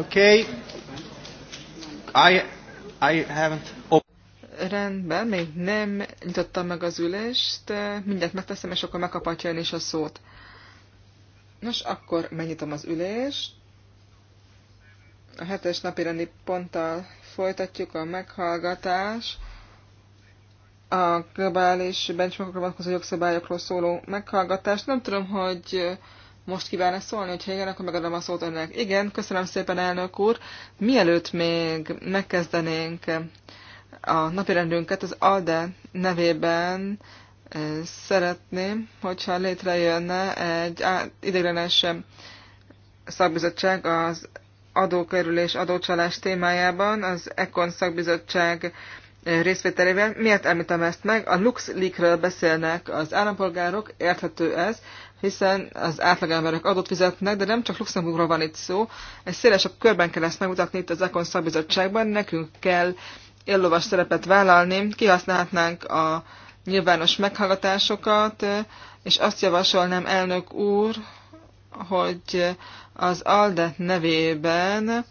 Okay. I, I haven't... Rendben, még nem nyitottam meg az ülést, mindent megteszem, és akkor megkaphatja ön is a szót. Nos, akkor megnyitom az ülést. A hetes napi rendi ponttal folytatjuk a meghallgatás. A globális benchmarkokra vonatkozó jogszabályokról szóló meghallgatást. Nem tudom, hogy most kívánna szólni, hogyha igen, akkor megadom a szót önnek. Igen, köszönöm szépen, elnök úr. Mielőtt még megkezdenénk a napirendünket, az ALDE nevében eh, szeretném, hogyha létrejönne egy ideiglenes szakbizottság az adókerülés, adócsalás témájában, az Econ szakbizottság eh, részvételével. Miért említem ezt meg? A LuxLeak-ről beszélnek az állampolgárok, érthető ez, hiszen az átlagemberek adót fizetnek, de nem csak Luxemburgról van itt szó, egy szélesebb körben kell ezt megmutatni itt az Ekon szakbizottságban, nekünk kell éllovas szerepet vállalni, kihasználhatnánk a nyilvános meghallgatásokat, és azt javasolnám elnök úr, hogy az ALDE nevében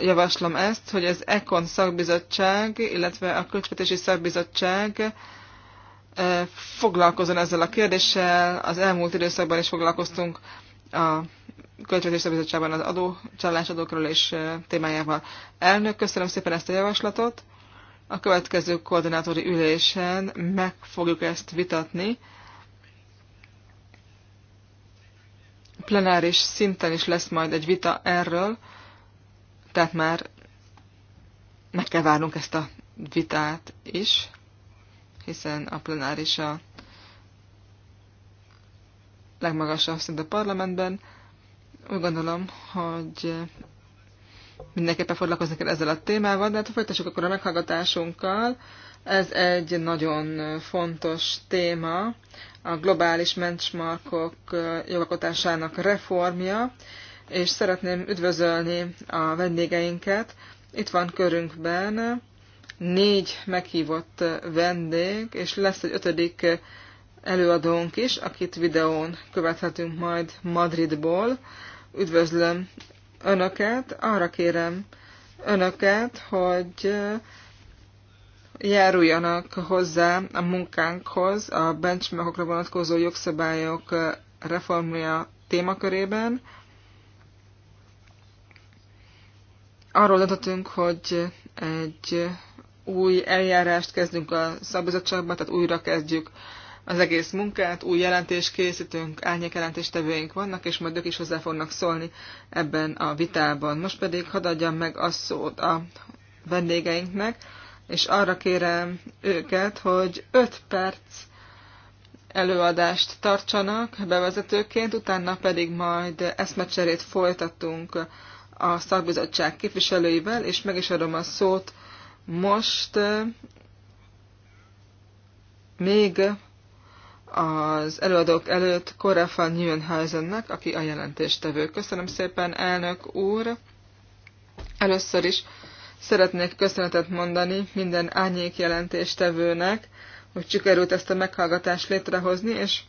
javaslom ezt, hogy az ekon szakbizottság, illetve a költségvetési szakbizottság foglalkozon ezzel a kérdéssel. Az elmúlt időszakban is foglalkoztunk a Költségvetési Bizottságban az adó, csalás adókról és témájával. Elnök, köszönöm szépen ezt a javaslatot. A következő koordinátori ülésen meg fogjuk ezt vitatni. Plenáris szinten is lesz majd egy vita erről, tehát már meg kell várnunk ezt a vitát is hiszen a plenáris a legmagasabb szint a parlamentben. Úgy gondolom, hogy mindenképpen foglalkozni kell ezzel a témával, de hát folytassuk akkor a meghallgatásunkkal. Ez egy nagyon fontos téma, a globális benchmarkok jogalkotásának reformja, és szeretném üdvözölni a vendégeinket. Itt van körünkben négy meghívott vendég, és lesz egy ötödik előadónk is, akit videón követhetünk majd Madridból. Üdvözlöm Önöket, arra kérem Önöket, hogy járuljanak hozzá a munkánkhoz a benchmarkokra vonatkozó jogszabályok reformja témakörében. Arról döntöttünk, hogy egy új eljárást kezdünk a szabizottságban, tehát újra kezdjük az egész munkát, új jelentést készítünk, árnyék jelentéstevőink vannak, és majd ők is hozzá fognak szólni ebben a vitában. Most pedig hadd adjam meg a szót a vendégeinknek, és arra kérem őket, hogy 5 perc előadást tartsanak bevezetőként, utána pedig majd eszmecserét folytatunk a szakbizottság képviselőivel, és meg is adom a szót most még az előadók előtt Cora van Nieuwenhuizennek, aki a jelentéstevő. Köszönöm szépen, elnök úr! Először is szeretnék köszönetet mondani minden árnyék jelentéstevőnek, hogy sikerült ezt a meghallgatást létrehozni, és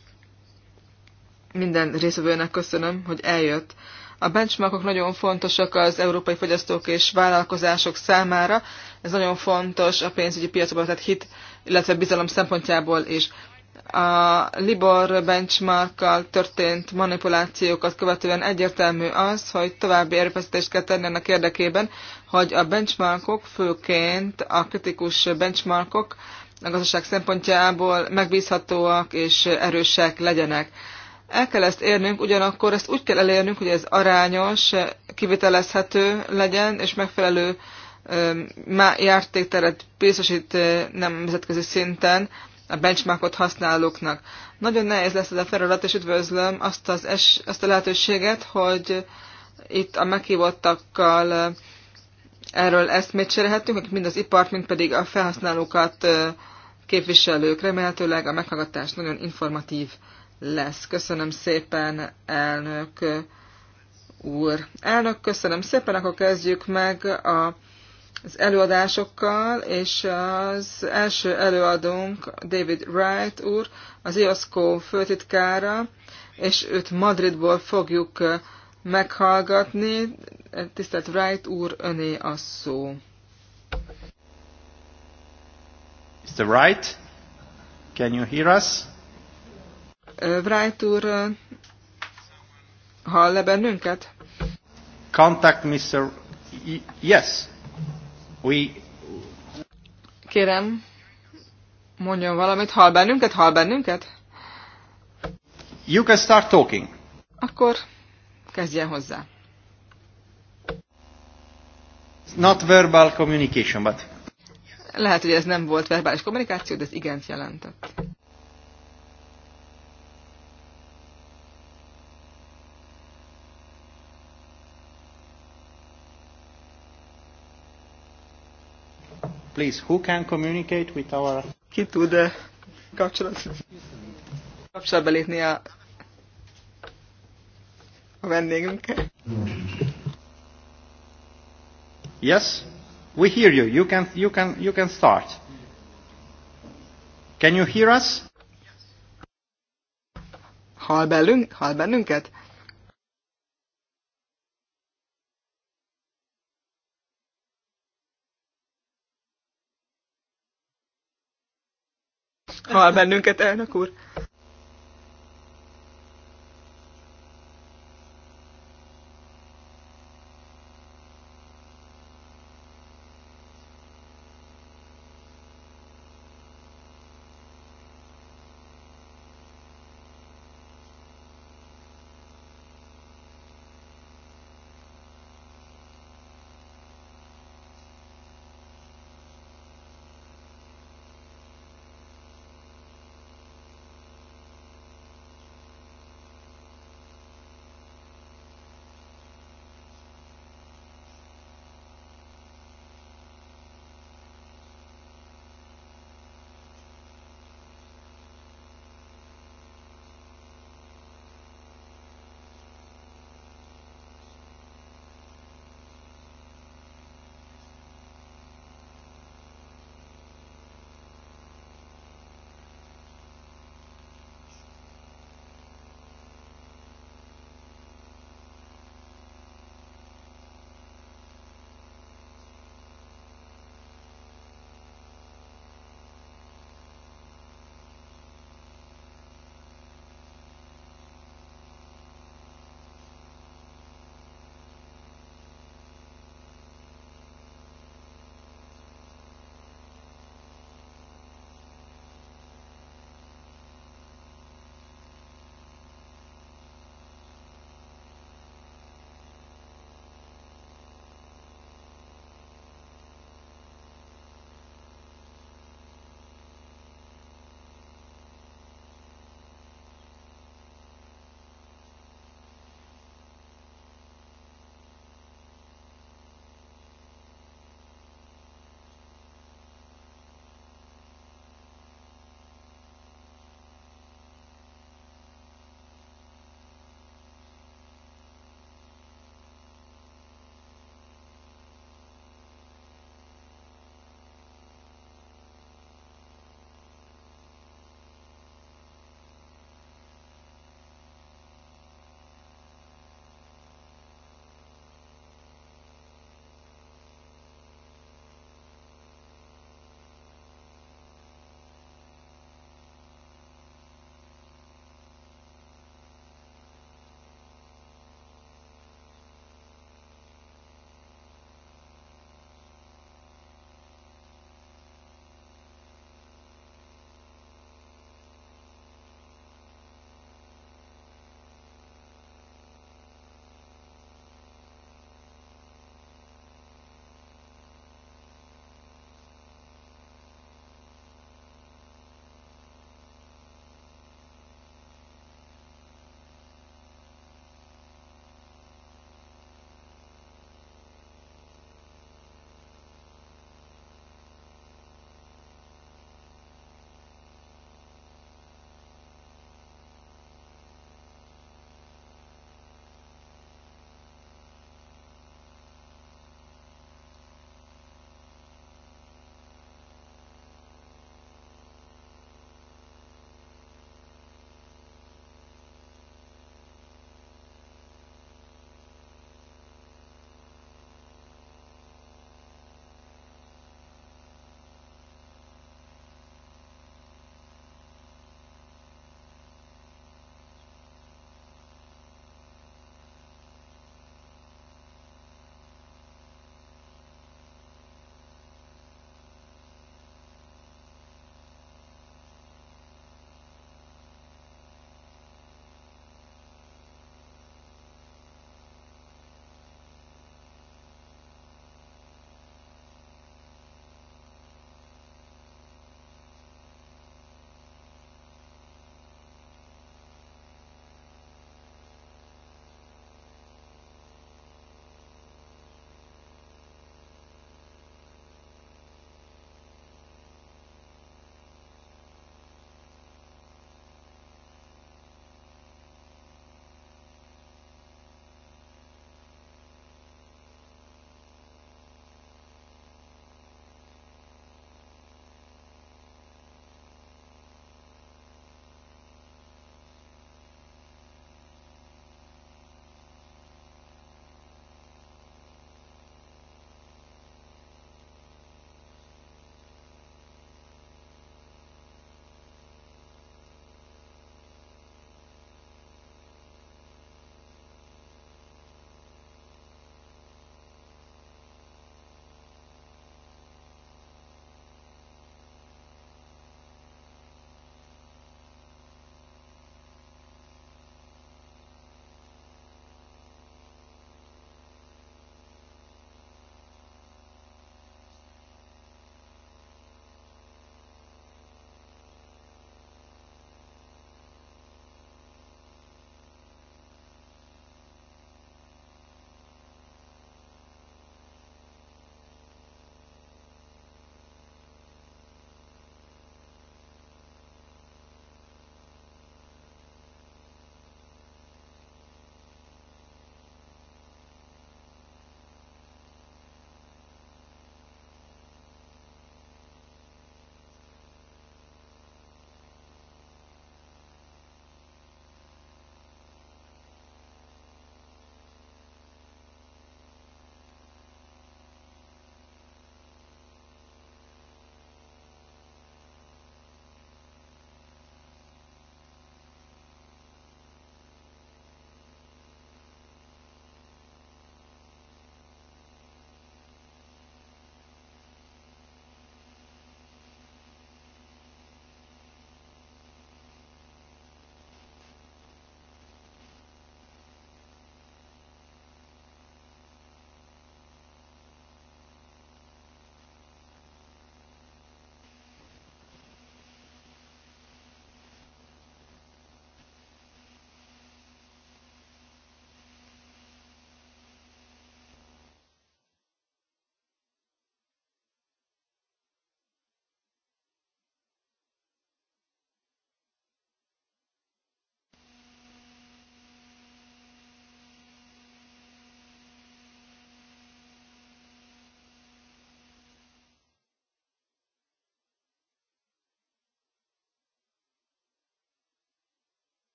minden részvevőnek köszönöm, hogy eljött. A benchmarkok nagyon fontosak az európai fogyasztók és vállalkozások számára, ez nagyon fontos a pénzügyi piacokba tehát hit, illetve bizalom szempontjából is. A Libor benchmarkkal történt manipulációkat követően egyértelmű az, hogy további erőfeszítést kell tenni ennek érdekében, hogy a benchmarkok, főként a kritikus benchmarkok a gazdaság szempontjából megbízhatóak és erősek legyenek. El kell ezt érnünk, ugyanakkor ezt úgy kell elérnünk, hogy ez arányos, kivitelezhető legyen, és megfelelő játékteret biztosít nemzetközi szinten a benchmarkot használóknak. Nagyon nehéz lesz ez a feladat, és üdvözlöm azt, az es, azt a lehetőséget, hogy itt a meghívottakkal erről eszmét cserélhetünk, akik mind az ipart, mind pedig a felhasználókat képviselők. Remélhetőleg a meghallgatás nagyon informatív lesz. Köszönöm szépen, elnök úr. Elnök, köszönöm szépen, akkor kezdjük meg a az előadásokkal, és az első előadónk David Wright úr, az IOSCO főtitkára, és őt Madridból fogjuk meghallgatni. Tisztelt Wright úr, öné a szó. Mr. Wright, can you hear us? Wright úr, hall le bennünket? Contact Mr. Y yes, We... Kérem, mondjon valamit. Hall bennünket? Hall bennünket? You can start talking. Akkor kezdjen hozzá. It's not verbal communication, but... Lehet, hogy ez nem volt verbális kommunikáció, de ez igent jelentett. Please, who can communicate with our... Ki tud kapcsolat, kapcsolatba lépni a, a vendégünkkel? Yes, we hear you. You can, you can, you can start. Can you hear us? Hall, bennünk, hall bennünket? hall bennünket, elnök úr.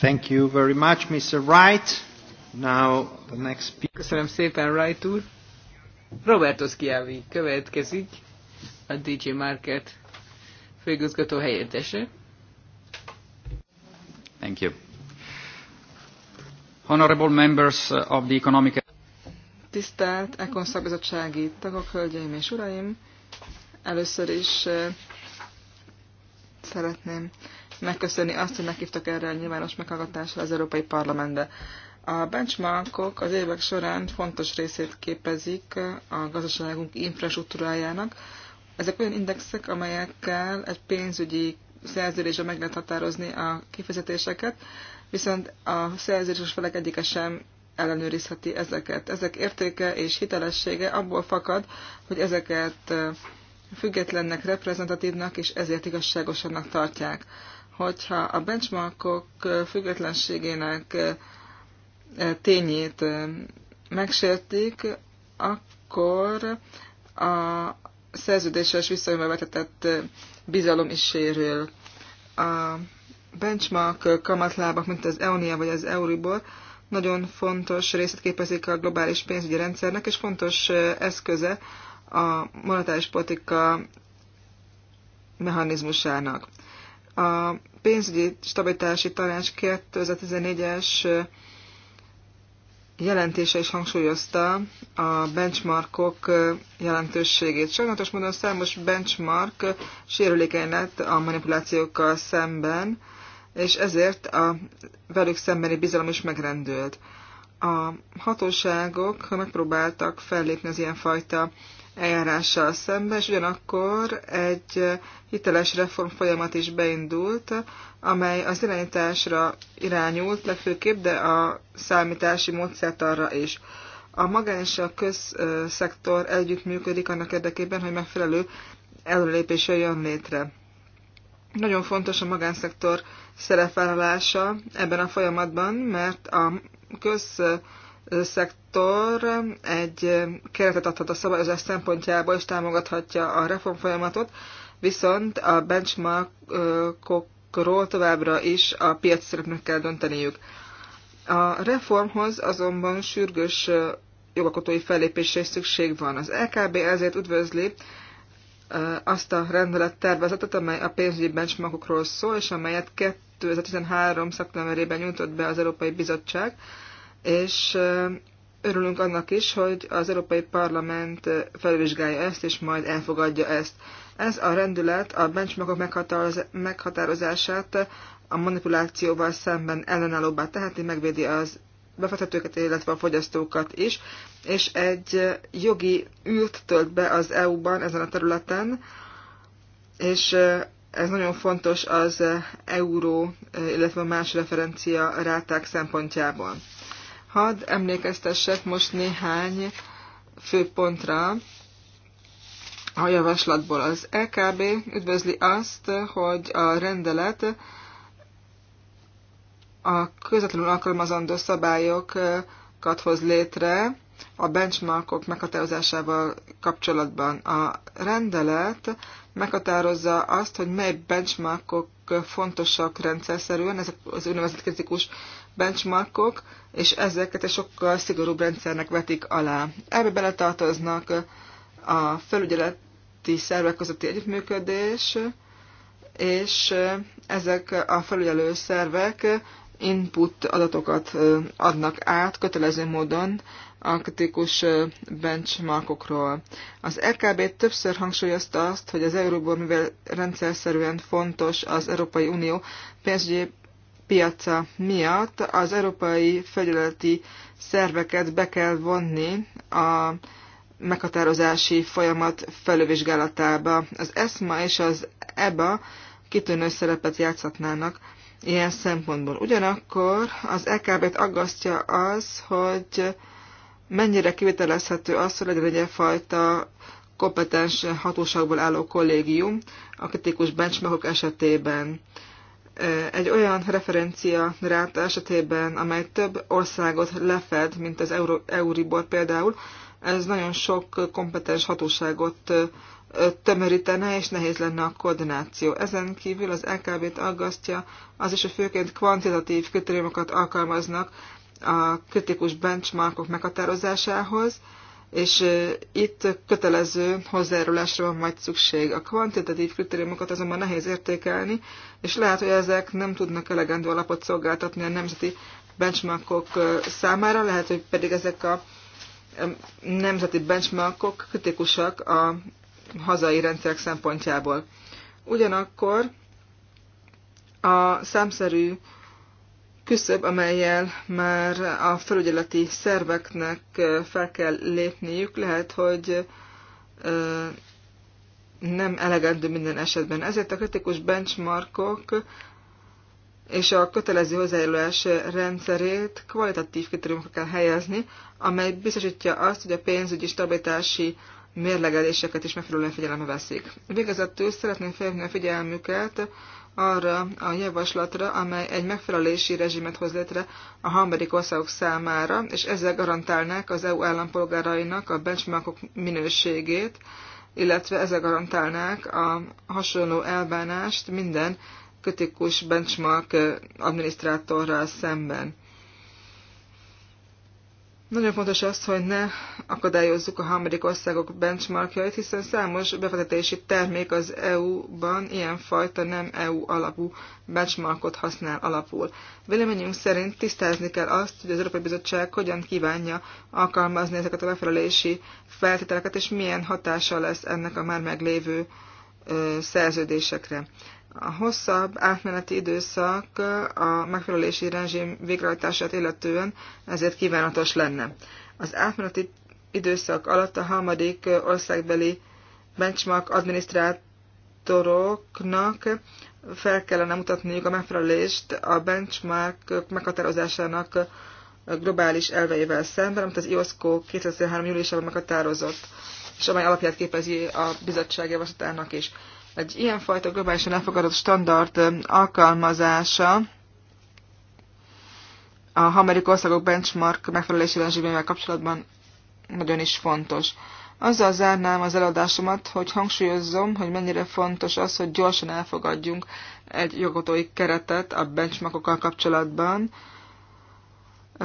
Thank you very much, Mr. Wright. Now the next speaker. Köszönöm szépen, Wright úr. Roberto Schiavi következik, a DJ Market főigazgató helyettese. Thank you. Honorable members uh, of the economic... Tisztelt Ekon szakbizottsági tagok, hölgyeim és uraim! Először is uh, szeretném megköszönni azt, hogy meghívtak erre a nyilvános meghallgatásra az Európai Parlamentbe. A benchmarkok az évek során fontos részét képezik a gazdaságunk infrastruktúrájának. Ezek olyan indexek, amelyekkel egy pénzügyi szerződésre meg lehet határozni a kifizetéseket, viszont a szerződéses felek egyike sem ellenőrizheti ezeket. Ezek értéke és hitelessége abból fakad, hogy ezeket függetlennek, reprezentatívnak és ezért igazságosannak tartják hogyha a benchmarkok függetlenségének tényét megsértik, akkor a szerződéses visszajövetetett bizalom is sérül. A benchmark kamatlábak, mint az EONIA vagy az Euribor, nagyon fontos részt képezik a globális pénzügyi rendszernek, és fontos eszköze a monetáris politika mechanizmusának. A pénzügyi stabilitási tanács 2014-es jelentése is hangsúlyozta a benchmarkok jelentőségét. Sajnálatos módon számos benchmark sérülékeny lett a manipulációkkal szemben, és ezért a velük szembeni bizalom is megrendült. A hatóságok megpróbáltak fellépni az ilyenfajta eljárással szemben, és ugyanakkor egy hiteles reform folyamat is beindult, amely az irányításra irányult legfőképp, de a számítási módszert arra is. A magán és a közszektor működik annak érdekében, hogy megfelelő előlépés jön létre. Nagyon fontos a magánszektor szerepvállalása ebben a folyamatban, mert a köz szektor egy keretet adhat a szabályozás szempontjából, és támogathatja a reformfolyamatot, viszont a benchmarkokról továbbra is a piac szereplőknek kell dönteniük. A reformhoz azonban sürgős jogalkotói fellépésre is szükség van. Az LKB ezért üdvözli azt a rendelet tervezetet, amely a pénzügyi benchmarkokról szól, és amelyet 2013. szeptemberében nyújtott be az Európai Bizottság, és örülünk annak is, hogy az Európai Parlament felvizsgálja ezt, és majd elfogadja ezt. Ez a rendület a benchmarkok meghatározását a manipulációval szemben ellenállóbbá teheti, megvédi az befektetőket, illetve a fogyasztókat is, és egy jogi ült tölt be az EU-ban ezen a területen, és ez nagyon fontos az euró, illetve más referencia ráták szempontjából. Hadd emlékeztessek most néhány főpontra a javaslatból. Az LKB e üdvözli azt, hogy a rendelet a közvetlenül alkalmazandó szabályokat hoz létre a benchmarkok meghatározásával kapcsolatban. A rendelet meghatározza azt, hogy mely benchmarkok fontosak rendszerszerűen, ezek az úgynevezett kritikus benchmarkok, és ezeket egy sokkal szigorúbb rendszernek vetik alá. Ebbe beletartoznak a felügyeleti szervek közötti együttműködés, és ezek a felügyelő szervek input adatokat adnak át kötelező módon a kritikus benchmarkokról. Az LKB e többször hangsúlyozta azt, hogy az Euróból, mivel rendszerszerűen fontos az Európai Unió pénzügyi piaca miatt az európai felületi szerveket be kell vonni a meghatározási folyamat felővizsgálatába. Az ESMA és az EBA kitűnő szerepet játszhatnának ilyen szempontból. Ugyanakkor az EKB-t aggasztja az, hogy mennyire kivitelezhető az, hogy legyen egyfajta kompetens hatóságból álló kollégium a kritikus benchmarkok esetében egy olyan referencia rát esetében, amely több országot lefed, mint az Euribor például, ez nagyon sok kompetens hatóságot tömörítene, és nehéz lenne a koordináció. Ezen kívül az LKB-t aggasztja az is, hogy főként kvantitatív kritériumokat alkalmaznak a kritikus benchmarkok meghatározásához, és itt kötelező hozzájárulásra van majd szükség. A kvantitatív kritériumokat azonban nehéz értékelni, és lehet, hogy ezek nem tudnak elegendő alapot szolgáltatni a nemzeti benchmarkok számára, lehet, hogy pedig ezek a nemzeti benchmarkok kritikusak a hazai rendszerek szempontjából. Ugyanakkor a számszerű küszöb, amelyel már a felügyeleti szerveknek fel kell lépniük. Lehet, hogy nem elegendő minden esetben. Ezért a kritikus benchmarkok és a kötelező hozzájárulás rendszerét kvalitatív kritériumokra kell helyezni, amely biztosítja azt, hogy a pénzügyi stabilitási mérlegeléseket is megfelelően figyelembe veszik. Végezetül szeretném felhívni a figyelmüket arra a javaslatra, amely egy megfelelési rezsimet hoz létre a harmadik országok számára, és ezzel garantálnák az EU állampolgárainak a benchmarkok minőségét, illetve ezzel garantálnák a hasonló elbánást minden kritikus benchmark eh, adminisztrátorral szemben. Nagyon fontos az, hogy ne akadályozzuk a harmadik országok benchmarkjait, hiszen számos befektetési termék az EU-ban ilyenfajta nem EU alapú benchmarkot használ alapul. Véleményünk szerint tisztázni kell azt, hogy az Európai Bizottság hogyan kívánja alkalmazni ezeket a megfelelési feltételeket, és milyen hatása lesz ennek a már meglévő ö, szerződésekre. A hosszabb átmeneti időszak a megfelelési rezsim végrehajtását illetően ezért kívánatos lenne. Az átmeneti időszak alatt a harmadik országbeli benchmark adminisztrátoroknak fel kellene mutatniuk a megfelelést a benchmark meghatározásának globális elveivel szemben, amit az IOSCO 2003. júliusában meghatározott, és amely alapját képezi a bizottság javaslatának is. Egy ilyenfajta globálisan elfogadott standard alkalmazása a hamerik országok benchmark megfelelési lenzsibével kapcsolatban nagyon is fontos. Azzal zárnám az eladásomat, hogy hangsúlyozzom, hogy mennyire fontos az, hogy gyorsan elfogadjunk egy jogotói keretet a benchmarkokkal kapcsolatban.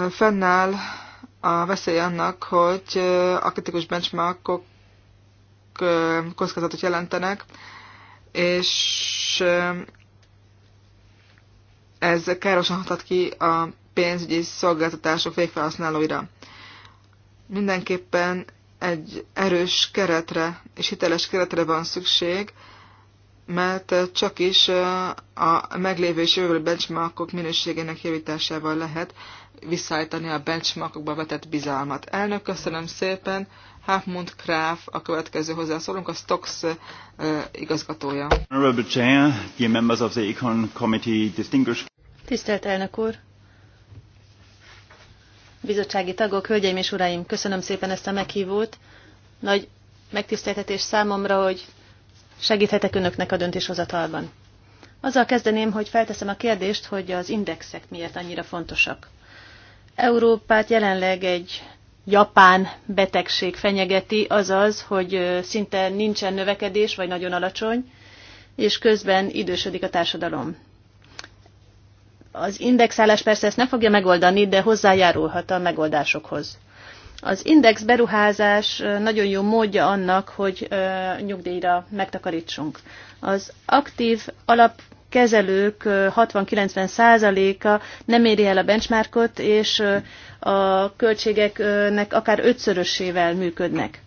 Fennáll a veszély annak, hogy a kritikus benchmarkok kockázatot jelentenek és ez károsan hatat ki a pénzügyi szolgáltatások végfelhasználóira. Mindenképpen egy erős keretre és hiteles keretre van szükség, mert csak is a meglévő és jövő benchmarkok minőségének javításával lehet visszaállítani a benchmarkokba vetett bizalmat. Elnök, köszönöm szépen. Hafmund Kráf a következő hozzászólunk, a Stox igazgatója. Tisztelt elnök úr, bizottsági tagok, hölgyeim és uraim, köszönöm szépen ezt a meghívót. Nagy megtiszteltetés számomra, hogy segíthetek önöknek a döntéshozatalban. Azzal kezdeném, hogy felteszem a kérdést, hogy az indexek miért annyira fontosak. Európát jelenleg egy japán betegség fenyegeti, azaz, hogy szinte nincsen növekedés, vagy nagyon alacsony, és közben idősödik a társadalom. Az indexálás persze ezt nem fogja megoldani, de hozzájárulhat a megoldásokhoz. Az index beruházás nagyon jó módja annak, hogy nyugdíjra megtakarítsunk. Az aktív alap kezelők 60-90 százaléka nem éri el a benchmarkot, és a költségeknek akár ötszörösével működnek.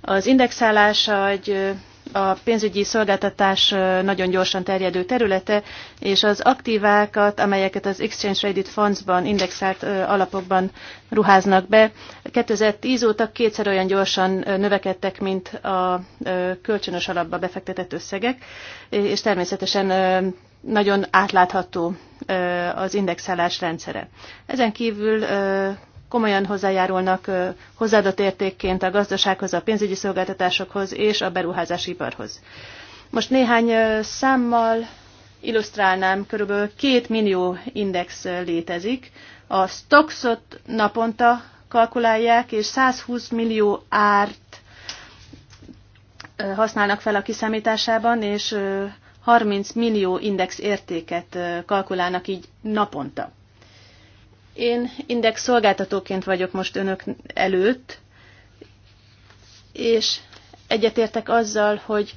Az indexálása egy a pénzügyi szolgáltatás nagyon gyorsan terjedő területe, és az aktívákat, amelyeket az Exchange Traded Funds-ban indexált alapokban ruháznak be, 2010 óta kétszer olyan gyorsan növekedtek, mint a kölcsönös alapba befektetett összegek, és természetesen nagyon átlátható az indexálás rendszere. Ezen kívül komolyan hozzájárulnak hozzáadott értékként a gazdasághoz, a pénzügyi szolgáltatásokhoz és a beruházási iparhoz. Most néhány számmal illusztrálnám, körülbelül két millió index létezik. A stoxot naponta kalkulálják, és 120 millió árt használnak fel a kiszámításában, és 30 millió index értéket kalkulálnak így naponta. Én index szolgáltatóként vagyok most önök előtt, és egyetértek azzal, hogy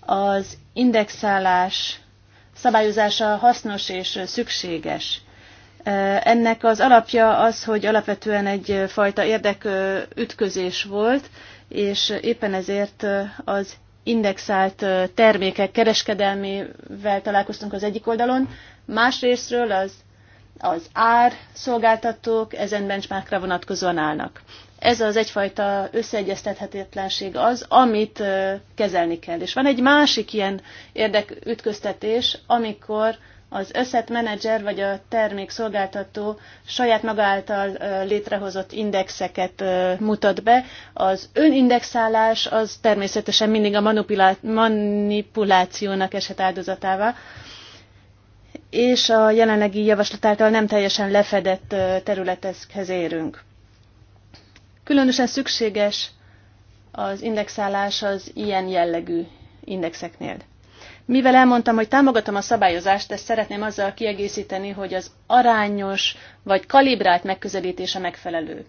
az indexálás szabályozása hasznos és szükséges. Ennek az alapja az, hogy alapvetően egyfajta érdekütközés volt, és éppen ezért az indexált termékek kereskedelmével találkoztunk az egyik oldalon, másrésztről az, az ár szolgáltatók ezen benchmarkra vonatkozóan állnak. Ez az egyfajta összeegyeztethetetlenség az, amit kezelni kell. És van egy másik ilyen érdekütköztetés, amikor az asset manager vagy a termékszolgáltató saját maga által létrehozott indexeket mutat be. Az önindexálás az természetesen mindig a manipulációnak esett áldozatává és a jelenlegi javaslat által nem teljesen lefedett területekhez érünk. Különösen szükséges az indexálás az ilyen jellegű indexeknél. Mivel elmondtam, hogy támogatom a szabályozást, ezt szeretném azzal kiegészíteni, hogy az arányos vagy kalibrált megközelítése megfelelő.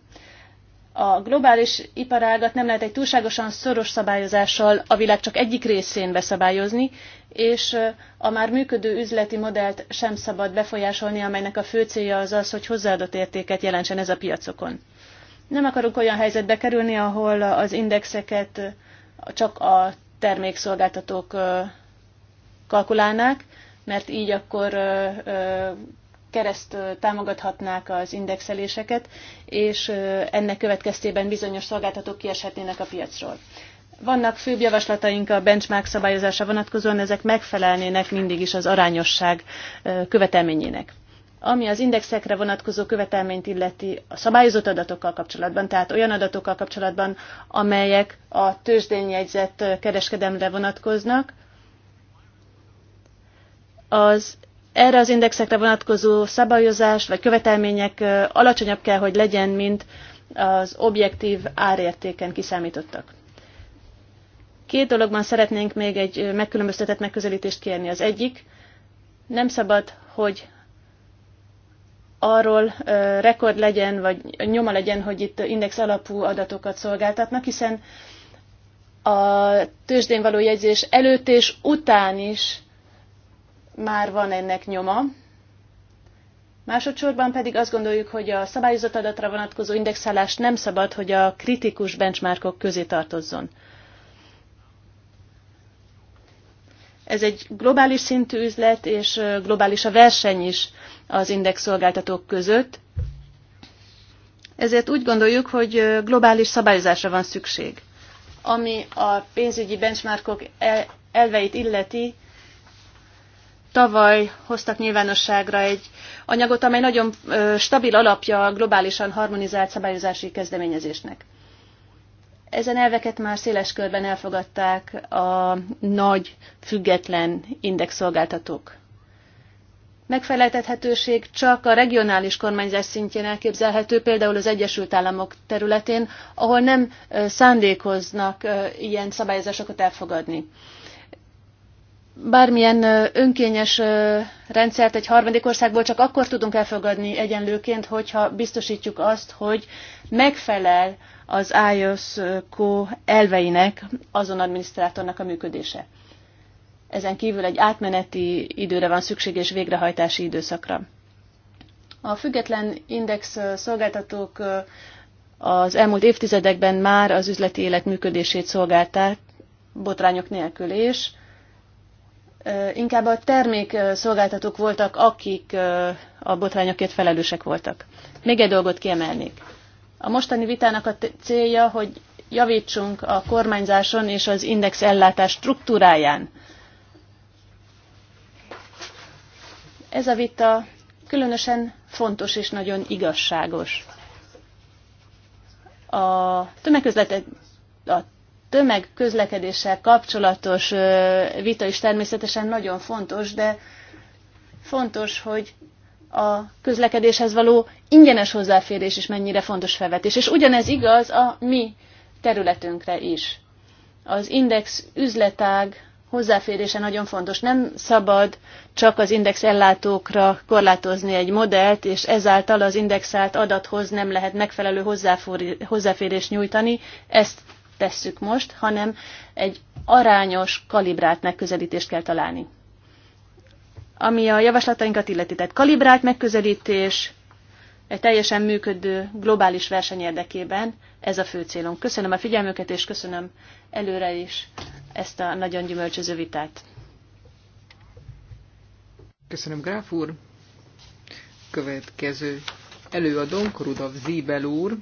A globális iparágat nem lehet egy túlságosan szoros szabályozással a világ csak egyik részén beszabályozni, és a már működő üzleti modellt sem szabad befolyásolni, amelynek a fő célja az az, hogy hozzáadott értéket jelentsen ez a piacokon. Nem akarunk olyan helyzetbe kerülni, ahol az indexeket csak a termékszolgáltatók kalkulálnák, mert így akkor kereszt támogathatnák az indexeléseket, és ennek következtében bizonyos szolgáltatók kieshetnének a piacról. Vannak főbb javaslataink a benchmark szabályozása vonatkozóan, ezek megfelelnének mindig is az arányosság követelményének. Ami az indexekre vonatkozó követelményt illeti a szabályozott adatokkal kapcsolatban, tehát olyan adatokkal kapcsolatban, amelyek a tőzsdén jegyzett kereskedemre vonatkoznak, az erre az indexekre vonatkozó szabályozás vagy követelmények alacsonyabb kell, hogy legyen, mint az objektív árértéken kiszámítottak. Két dologban szeretnénk még egy megkülönböztetett megközelítést kérni. Az egyik, nem szabad, hogy arról rekord legyen, vagy nyoma legyen, hogy itt index alapú adatokat szolgáltatnak, hiszen a tőzsdén való jegyzés előtt és után is már van ennek nyoma. Másodszorban pedig azt gondoljuk, hogy a szabályozott adatra vonatkozó indexálás nem szabad, hogy a kritikus benchmarkok közé tartozzon. Ez egy globális szintű üzlet, és globális a verseny is az szolgáltatók között. Ezért úgy gondoljuk, hogy globális szabályozásra van szükség. Ami a pénzügyi benchmarkok e- elveit illeti, Tavaly hoztak nyilvánosságra egy anyagot, amely nagyon stabil alapja a globálisan harmonizált szabályozási kezdeményezésnek. Ezen elveket már széles körben elfogadták a nagy, független indexszolgáltatók. Megfeleltethetőség csak a regionális kormányzás szintjén elképzelhető, például az Egyesült Államok területén, ahol nem szándékoznak ilyen szabályozásokat elfogadni bármilyen önkényes rendszert egy harmadik országból csak akkor tudunk elfogadni egyenlőként, hogyha biztosítjuk azt, hogy megfelel az IOS Co elveinek azon adminisztrátornak a működése. Ezen kívül egy átmeneti időre van szükség és végrehajtási időszakra. A független index szolgáltatók az elmúlt évtizedekben már az üzleti élet működését szolgálták, botrányok nélkül is, inkább a termékszolgáltatók voltak, akik a botrányokért felelősek voltak. Még egy dolgot kiemelnék. A mostani vitának a célja, hogy javítsunk a kormányzáson és az index ellátás struktúráján. Ez a vita különösen fontos és nagyon igazságos. A tömegközlekedés a tömegközlekedéssel kapcsolatos vita is természetesen nagyon fontos, de fontos, hogy a közlekedéshez való ingyenes hozzáférés is mennyire fontos felvetés. És ugyanez igaz a mi területünkre is. Az index üzletág hozzáférése nagyon fontos. Nem szabad csak az index ellátókra korlátozni egy modellt, és ezáltal az indexált adathoz nem lehet megfelelő hozzáférést nyújtani. Ezt tesszük most, hanem egy arányos, kalibrált megközelítést kell találni. Ami a javaslatainkat illeti, tehát kalibrált megközelítés, egy teljesen működő globális verseny érdekében, ez a fő célunk. Köszönöm a figyelmüket, és köszönöm előre is ezt a nagyon gyümölcsöző vitát. Köszönöm, Gráf úr. Következő előadónk Rudav Zíbel úr,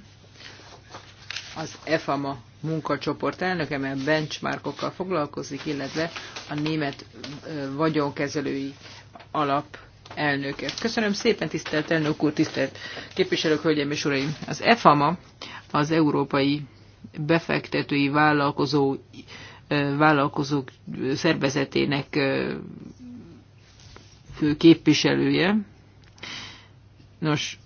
az EFAMA munkacsoport elnöke, mert benchmarkokkal foglalkozik, illetve a német vagyonkezelői alap elnöke. Köszönöm szépen, tisztelt elnök úr, tisztelt képviselők, hölgyeim és uraim! Az EFAMA az Európai Befektetői Vállalkozó vállalkozók szervezetének fő képviselője. Nos,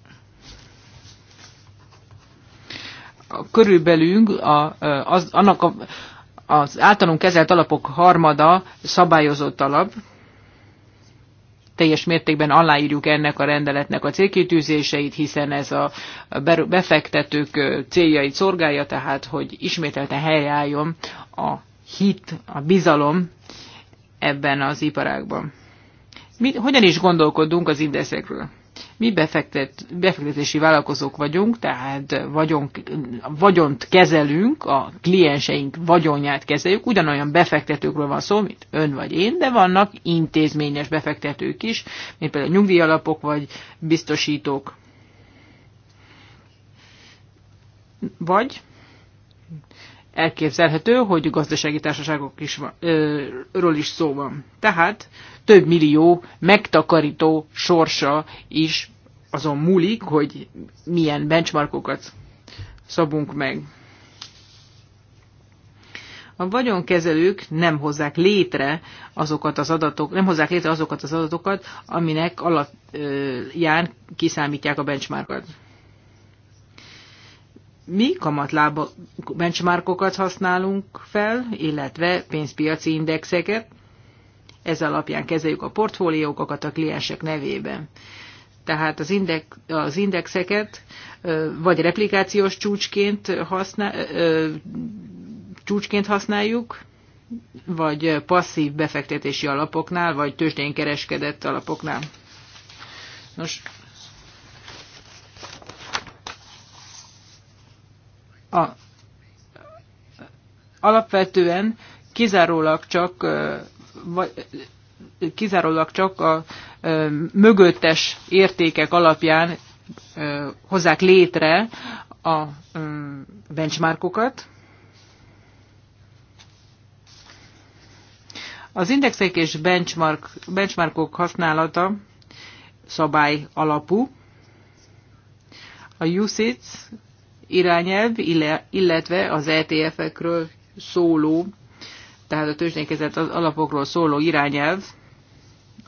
a, a, az, annak a, az általunk kezelt alapok harmada szabályozott alap, teljes mértékben aláírjuk ennek a rendeletnek a célkitűzéseit, hiszen ez a befektetők céljait szorgálja, tehát hogy ismételten helyreálljon a hit, a bizalom ebben az iparágban. Mi, hogyan is gondolkodunk az indexekről? Mi befektet, befektetési vállalkozók vagyunk, tehát vagyon, vagyont kezelünk, a klienseink vagyonját kezeljük, ugyanolyan befektetőkről van szó, mint ön vagy én, de vannak intézményes befektetők is, mint például nyugdíjalapok vagy biztosítók. Vagy elképzelhető, hogy gazdasági társaságok is van, ö, ről is szó van. Tehát több millió megtakarító sorsa is azon múlik, hogy milyen benchmarkokat szabunk meg. A vagyonkezelők nem hozzák létre azokat az adatok, nem hozzák létre azokat az adatokat, aminek alapján kiszámítják a benchmarkot mi kamatlába benchmarkokat használunk fel, illetve pénzpiaci indexeket. Ez alapján kezeljük a portfóliókat a kliensek nevében. Tehát az, index, az indexeket vagy replikációs csúcsként, használ, csúcsként használjuk, vagy passzív befektetési alapoknál, vagy tőzsdén kereskedett alapoknál. Nos, a, alapvetően kizárólag csak vagy, kizárólag csak a mögöttes értékek alapján hozzák létre a benchmarkokat. Az indexek és benchmark, benchmarkok használata szabály alapú. A usage irányelv, illetve az ETF-ekről szóló, tehát a tőzsdénkezett alapokról szóló irányelv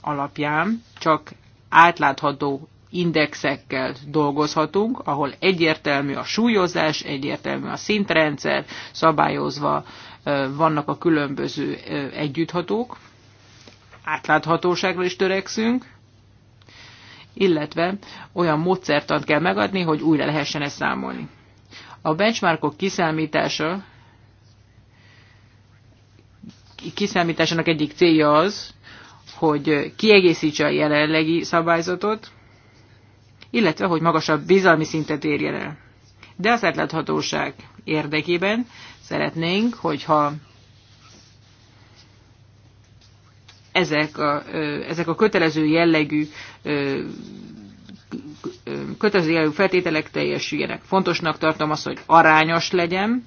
alapján csak átlátható indexekkel dolgozhatunk, ahol egyértelmű a súlyozás, egyértelmű a szintrendszer, szabályozva vannak a különböző együtthatók, átláthatóságra is törekszünk, illetve olyan módszertant kell megadni, hogy újra lehessen ezt számolni. A benchmarkok kiszámítása kiszámításának egyik célja az, hogy kiegészítse a jelenlegi szabályzatot, illetve hogy magasabb bizalmi szintet érjen el. De az átláthatóság érdekében szeretnénk, hogyha ezek a, ezek a kötelező jellegű kötelező jelű feltételek teljesüljenek. Fontosnak tartom azt, hogy arányos legyen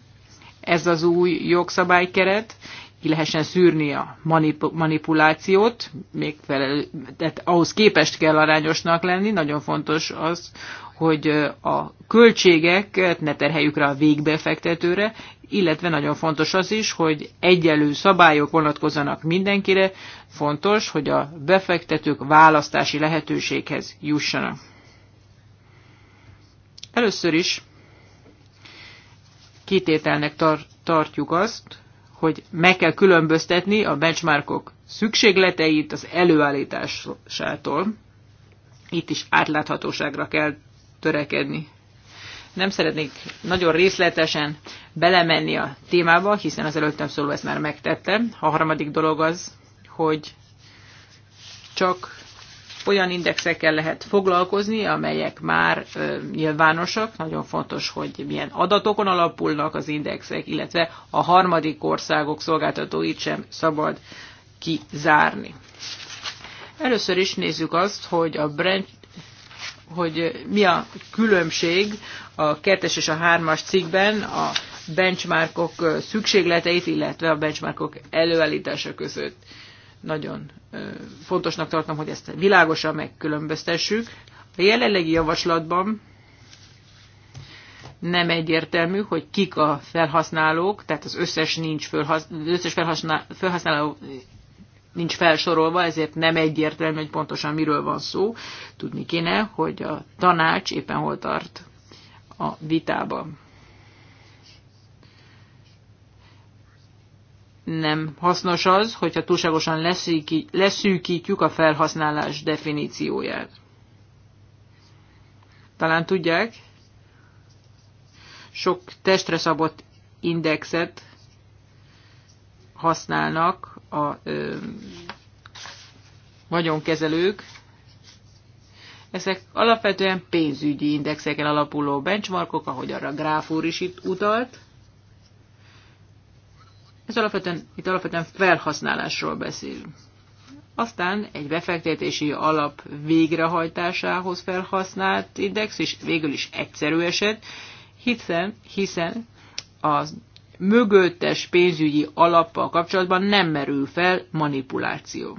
ez az új jogszabálykeret, ki lehessen szűrni a manip- manipulációt, még felel, tehát ahhoz képest kell arányosnak lenni, nagyon fontos az, hogy a költségeket ne terheljük rá a végbefektetőre, illetve nagyon fontos az is, hogy egyelő szabályok vonatkozzanak mindenkire, fontos, hogy a befektetők választási lehetőséghez jussanak. Először is kitételnek tar- tartjuk azt, hogy meg kell különböztetni a benchmarkok szükségleteit az előállításától. Itt is átláthatóságra kell törekedni. Nem szeretnék nagyon részletesen belemenni a témába, hiszen az előttem szóló ezt már megtettem. A harmadik dolog az, hogy csak olyan indexekkel lehet foglalkozni, amelyek már ö, nyilvánosak. Nagyon fontos, hogy milyen adatokon alapulnak az indexek, illetve a harmadik országok szolgáltatóit sem szabad kizárni. Először is nézzük azt, hogy a brand, hogy mi a különbség a kettes és a hármas cikkben a benchmarkok szükségleteit, illetve a benchmarkok előállítása között. Nagyon fontosnak tartom, hogy ezt világosan megkülönböztessük. A jelenlegi javaslatban nem egyértelmű, hogy kik a felhasználók, tehát az összes, nincs fölhasználó, az összes felhasználó, felhasználó nincs felsorolva, ezért nem egyértelmű, hogy pontosan miről van szó. Tudni kéne, hogy a tanács éppen hol tart a vitában. nem hasznos az, hogyha túlságosan leszűkítjük a felhasználás definícióját. Talán tudják, sok testre szabott indexet használnak a ö, vagyonkezelők. Ezek alapvetően pénzügyi indexeken alapuló benchmarkok, ahogy arra Gráf úr is itt utalt. Ez alapvetően, itt alapvetően felhasználásról beszél. Aztán egy befektetési alap végrehajtásához felhasznált index, és végül is egyszerű eset, hiszen, hiszen az mögöttes pénzügyi alappal kapcsolatban nem merül fel manipuláció.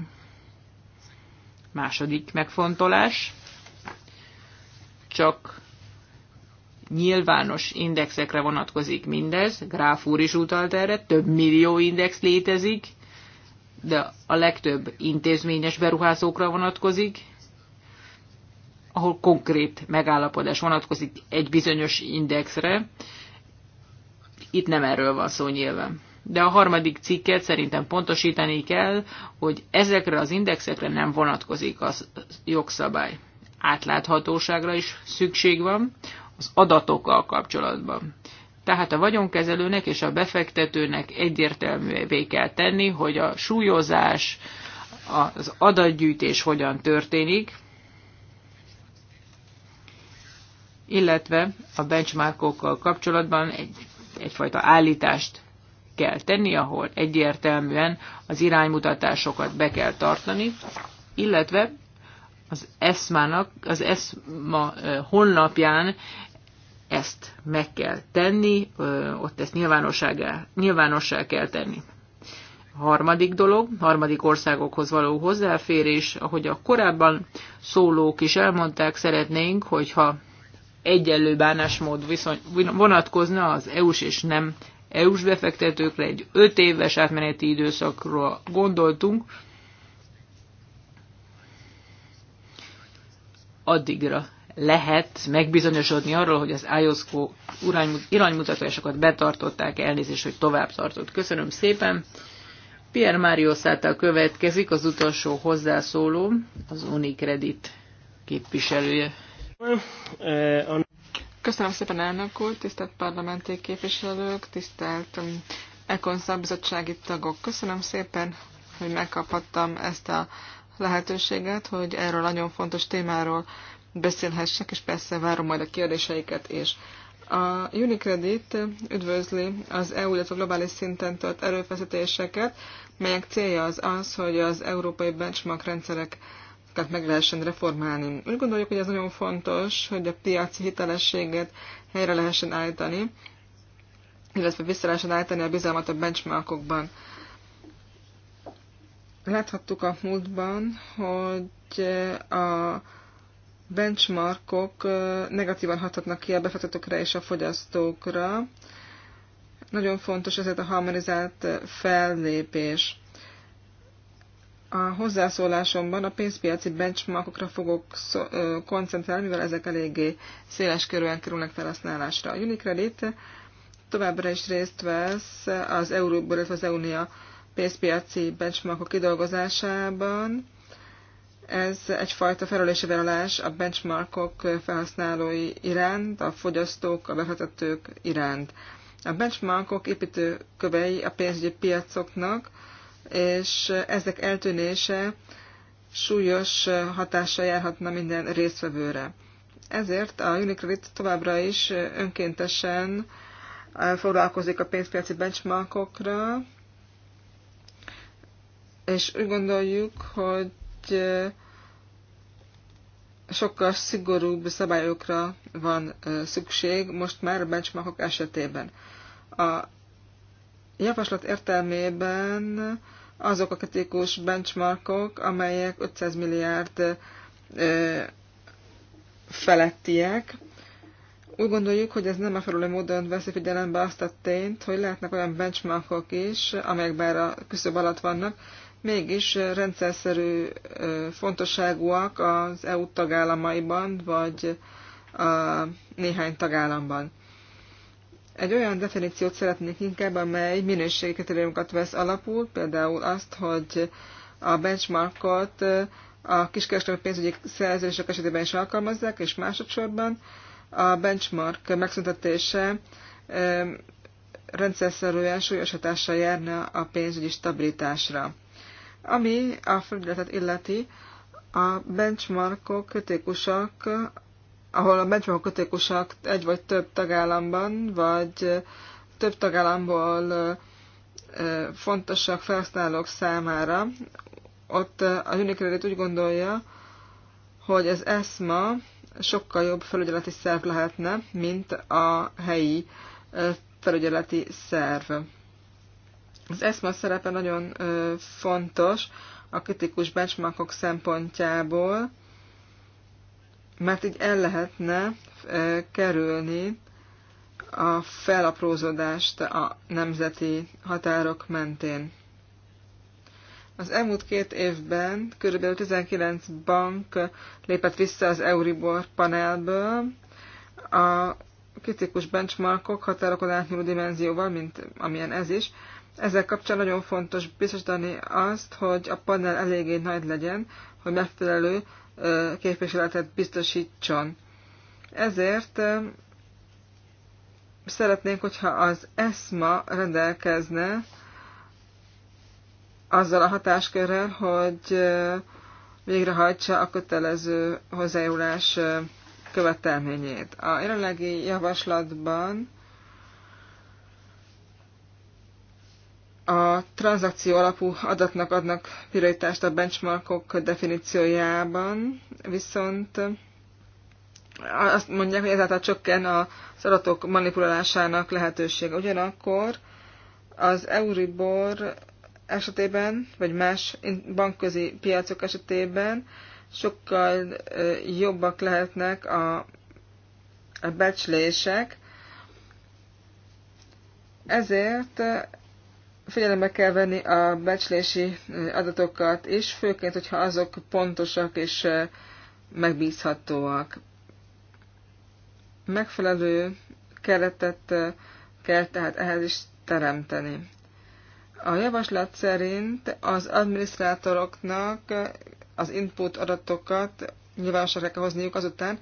Második megfontolás. Csak nyilvános indexekre vonatkozik mindez, Gráf úr is utalt erre, több millió index létezik, de a legtöbb intézményes beruházókra vonatkozik, ahol konkrét megállapodás vonatkozik egy bizonyos indexre. Itt nem erről van szó nyilván. De a harmadik cikket szerintem pontosítani kell, hogy ezekre az indexekre nem vonatkozik a jogszabály. Átláthatóságra is szükség van az adatokkal kapcsolatban. Tehát a vagyonkezelőnek és a befektetőnek egyértelművé kell tenni, hogy a súlyozás, az adatgyűjtés hogyan történik, illetve a benchmarkokkal kapcsolatban egy, egyfajta állítást kell tenni, ahol egyértelműen az iránymutatásokat be kell tartani, illetve az eszmának, az ESMA honlapján ezt meg kell tenni, ott ezt nyilvánossá kell tenni. A harmadik dolog, harmadik országokhoz való hozzáférés, ahogy a korábban szólók is elmondták, szeretnénk, hogyha egyenlő bánásmód viszony, vonatkozna az EU-s és nem EU-s befektetőkre, egy öt éves átmeneti időszakról gondoltunk, addigra lehet megbizonyosodni arról, hogy az IOSCO iránymutatásokat betartották, elnézést, hogy tovább tartott. Köszönöm szépen. Pierre Mário Száta következik, az utolsó hozzászóló, az Unicredit képviselője. Köszönöm szépen elnök úr, tisztelt parlamenti képviselők, tisztelt um, Ekon tagok. Köszönöm szépen, hogy megkaphattam ezt a lehetőséget, hogy erről nagyon fontos témáról beszélhessek, és persze várom majd a kérdéseiket is. A Unicredit üdvözli az EU, illetve globális szinten tört erőfeszítéseket, melyek célja az az, hogy az európai benchmark rendszerek tehát meg lehessen reformálni. Úgy gondoljuk, hogy ez nagyon fontos, hogy a piaci hitelességet helyre lehessen állítani, illetve vissza lehessen állítani a bizalmat a benchmarkokban. Láthattuk a múltban, hogy a benchmarkok negatívan hathatnak ki a befektetőkre és a fogyasztókra. Nagyon fontos ezért a harmonizált fellépés. A hozzászólásomban a pénzpiaci benchmarkokra fogok koncentrálni, mivel ezek eléggé széles körülön kerülnek felhasználásra. A Unicredit továbbra is részt vesz az Euróból, illetve az EUNIA pénzpiaci benchmarkok kidolgozásában. Ez egyfajta felelősi vállalás a benchmarkok felhasználói iránt, a fogyasztók, a befektetők iránt. A benchmarkok építőkövei a pénzügyi piacoknak, és ezek eltűnése súlyos hatással járhatna minden résztvevőre. Ezért a Unicredit továbbra is önkéntesen foglalkozik a pénzpiaci benchmarkokra, és úgy gondoljuk, hogy sokkal szigorúbb szabályokra van szükség most már a benchmarkok esetében. A javaslat értelmében azok a kritikus benchmarkok, amelyek 500 milliárd felettiek, úgy gondoljuk, hogy ez nem megfelelő módon veszi figyelembe azt a tényt, hogy lehetnek olyan benchmarkok is, amelyek bár a küszöb alatt vannak, mégis rendszerszerű fontosságúak az EU tagállamaiban, vagy a néhány tagállamban. Egy olyan definíciót szeretnék inkább, amely minőségi kritériumokat vesz alapul, például azt, hogy a benchmarkot a kiskereskedelmi pénzügyi szerződések esetében is alkalmazzák, és másodszorban a benchmark megszüntetése rendszerszerűen súlyos hatással járna a pénzügyi stabilitásra. Ami a felületet illeti, a benchmarkok kötékusak, ahol a benchmarkok kötékusak egy vagy több tagállamban, vagy több tagállamból fontosak felhasználók számára, ott a Unicredit úgy gondolja, hogy az ESMA sokkal jobb felügyeleti szerv lehetne, mint a helyi felügyeleti szerv. Az ESMA szerepe nagyon fontos a kritikus benchmarkok szempontjából, mert így el lehetne kerülni a felaprózódást a nemzeti határok mentén. Az elmúlt két évben kb. 19 bank lépett vissza az Euribor panelből. A kritikus benchmarkok határokon átnyúló dimenzióval, mint amilyen ez is, ezzel kapcsán nagyon fontos biztosítani azt, hogy a panel eléggé nagy legyen, hogy megfelelő képviseletet biztosítson. Ezért szeretnénk, hogyha az ESMA rendelkezne azzal a hatáskörrel, hogy végrehajtsa a kötelező hozzájárulás követelményét. A jelenlegi javaslatban a tranzakció alapú adatnak adnak prioritást a benchmarkok definíciójában, viszont azt mondják, hogy ezáltal csökken az adatok manipulálásának lehetősége. Ugyanakkor az Euribor esetében, vagy más bankközi piacok esetében sokkal jobbak lehetnek a, a becslések, ezért figyelembe kell venni a becslési adatokat is, főként, hogyha azok pontosak és megbízhatóak. Megfelelő keretet kell tehát ehhez is teremteni. A javaslat szerint az adminisztrátoroknak az input adatokat nyilvánosságra kell hozniuk azután,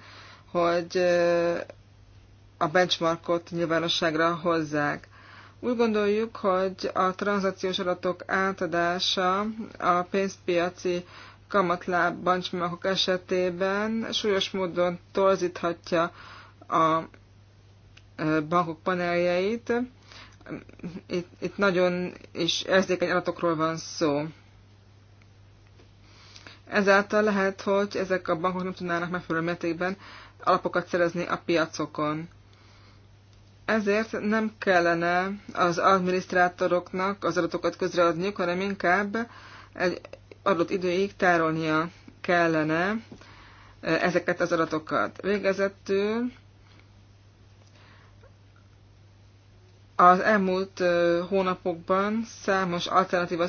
hogy a benchmarkot nyilvánosságra hozzák. Úgy gondoljuk, hogy a tranzakciós adatok átadása a pénzpiaci kamatláb bancsmagok esetében súlyos módon torzíthatja a bankok paneljeit. Itt, itt nagyon is érzékeny adatokról van szó. Ezáltal lehet, hogy ezek a bankok nem tudnának megfelelő mértékben alapokat szerezni a piacokon. Ezért nem kellene az adminisztrátoroknak az adatokat közreadniuk, hanem inkább egy adott időig tárolnia kellene eh, ezeket az adatokat. Végezetül az elmúlt eh, hónapokban számos alternatíva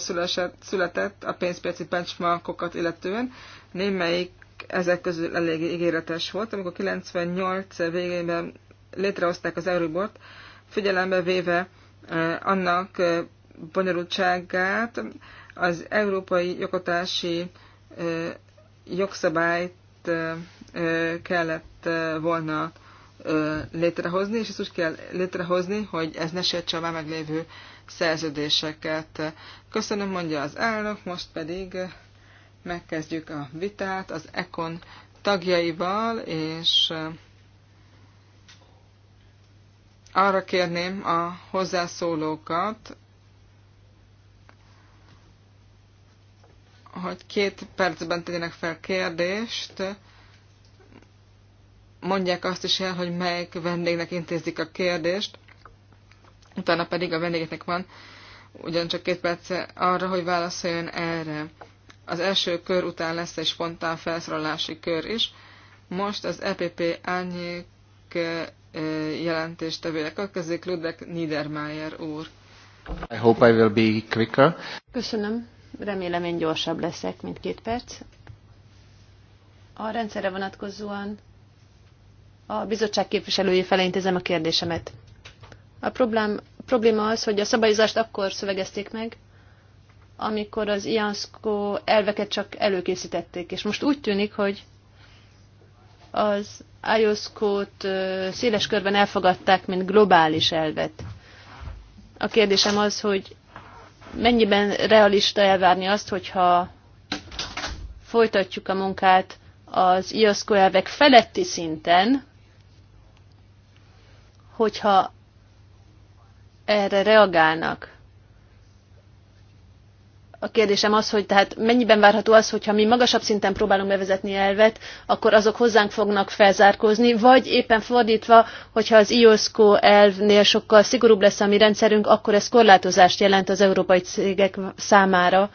született a pénzpiaci benchmarkokat illetően, némelyik ezek közül eléggé ígéretes volt. Amikor 98 végében létrehozták az Euribort, figyelembe véve annak bonyolultságát, az európai jogotási jogszabályt kellett volna létrehozni, és ezt úgy kell létrehozni, hogy ez ne sértse a már meglévő szerződéseket. Köszönöm, mondja az elnök, most pedig megkezdjük a vitát az ECON tagjaival, és arra kérném a hozzászólókat, hogy két percben tegyenek fel kérdést, mondják azt is el, hogy melyik vendégnek intézik a kérdést, utána pedig a vendégeknek van ugyancsak két perc arra, hogy válaszoljon erre. Az első kör után lesz egy spontán felszorolási kör is. Most az EPP Ányék jelentéstevője. Következik Kludek Niedermayer úr. I hope I will be quicker. Köszönöm. Remélem én gyorsabb leszek, mint két perc. A rendszerre vonatkozóan a bizottság képviselői felé intézem a kérdésemet. A problém, probléma az, hogy a szabályozást akkor szövegezték meg, amikor az IANSZKO elveket csak előkészítették. És most úgy tűnik, hogy az ios kót széles körben elfogadták, mint globális elvet. A kérdésem az, hogy mennyiben realista elvárni azt, hogyha folytatjuk a munkát az IOSCO elvek feletti szinten, hogyha erre reagálnak. A kérdésem az, hogy tehát mennyiben várható az, hogyha mi magasabb szinten próbálunk bevezetni elvet, akkor azok hozzánk fognak felzárkózni, vagy éppen fordítva, hogyha az IOSCO elvnél sokkal szigorúbb lesz a mi rendszerünk, akkor ez korlátozást jelent az európai cégek számára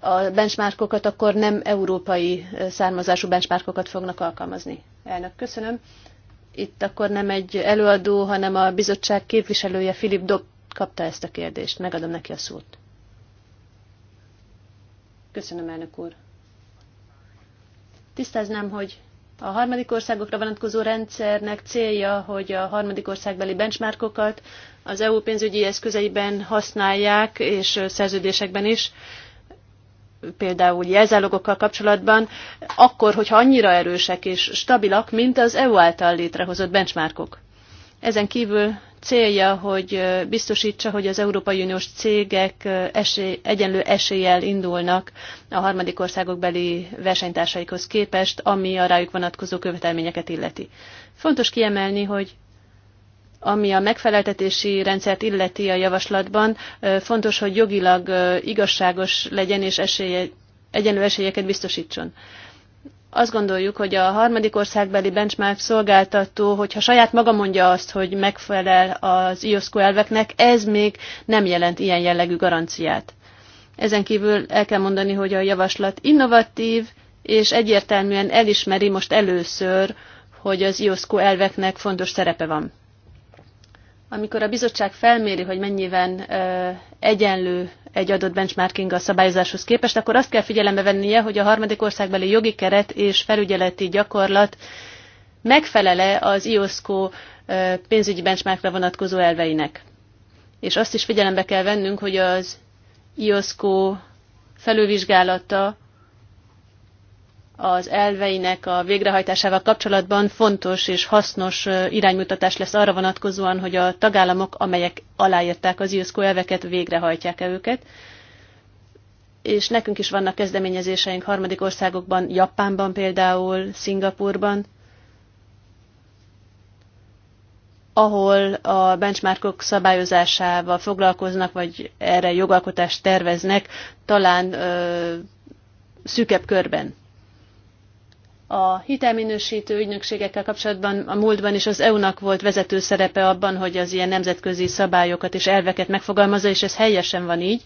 a benchmarkokat, akkor nem európai származású benchmarkokat fognak alkalmazni. Elnök, köszönöm. Itt akkor nem egy előadó, hanem a bizottság képviselője Filip Dob kapta ezt a kérdést. Megadom neki a szót. Köszönöm, elnök úr. Tisztáznám, hogy a harmadik országokra vonatkozó rendszernek célja, hogy a harmadik országbeli benchmarkokat az EU pénzügyi eszközeiben használják, és szerződésekben is, például jelzálogokkal kapcsolatban, akkor, hogyha annyira erősek és stabilak, mint az EU által létrehozott benchmarkok. Ezen kívül célja, hogy biztosítsa, hogy az Európai Uniós cégek esély, egyenlő eséllyel indulnak a harmadik országok beli versenytársaikhoz képest, ami a rájuk vonatkozó követelményeket illeti. Fontos kiemelni, hogy ami a megfeleltetési rendszert illeti a javaslatban, fontos, hogy jogilag igazságos legyen és esélye, egyenlő esélyeket biztosítson azt gondoljuk, hogy a harmadik országbeli benchmark szolgáltató, hogyha saját maga mondja azt, hogy megfelel az IOSCO elveknek, ez még nem jelent ilyen jellegű garanciát. Ezen kívül el kell mondani, hogy a javaslat innovatív, és egyértelműen elismeri most először, hogy az IOSCO elveknek fontos szerepe van. Amikor a bizottság felméri, hogy mennyiben egyenlő egy adott benchmarking a szabályozáshoz képest, akkor azt kell figyelembe vennie, hogy a harmadik országbeli jogi keret és felügyeleti gyakorlat megfelele az IOSCO pénzügyi benchmarkra vonatkozó elveinek. És azt is figyelembe kell vennünk, hogy az IOSCO felülvizsgálata az elveinek a végrehajtásával kapcsolatban fontos és hasznos iránymutatás lesz arra vonatkozóan, hogy a tagállamok, amelyek aláírták az IUSZKO elveket, végrehajtják-e őket. És nekünk is vannak kezdeményezéseink harmadik országokban, Japánban például, Szingapurban, ahol a benchmarkok szabályozásával foglalkoznak, vagy erre jogalkotást terveznek, talán ö, szűkebb körben. A hitelminőstő ügynökségekkel kapcsolatban a múltban is az EU-nak volt vezető szerepe abban, hogy az ilyen nemzetközi szabályokat és elveket megfogalmazza, és ez helyesen van így.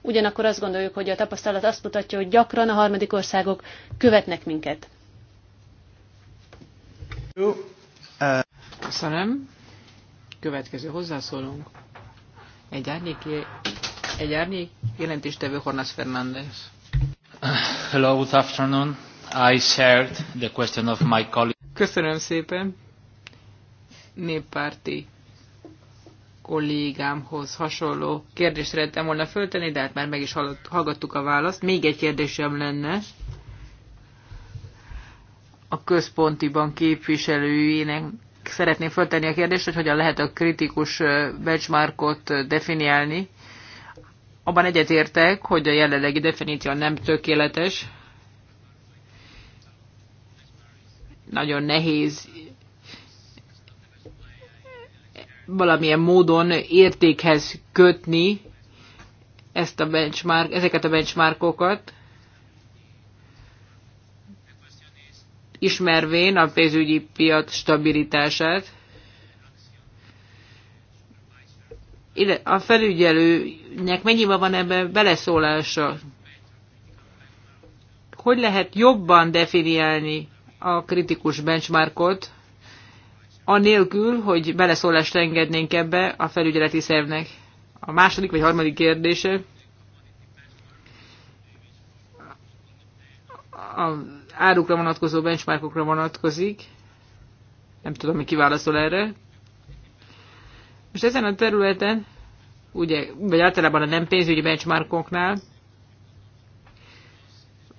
Ugyanakkor azt gondoljuk, hogy a tapasztalat azt mutatja, hogy gyakran a harmadik országok követnek minket. Köszönöm. Következő hozzászólunk. Egy árnyék, egy árnyék jelentéstevő Hornász Fernández. Hello, good afternoon. I shared the question of my colleague. Köszönöm szépen. Néppárti kollégámhoz hasonló kérdést szerettem volna föltenni, de hát már meg is hallgattuk a választ. Még egy kérdésem lenne a központi bank képviselőjének szeretném föltenni a kérdést, hogy hogyan lehet a kritikus benchmarkot definiálni. Abban egyetértek, hogy a jelenlegi definíció nem tökéletes, nagyon nehéz valamilyen módon értékhez kötni ezt a benchmark, ezeket a benchmarkokat, ismervén a pénzügyi piac stabilitását. A felügyelőnek mennyiben van ebben beleszólása? Hogy lehet jobban definiálni a kritikus benchmarkot, anélkül, hogy beleszólást engednénk ebbe a felügyeleti szervnek. A második vagy harmadik kérdése a árukra vonatkozó benchmarkokra vonatkozik. Nem tudom, mi kiválaszol erre. Most ezen a területen, ugye, vagy általában a nem pénzügyi benchmarkoknál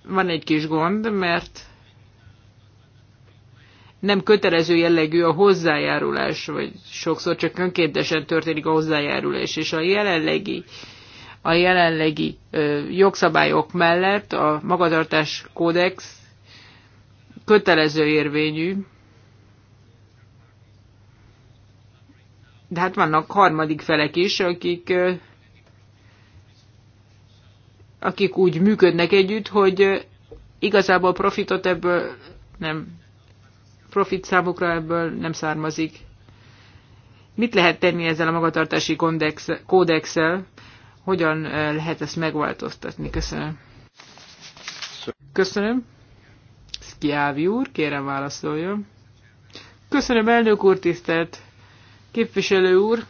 van egy kis gond, mert nem kötelező jellegű a hozzájárulás, vagy sokszor csak önkéntesen történik a hozzájárulás, és a jelenlegi a jelenlegi ö, jogszabályok mellett a magatartás kódex kötelező érvényű, de hát vannak harmadik felek is, akik, ö, akik úgy működnek együtt, hogy ö, igazából profitot ebből nem profit számukra ebből nem származik. Mit lehet tenni ezzel a magatartási kódexel? Hogyan eh, lehet ezt megváltoztatni? Köszönöm. Köszönöm. Szkiávi úr, kérem válaszoljon. Köszönöm, elnök úr, tisztelt képviselő úr.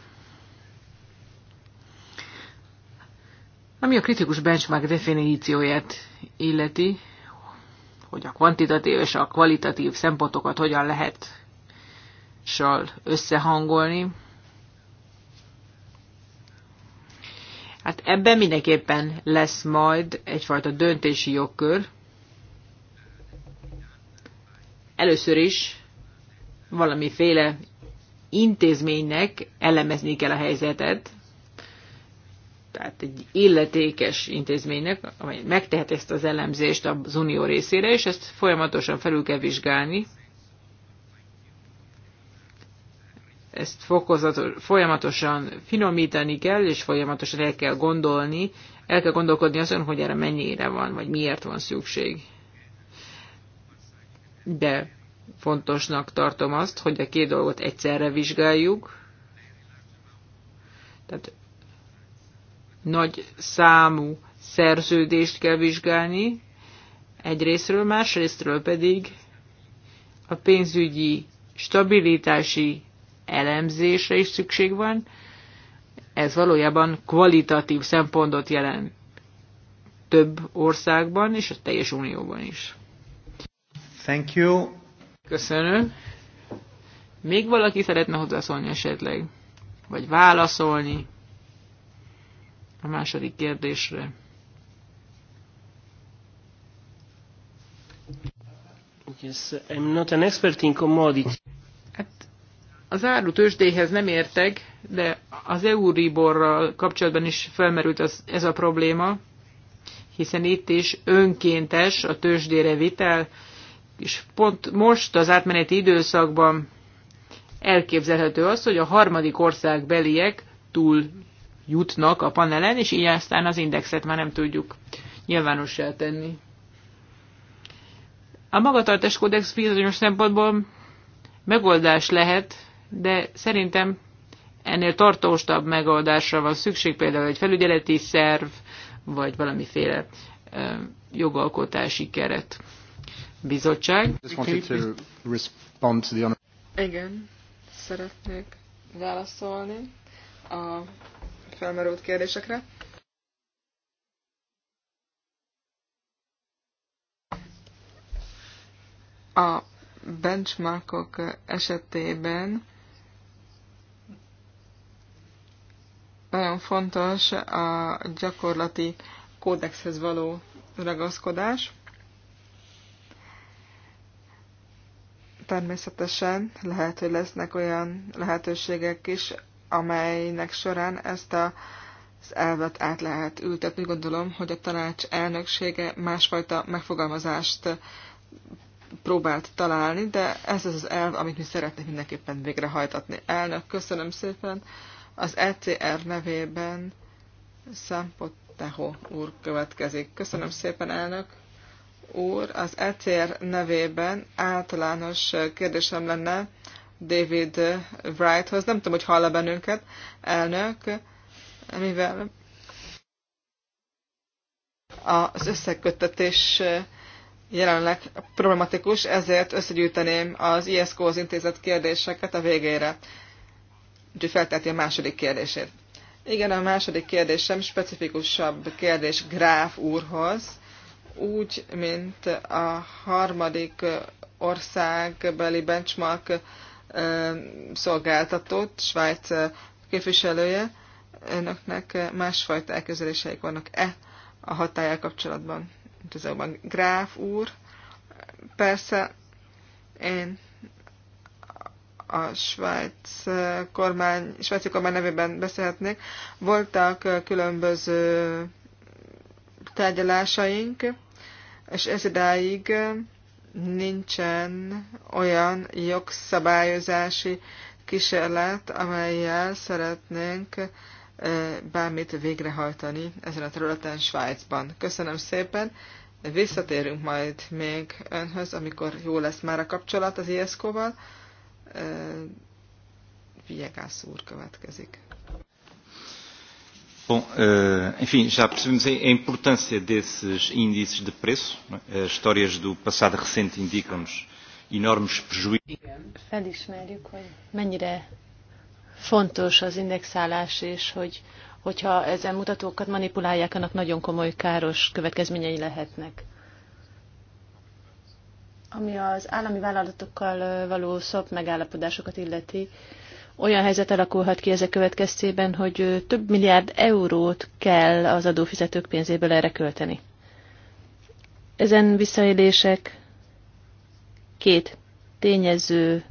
Ami a kritikus benchmark definícióját illeti, hogy a kvantitatív és a kvalitatív szempontokat hogyan lehet sal összehangolni. Hát ebben mindenképpen lesz majd egyfajta döntési jogkör. Először is valamiféle intézménynek elemezni kell a helyzetet, tehát egy illetékes intézménynek, amely megtehet ezt az elemzést az unió részére, és ezt folyamatosan felül kell vizsgálni. Ezt folyamatosan finomítani kell, és folyamatosan el kell gondolni, el kell gondolkodni azon, hogy erre mennyire van, vagy miért van szükség. De fontosnak tartom azt, hogy a két dolgot egyszerre vizsgáljuk, tehát nagy számú szerződést kell vizsgálni, egyrésztről, másrésztről pedig a pénzügyi stabilitási elemzésre is szükség van, ez valójában kvalitatív szempontot jelent több országban és a teljes unióban is. Thank you. Köszönöm. Még valaki szeretne hozzászólni esetleg? Vagy válaszolni? a második kérdésre. Yes, I'm not an expert in Hát az áru tőzsdéhez nem értek, de az Euriborral kapcsolatban is felmerült az, ez a probléma, hiszen itt is önkéntes a tőzsdére vitel, és pont most az átmeneti időszakban elképzelhető az, hogy a harmadik ország beliek túl jutnak a panelen, és így aztán az indexet már nem tudjuk nyilvánossá tenni. A magatartás kódex bizonyos szempontból megoldás lehet, de szerintem ennél tartósabb megoldásra van szükség, például egy felügyeleti szerv, vagy valamiféle jogalkotási keret. Bizottság. Igen, szeretnék válaszolni a felmerült kérdésekre. A benchmarkok esetében nagyon fontos a gyakorlati kódexhez való ragaszkodás. Természetesen lehet, hogy lesznek olyan lehetőségek is, amelynek során ezt a, az elvet át lehet ültetni. Gondolom, hogy a tanács elnöksége másfajta megfogalmazást próbált találni, de ez az az elv, amit mi szeretnénk mindenképpen végrehajtatni. Elnök, köszönöm szépen. Az ECR nevében Szampoteho úr következik. Köszönöm szépen, elnök úr. Az ECR nevében általános kérdésem lenne David Wrighthoz. Nem tudom, hogy hall-e bennünket, elnök, mivel az összeköttetés jelenleg problematikus, ezért összegyűjteném az ISZKO-hoz intézett kérdéseket a végére. Úgyhogy feltelti a második kérdését. Igen, a második kérdésem specifikusabb kérdés Gráf úrhoz. Úgy, mint a harmadik országbeli benchmark szolgáltatót, Svájc képviselője. Önöknek másfajta elképzeléseik vannak-e a hatájá kapcsolatban? az Gráf úr. Persze én a Svájc kormány, svájci kormány nevében beszélhetnék. Voltak különböző tárgyalásaink, és ez idáig nincsen olyan jogszabályozási kísérlet, amelyel szeretnénk bármit végrehajtani ezen a területen Svájcban. Köszönöm szépen! Visszatérünk majd még önhöz, amikor jó lesz már a kapcsolat az ISZKO-val. Viegász úr következik. Bom, eh, enfim, já percebemos a importância desses índices de preço. As histórias do passado recente indicam-nos enormes prejuízos. mennyire fontos az indexálás, és hogy hogyha ezen mutatókat manipulálják, annak nagyon komoly káros következményei lehetnek. Ami az állami vállalatokkal eh, való szop megállapodásokat illeti, olyan helyzet alakulhat ki ezek következtében, hogy több milliárd eurót kell az adófizetők pénzéből erre költeni. Ezen visszaélések két tényező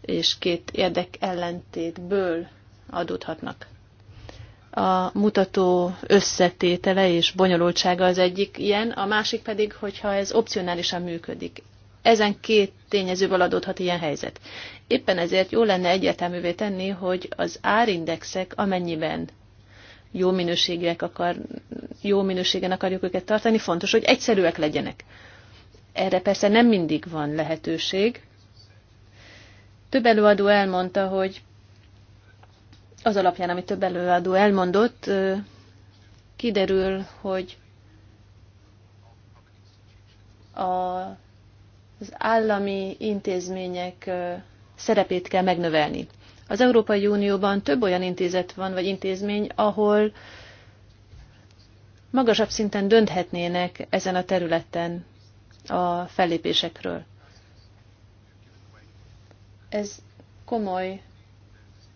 és két érdek ellentétből adódhatnak. A mutató összetétele és bonyolultsága az egyik ilyen, a másik pedig, hogyha ez opcionálisan működik. Ezen két tényezőből adódhat ilyen helyzet. Éppen ezért jó lenne egyértelművé tenni, hogy az árindexek amennyiben jó, minőségűek akar, jó minőségen akarjuk őket tartani, fontos, hogy egyszerűek legyenek. Erre persze nem mindig van lehetőség. Több előadó elmondta, hogy az alapján, amit több előadó elmondott, kiderül, hogy a az állami intézmények szerepét kell megnövelni. Az Európai Unióban több olyan intézet van, vagy intézmény, ahol magasabb szinten dönthetnének ezen a területen a fellépésekről. Ez komoly,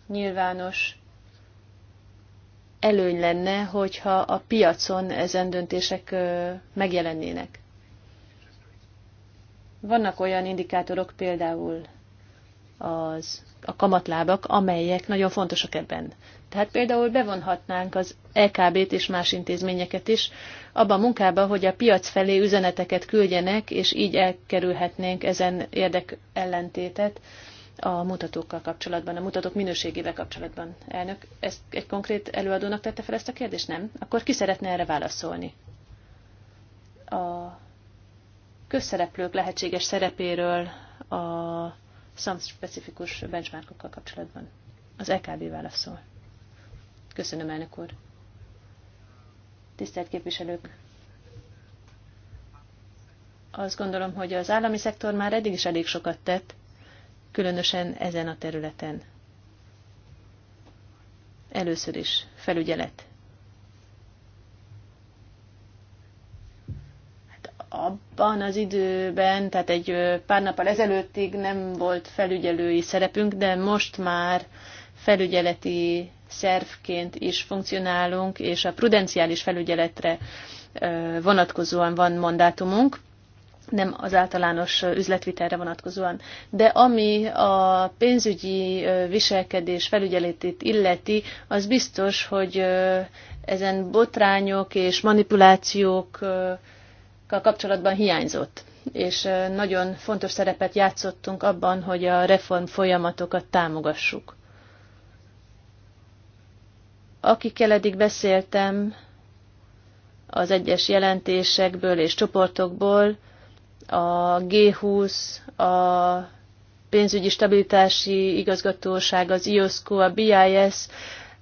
nyilvános előny lenne, hogyha a piacon ezen döntések megjelennének. Vannak olyan indikátorok, például az, a kamatlábak, amelyek nagyon fontosak ebben. Tehát például bevonhatnánk az EKB-t és más intézményeket is abba a munkába, hogy a piac felé üzeneteket küldjenek, és így elkerülhetnénk ezen érdek ellentétet a mutatókkal kapcsolatban, a mutatók minőségével kapcsolatban. Elnök, ezt egy konkrét előadónak tette fel ezt a kérdést? Nem? Akkor ki szeretne erre válaszolni? A közszereplők lehetséges szerepéről a szamspecifikus benchmarkokkal kapcsolatban? Az EKB válaszol. Köszönöm, elnök úr. Tisztelt képviselők! Azt gondolom, hogy az állami szektor már eddig is elég sokat tett, különösen ezen a területen. Először is felügyelet. abban az időben, tehát egy pár nappal ezelőttig nem volt felügyelői szerepünk, de most már felügyeleti szervként is funkcionálunk, és a prudenciális felügyeletre vonatkozóan van mandátumunk, nem az általános üzletvitelre vonatkozóan. De ami a pénzügyi viselkedés felügyeletét illeti, az biztos, hogy ezen botrányok és manipulációk kapcsolatban hiányzott. És nagyon fontos szerepet játszottunk abban, hogy a reform folyamatokat támogassuk. Akikkel eddig beszéltem, az egyes jelentésekből és csoportokból, a G20, a pénzügyi stabilitási igazgatóság, az IOSCO, a BIS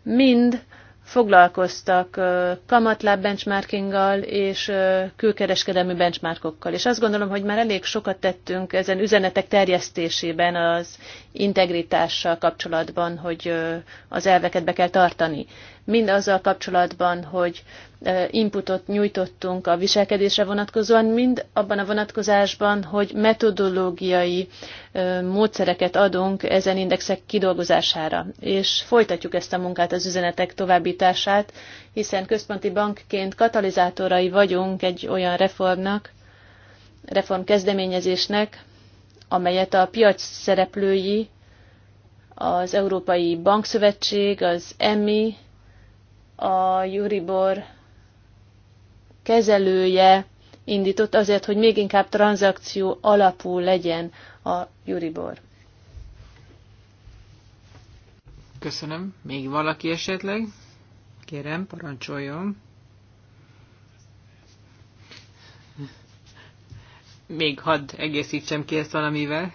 mind foglalkoztak kamatláb benchmarkinggal és külkereskedelmi benchmarkokkal. És azt gondolom, hogy már elég sokat tettünk ezen üzenetek terjesztésében az integritással kapcsolatban, hogy az elveket be kell tartani mind azzal kapcsolatban, hogy inputot nyújtottunk a viselkedésre vonatkozóan, mind abban a vonatkozásban, hogy metodológiai módszereket adunk ezen indexek kidolgozására. És folytatjuk ezt a munkát, az üzenetek továbbítását, hiszen központi bankként katalizátorai vagyunk egy olyan reformnak, reform kezdeményezésnek, amelyet a piac szereplői, az Európai Bankszövetség, az EMI a Juribor kezelője indított azért, hogy még inkább tranzakció alapú legyen a Juribor. Köszönöm. Még valaki esetleg? Kérem, parancsoljon. Még hadd egészítsem ki ezt valamivel.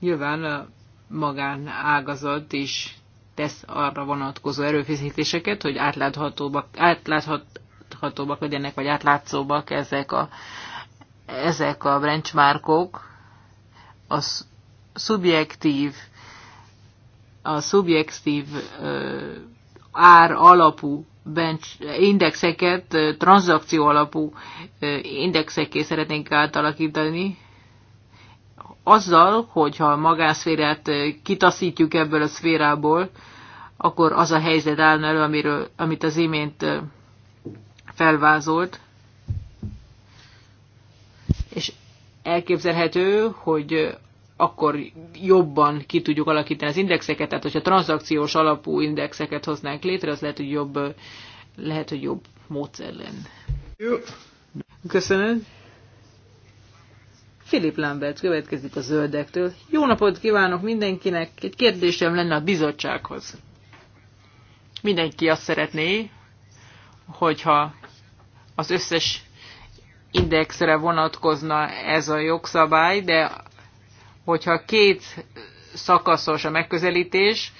Nyilván a magán ágazat is tesz arra vonatkozó erőfeszítéseket, hogy átláthatóbbak, átláthatóbbak legyenek, vagy átlátszóbbak ezek a, ezek a benchmarkok, a szubjektív, a szubjektív ár alapú bench, indexeket, tranzakció alapú indexekké szeretnénk átalakítani, azzal, hogyha a magánszférát eh, kitaszítjuk ebből a szférából, akkor az a helyzet állna elő, amiről, amit az imént eh, felvázolt. És elképzelhető, hogy eh, akkor jobban ki tudjuk alakítani az indexeket, tehát hogyha tranzakciós alapú indexeket hoznánk létre, az lehet, hogy jobb, lehet, hogy jobb módszer lenne. Jó. Köszönöm. Philip Lambert következik a zöldektől. Jó napot kívánok mindenkinek! Egy kérdésem lenne a bizottsághoz. Mindenki azt szeretné, hogyha az összes indexre vonatkozna ez a jogszabály, de hogyha két szakaszos a megközelítés,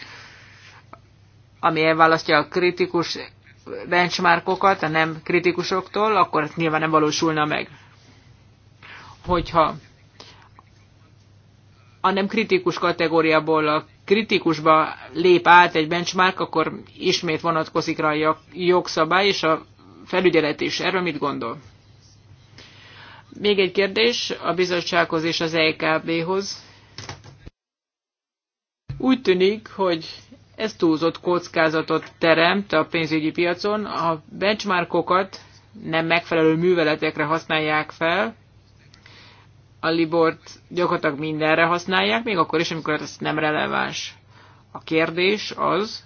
ami elválasztja a kritikus benchmarkokat a nem kritikusoktól, akkor nyilván nem valósulna meg hogyha a nem kritikus kategóriából a kritikusba lép át egy benchmark, akkor ismét vonatkozik rá a jogszabály és a felügyelet is. Erről mit gondol? Még egy kérdés a bizottsághoz és az EKB-hoz. Úgy tűnik, hogy ez túlzott kockázatot teremt a pénzügyi piacon, a benchmarkokat nem megfelelő műveletekre használják fel, a Libort gyakorlatilag mindenre használják, még akkor is, amikor ez nem releváns. A kérdés az,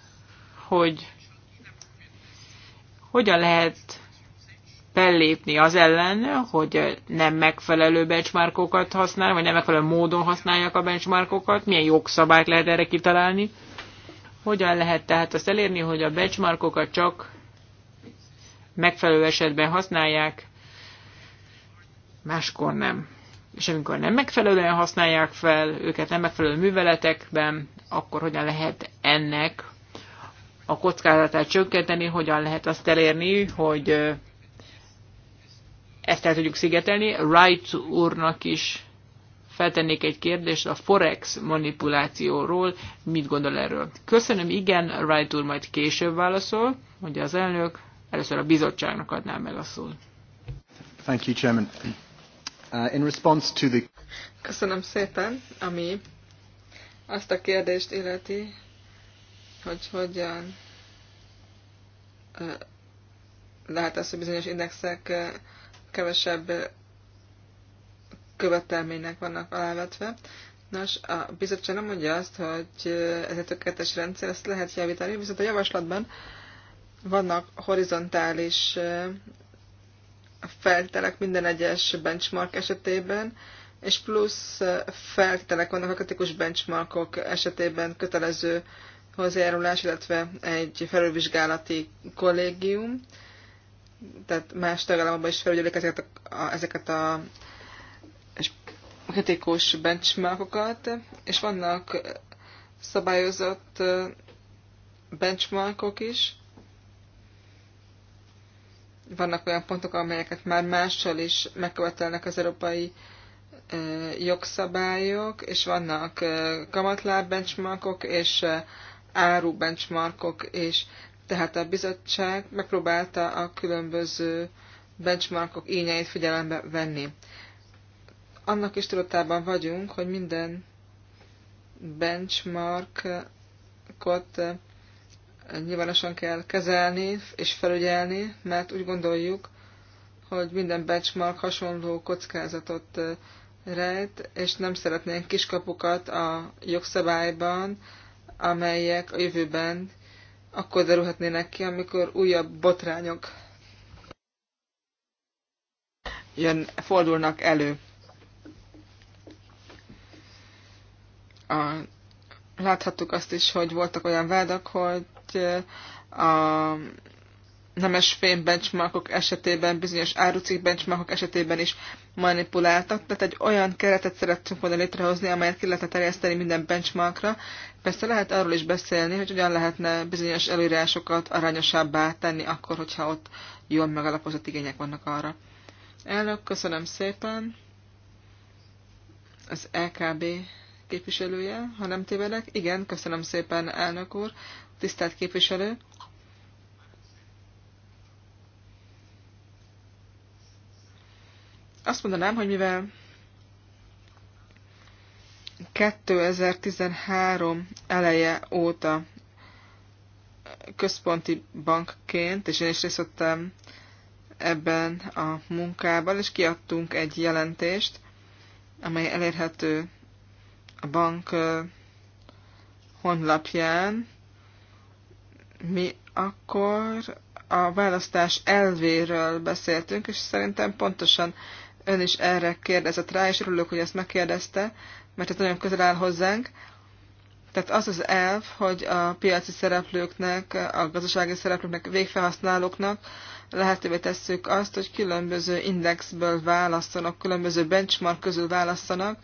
hogy hogyan lehet fellépni az ellen, hogy nem megfelelő benchmarkokat használ, vagy nem megfelelő módon használják a benchmarkokat, milyen jogszabályt lehet erre kitalálni, hogyan lehet tehát azt elérni, hogy a benchmarkokat csak megfelelő esetben használják, máskor nem és amikor nem megfelelően használják fel őket nem megfelelő műveletekben, akkor hogyan lehet ennek a kockázatát csökkenteni, hogyan lehet azt elérni, hogy ezt el tudjuk szigetelni. Wright úrnak is feltennék egy kérdést a forex manipulációról, mit gondol erről. Köszönöm, igen, Wright úr majd később válaszol, mondja az elnök, először a bizottságnak adnám meg a szót. Thank you, Chairman. Uh, in response to the... Köszönöm szépen, ami azt a kérdést illeti, hogy hogyan uh, lehet az, hogy bizonyos indexek uh, kevesebb követelménynek vannak alávetve. Nos, a bizottság nem mondja azt, hogy ez egy tökéletes rendszer, ezt lehet javítani, viszont a javaslatban vannak horizontális feltételek minden egyes benchmark esetében, és plusz feltételek vannak a kritikus benchmarkok esetében kötelező hozzájárulás, illetve egy felülvizsgálati kollégium, tehát más tagállamokban is felügyelik ezeket a, ezeket a kritikus benchmarkokat, és vannak szabályozott benchmarkok is, vannak olyan pontok, amelyeket már mással is megkövetelnek az európai jogszabályok, és vannak kamatláb benchmarkok, és áru benchmarkok, és tehát a bizottság megpróbálta a különböző benchmarkok ínyeit figyelembe venni. Annak is tudatában vagyunk, hogy minden benchmarkot nyilvánosan kell kezelni és felügyelni, mert úgy gondoljuk, hogy minden benchmark hasonló kockázatot rejt, és nem szeretnénk kiskapukat a jogszabályban, amelyek a jövőben akkor derülhetnének ki, amikor újabb botrányok jön, fordulnak elő. A, láthattuk azt is, hogy voltak olyan vádak, hogy a nemes fém benchmarkok esetében, bizonyos árucik benchmarkok esetében is manipuláltak. Tehát egy olyan keretet szerettünk volna létrehozni, amelyet ki lehetne terjeszteni minden benchmarkra. Persze lehet arról is beszélni, hogy hogyan lehetne bizonyos előírásokat arányosabbá tenni akkor, hogyha ott jól megalapozott igények vannak arra. Elnök, köszönöm szépen. Az LKB e képviselője, ha nem tévedek. Igen, köszönöm szépen, elnök úr, tisztelt képviselő. Azt mondanám, hogy mivel 2013 eleje óta központi bankként, és én is részt vettem ebben a munkában, és kiadtunk egy jelentést, amely elérhető a bank honlapján, mi akkor a választás elvéről beszéltünk, és szerintem pontosan ön is erre kérdezett rá, és örülök, hogy ezt megkérdezte, mert ez nagyon közel áll hozzánk. Tehát az az elv, hogy a piaci szereplőknek, a gazdasági szereplőknek, végfelhasználóknak lehetővé tesszük azt, hogy különböző indexből választanak, különböző benchmark közül választanak,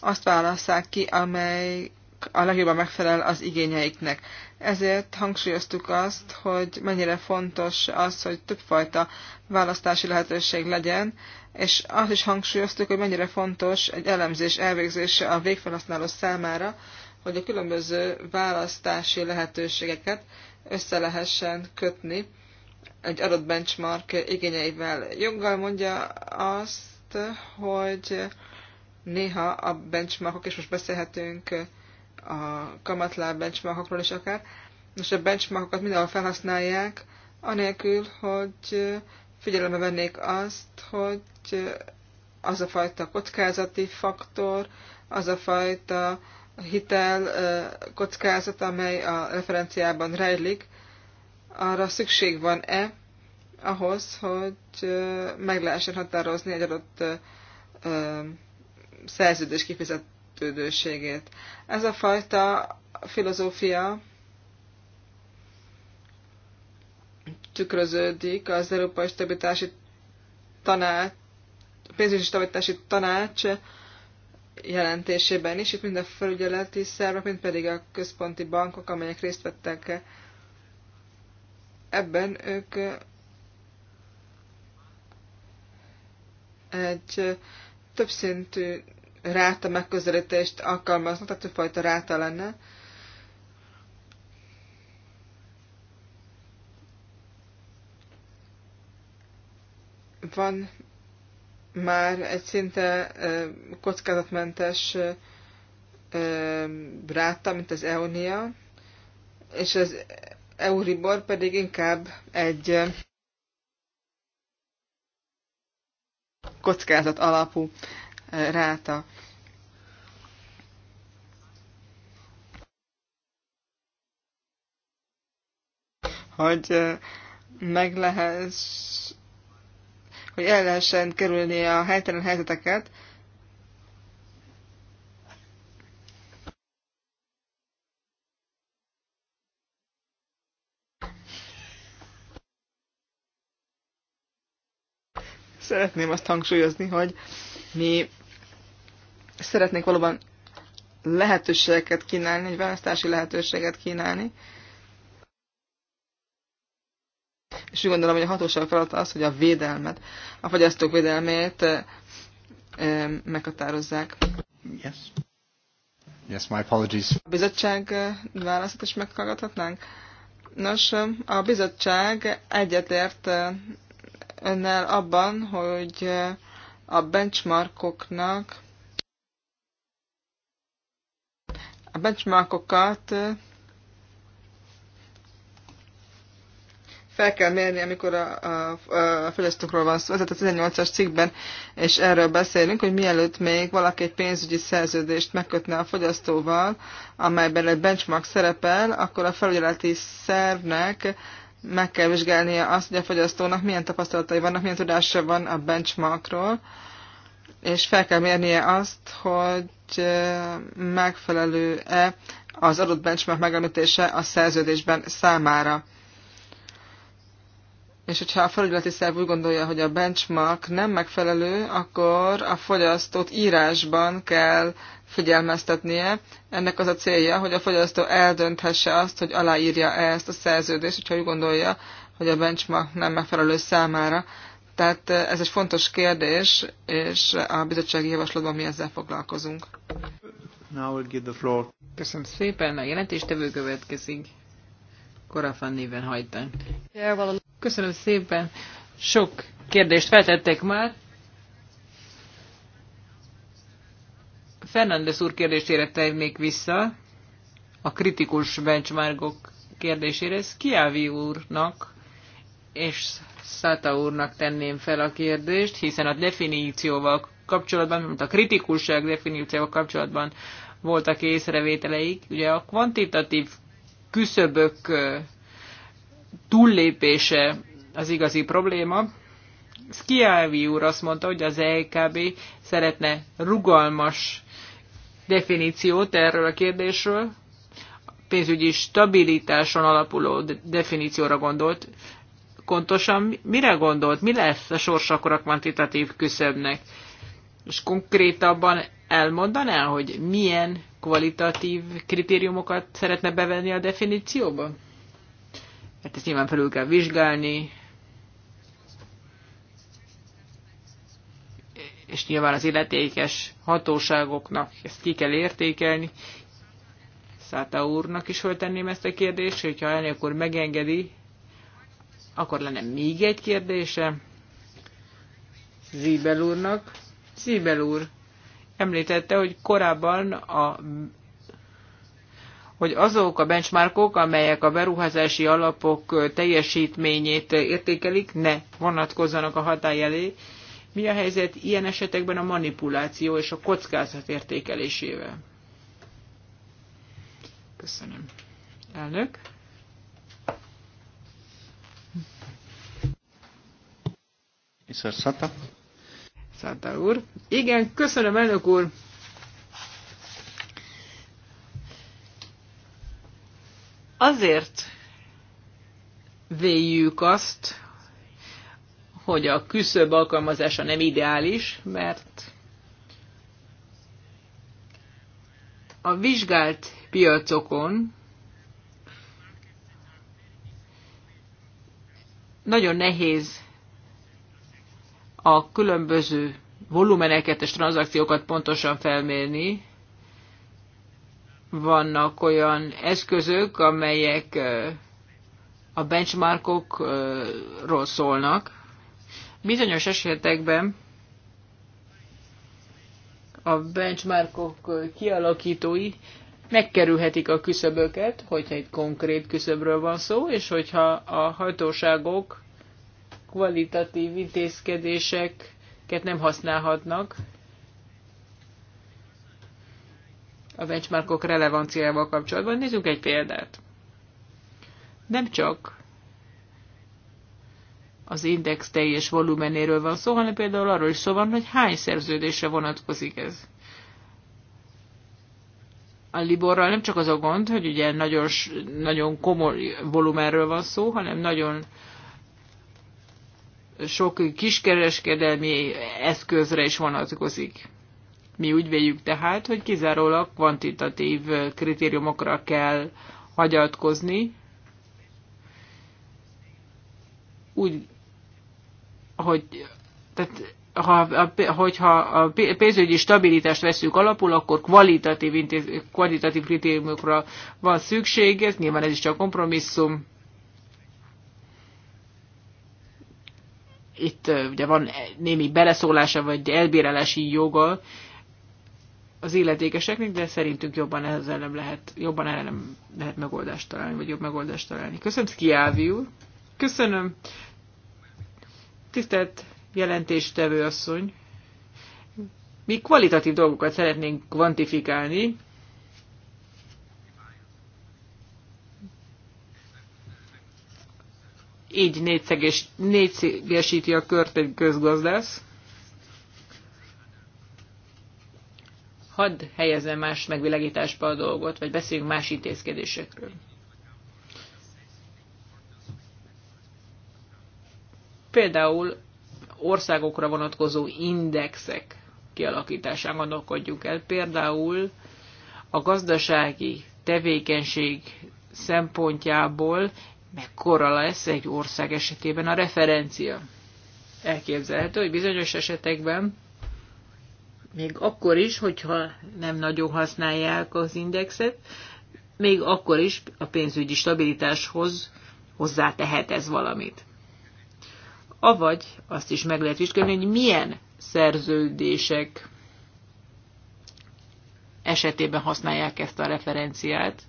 azt válasszák ki, amely a legjobban megfelel az igényeiknek. Ezért hangsúlyoztuk azt, hogy mennyire fontos az, hogy többfajta választási lehetőség legyen, és azt is hangsúlyoztuk, hogy mennyire fontos egy elemzés elvégzése a végfelhasználó számára, hogy a különböző választási lehetőségeket össze lehessen kötni egy adott benchmark igényeivel. Joggal mondja azt, hogy néha a benchmarkok, és most beszélhetünk a kamatláb benchmarkokról is akár, most a benchmarkokat mindenhol felhasználják, anélkül, hogy figyelembe vennék azt, hogy az a fajta kockázati faktor, az a fajta hitel kockázat, amely a referenciában rejlik, arra szükség van-e ahhoz, hogy meg lehessen határozni egy adott szerződés kifizetődőségét. Ez a fajta filozófia tükröződik az Európai Stabilitási Tanács, pénzügyi stabilitási tanács jelentésében is, itt mind a felügyeleti szervek, mind pedig a központi bankok, amelyek részt vettek ebben, ők egy többszintű ráta megközelítést alkalmaznak, tehát többfajta ráta lenne. Van már egy szinte kockázatmentes ráta, mint az EONIA, és az Euribor pedig inkább egy kockázat alapú ráta. Hogy meg lehet hogy el lehessen kerülni a helytelen helyzeteket. Szeretném azt hangsúlyozni, hogy mi szeretnék valóban lehetőségeket kínálni, egy választási lehetőséget kínálni, és úgy gondolom, hogy a hatóság feladata az, hogy a védelmet, a fogyasztók védelmét eh, eh, meghatározzák. Yes. Yes, my apologies. A bizottság eh, válaszát is meghallgathatnánk? Nos, a bizottság egyetért önnel abban, hogy a benchmarkoknak a benchmarkokat fel kell mérni, amikor a, a, a fogyasztókról van szó. Ez a 18-as cikkben, és erről beszélünk, hogy mielőtt még valaki egy pénzügyi szerződést megkötne a fogyasztóval, amelyben egy benchmark szerepel, akkor a felügyeleti szervnek meg kell vizsgálnia azt, hogy a fogyasztónak milyen tapasztalatai vannak, milyen tudása van a benchmarkról, és fel kell mérnie azt, hogy megfelelő-e az adott benchmark megemlítése a szerződésben számára és hogyha a felügyeleti szerv úgy gondolja, hogy a benchmark nem megfelelő, akkor a fogyasztót írásban kell figyelmeztetnie. Ennek az a célja, hogy a fogyasztó eldönthesse azt, hogy aláírja -e ezt a szerződést, hogyha úgy gondolja, hogy a benchmark nem megfelelő számára. Tehát eh, ez egy fontos kérdés, és a bizottsági javaslatban mi ezzel foglalkozunk. Now we'll give the floor. Köszönöm szépen, a jelentéstevő következik. Korafán néven hajtani. Köszönöm szépen. Sok kérdést feltettek már. Fernandes úr kérdésére térnék vissza, a kritikus benchmarkok kérdésére. Ez Kiávi úrnak és Szata úrnak tenném fel a kérdést, hiszen a definícióval kapcsolatban, mint a kritikusság definícióval kapcsolatban voltak észrevételeik. Ugye a kvantitatív küszöbök túllépése az igazi probléma. Szkiávi úr azt mondta, hogy az EKB szeretne rugalmas definíciót erről a kérdésről, pénzügyi stabilitáson alapuló definícióra gondolt. Kontosan, mire gondolt? Mi lesz a sorsakor a kvantitatív küszöbnek? most konkrétabban elmondaná, hogy milyen kvalitatív kritériumokat szeretne bevenni a definícióba? Hát ezt nyilván felül kell vizsgálni, és nyilván az illetékes hatóságoknak ezt ki kell értékelni. Száta úrnak is föltenném ezt a kérdést, hogyha elnök akkor megengedi, akkor lenne még egy kérdése Zíbel úrnak. Szíbel úr említette, hogy korábban a hogy azok a benchmarkok, amelyek a beruházási alapok teljesítményét értékelik, ne vonatkozzanak a hatály elé. Mi a helyzet ilyen esetekben a manipuláció és a kockázat értékelésével? Köszönöm. Elnök. Mr. Sata. Száta úr. Igen, köszönöm, elnök úr. Azért véljük azt, hogy a küszöb alkalmazása nem ideális, mert a vizsgált piacokon nagyon nehéz a különböző volumeneket és tranzakciókat pontosan felmérni. Vannak olyan eszközök, amelyek a benchmarkokról szólnak. Bizonyos esetekben a benchmarkok kialakítói megkerülhetik a küszöböket, hogyha itt konkrét küszöbről van szó, és hogyha a hatóságok kvalitatív intézkedéseket nem használhatnak a benchmarkok relevanciával kapcsolatban. Nézzünk egy példát. Nem csak az index teljes volumenéről van szó, hanem például arról is szó van, hogy hány szerződésre vonatkozik ez. A Liborral nem csak az a gond, hogy ugye nagyon, nagyon komoly volumenről van szó, hanem nagyon sok kiskereskedelmi eszközre is vonatkozik. Mi úgy véljük tehát, hogy kizárólag kvantitatív kritériumokra kell hagyatkozni, úgy, hogy tehát ha, hogyha a pénzügyi stabilitást veszük alapul, akkor kvalitatív, intéz, kvalitatív kritériumokra van szükség, ez nyilván ez is csak kompromisszum, itt ugye van némi beleszólása vagy elbírálási joga az illetékeseknek, de szerintünk jobban ezzel nem lehet, jobban erre nem lehet megoldást találni, vagy jobb megoldást találni. Köszönöm, Szkiávi úr. Köszönöm. Tisztelt jelentéstevő asszony. Mi kvalitatív dolgokat szeretnénk kvantifikálni, így négyszeges, négyszegesíti a kört egy közgazdász. Hadd helyezem más megvilágításba a dolgot, vagy beszéljünk más intézkedésekről. Például országokra vonatkozó indexek kialakításán gondolkodjunk el. Például a gazdasági tevékenység szempontjából mekkora lesz egy ország esetében a referencia. Elképzelhető, hogy bizonyos esetekben, még akkor is, hogyha nem nagyon használják az indexet, még akkor is a pénzügyi stabilitáshoz hozzátehet ez valamit. Avagy azt is meg lehet vizsgálni, hogy milyen szerződések esetében használják ezt a referenciát,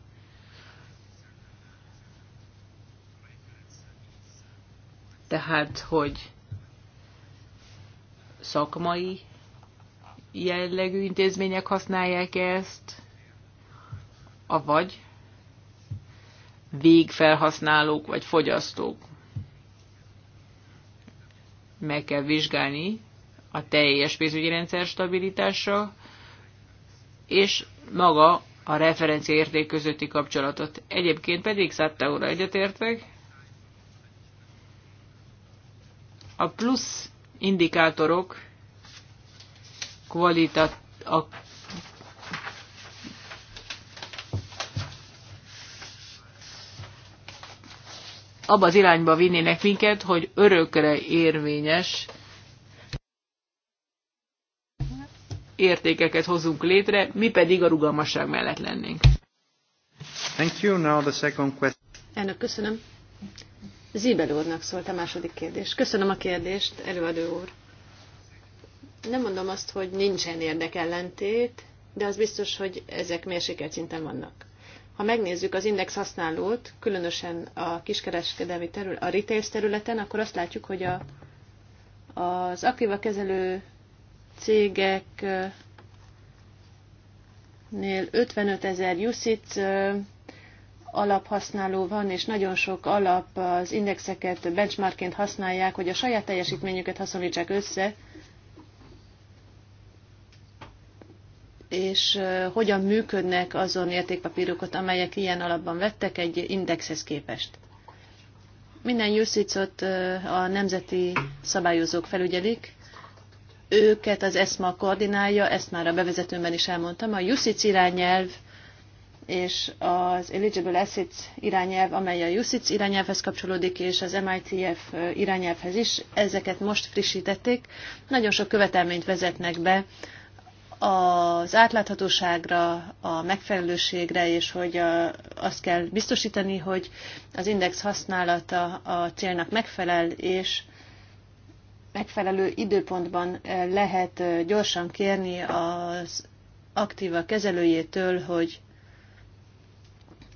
tehát hogy szakmai jellegű intézmények használják -e ezt, avagy végfelhasználók vagy fogyasztók. Meg kell vizsgálni a teljes pénzügyi rendszer stabilitása, és maga a referenciaérték közötti kapcsolatot. Egyébként pedig Szátta egyetértek, A plusz indikátorok kvalitat, a abba az irányba vinnének minket, hogy örökre érvényes értékeket hozunk létre, mi pedig a rugalmasság mellett lennénk. Thank you. Now the second question. Elnök, köszönöm. Zibel úrnak szólt a második kérdés. Köszönöm a kérdést, előadó úr. Nem mondom azt, hogy nincsen érdekellentét, de az biztos, hogy ezek mérsékelt szinten vannak. Ha megnézzük az index használót, különösen a kiskereskedelmi terület, a retail területen, akkor azt látjuk, hogy a, az aktíva kezelő cégeknél 55 ezer USIT alaphasználó van, és nagyon sok alap az indexeket benchmarkként használják, hogy a saját teljesítményüket hasonlítsák össze, és hogyan működnek azon értékpapírokat, amelyek ilyen alapban vettek egy indexhez képest. Minden jusszicot a nemzeti szabályozók felügyelik, őket az ESMA koordinálja, ezt már a bevezetőmben is elmondtam, a jusszic irányelv és az Eligible Assets irányelv, amely a USITS irányelvhez kapcsolódik, és az MITF irányelvhez is, ezeket most frissítették. Nagyon sok követelményt vezetnek be az átláthatóságra, a megfelelőségre, és hogy azt kell biztosítani, hogy az index használata a célnak megfelel, és megfelelő időpontban lehet gyorsan kérni az aktíva kezelőjétől, hogy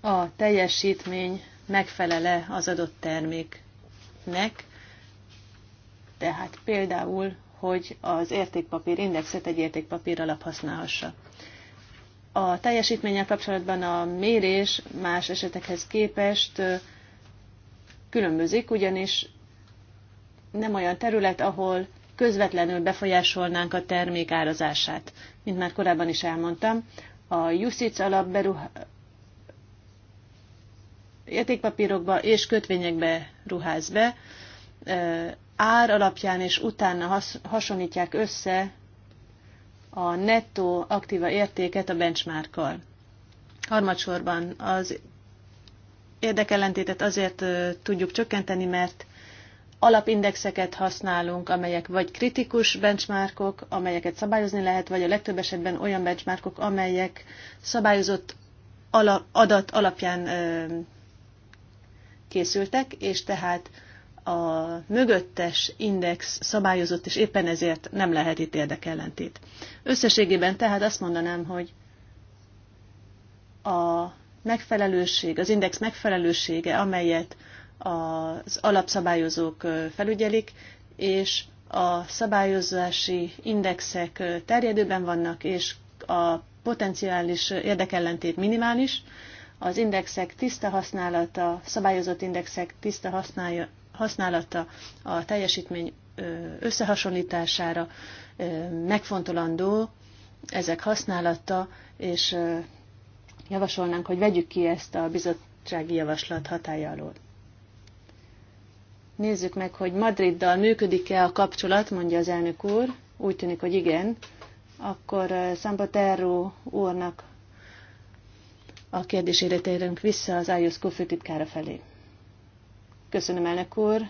a teljesítmény megfelele az adott terméknek, tehát például, hogy az értékpapír indexet egy értékpapír alap használhassa. A teljesítménnyel kapcsolatban a mérés más esetekhez képest különbözik, ugyanis nem olyan terület, ahol közvetlenül befolyásolnánk a termék árazását. Mint már korábban is elmondtam, a Jusic alap értékpapírokba és kötvényekbe ruház be, ár alapján és utána hasonlítják össze a nettó aktíva értéket a benchmarkkal. Harmadsorban az érdekellentétet azért tudjuk csökkenteni, mert alapindexeket használunk, amelyek vagy kritikus benchmarkok, amelyeket szabályozni lehet, vagy a legtöbb esetben olyan benchmarkok, amelyek szabályozott adat alapján készültek, és tehát a mögöttes index szabályozott, és éppen ezért nem lehet itt érdekellentét. Összességében tehát azt mondanám, hogy a megfelelőség, az index megfelelősége, amelyet az alapszabályozók felügyelik, és a szabályozási indexek terjedőben vannak, és a potenciális érdekellentét minimális, az indexek tiszta használata, szabályozott indexek tiszta használata a teljesítmény összehasonlítására megfontolandó ezek használata, és javasolnánk, hogy vegyük ki ezt a bizottsági javaslat hatája alól. Nézzük meg, hogy Madriddal működik-e a kapcsolat, mondja az elnök úr. Úgy tűnik, hogy igen. Akkor Szampaterró úrnak a kérdésére térünk vissza az IOSCO főtitkára felé. Köszönöm, elnök úr.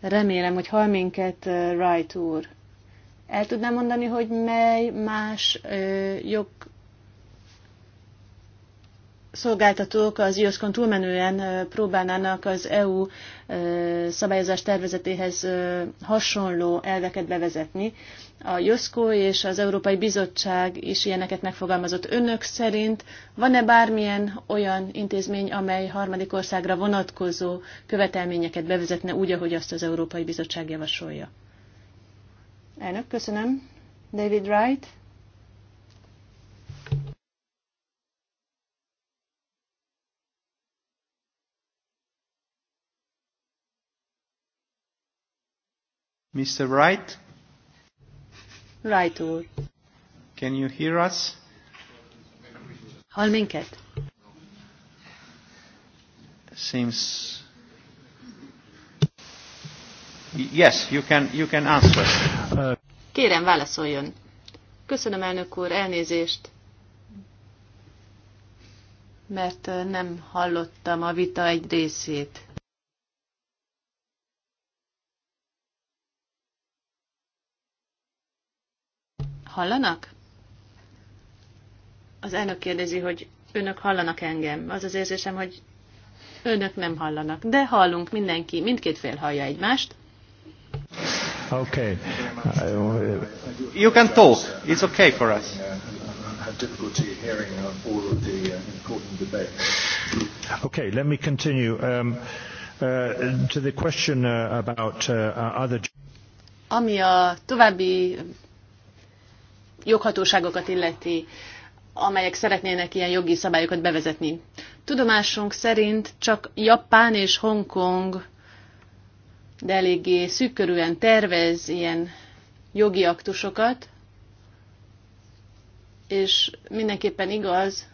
Remélem, hogy hall minket uh, Wright úr. El tudnám mondani, hogy mely más ö, uh, jog szolgáltatók az IOSZ-kon túlmenően uh, próbálnának az EU szabályozás tervezetéhez hasonló elveket bevezetni, a JOSZKO és az Európai Bizottság is ilyeneket megfogalmazott. Önök szerint van-e bármilyen olyan intézmény, amely harmadik országra vonatkozó követelményeket bevezetne úgy, ahogy azt az Európai Bizottság javasolja? Elnök, köszönöm. David Wright. Mr. Wright. Right. úr. Can you hear us? Hall minket? Seems... Yes, you can, you can answer. Kérem, válaszoljon. Köszönöm, elnök úr, elnézést mert nem hallottam a vita egy részét. Hallanak? Az elnök kérdezi, hogy önök hallanak engem. Az az érzésem, hogy önök nem hallanak. De hallunk mindenki, mindkét fél hallja egymást. Okay. You can talk. It's okay for us. Okay, let me continue. Um, uh, to the question uh, about uh, other... Ami a további joghatóságokat illeti, amelyek szeretnének ilyen jogi szabályokat bevezetni. Tudomásunk szerint csak Japán és Hongkong de eléggé szűkörűen tervez ilyen jogi aktusokat, és mindenképpen igaz,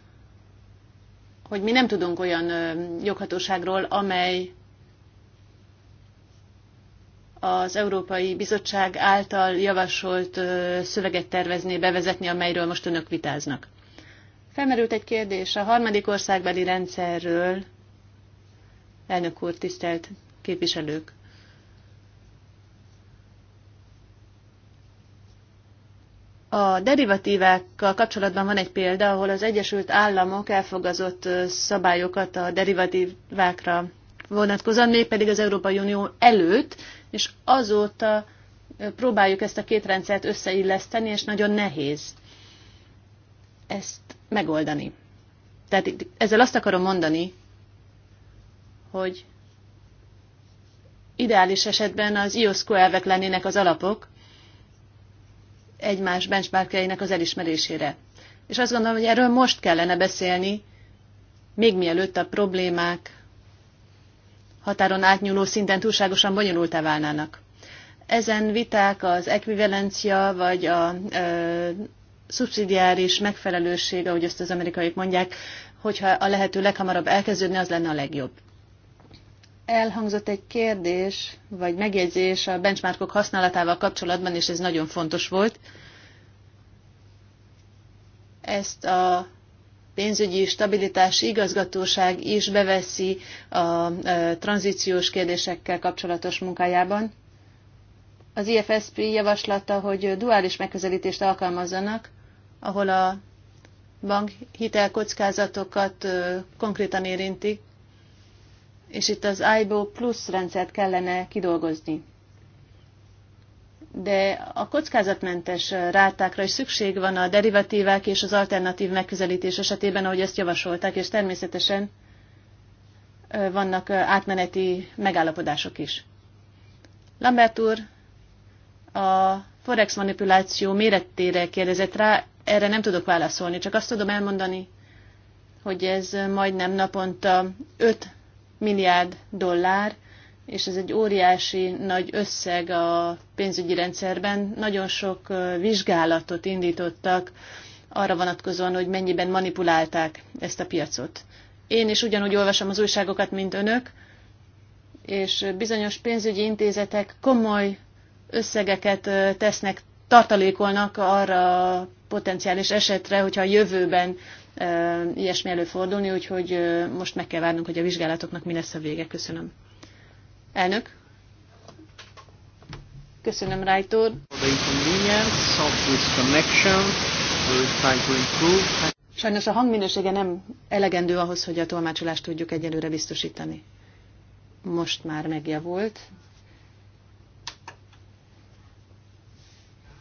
hogy mi nem tudunk olyan joghatóságról, amely az Európai Bizottság által javasolt szöveget tervezné bevezetni, amelyről most önök vitáznak. Felmerült egy kérdés a harmadik országbeli rendszerről. Elnök úr, tisztelt képviselők! A derivatívákkal kapcsolatban van egy példa, ahol az Egyesült Államok elfogazott szabályokat a derivatívákra vonatkozóan, mégpedig az Európai Unió előtt, és azóta próbáljuk ezt a két rendszert összeilleszteni, és nagyon nehéz ezt megoldani. Tehát ezzel azt akarom mondani, hogy ideális esetben az IOSCO elvek lennének az alapok egymás benchmarkjainak az elismerésére. És azt gondolom, hogy erről most kellene beszélni, még mielőtt a problémák határon átnyúló szinten túlságosan bonyolultá válnának. Ezen viták az ekvivalencia vagy a ö, szubszidiáris megfelelőség, ahogy ezt az amerikaiak mondják, hogyha a lehető leghamarabb elkezdődne, az lenne a legjobb. Elhangzott egy kérdés, vagy megjegyzés a benchmarkok használatával kapcsolatban, és ez nagyon fontos volt. Ezt a pénzügyi stabilitási igazgatóság is beveszi a tranzíciós kérdésekkel kapcsolatos munkájában. Az IFSP javaslata, hogy duális megközelítést alkalmazzanak, ahol a bank hitelkockázatokat konkrétan érinti, és itt az IBO plusz rendszert kellene kidolgozni de a kockázatmentes rátákra is szükség van a derivatívák és az alternatív megközelítés esetében, ahogy ezt javasolták, és természetesen vannak átmeneti megállapodások is. Lambert úr a forex manipuláció méretére kérdezett rá, erre nem tudok válaszolni, csak azt tudom elmondani, hogy ez majdnem naponta 5 milliárd dollár, és ez egy óriási nagy összeg a pénzügyi rendszerben. Nagyon sok vizsgálatot indítottak arra vonatkozóan, hogy mennyiben manipulálták ezt a piacot. Én is ugyanúgy olvasom az újságokat, mint önök, és bizonyos pénzügyi intézetek komoly összegeket tesznek, tartalékolnak arra a potenciális esetre, hogyha a jövőben ilyesmi előfordulni, úgyhogy most meg kell várnunk, hogy a vizsgálatoknak mi lesz a vége. Köszönöm. Elnök. Köszönöm, Rájtór. Sajnos a hangminősége nem elegendő ahhoz, hogy a tolmácsolást tudjuk egyelőre biztosítani. Most már megjavult.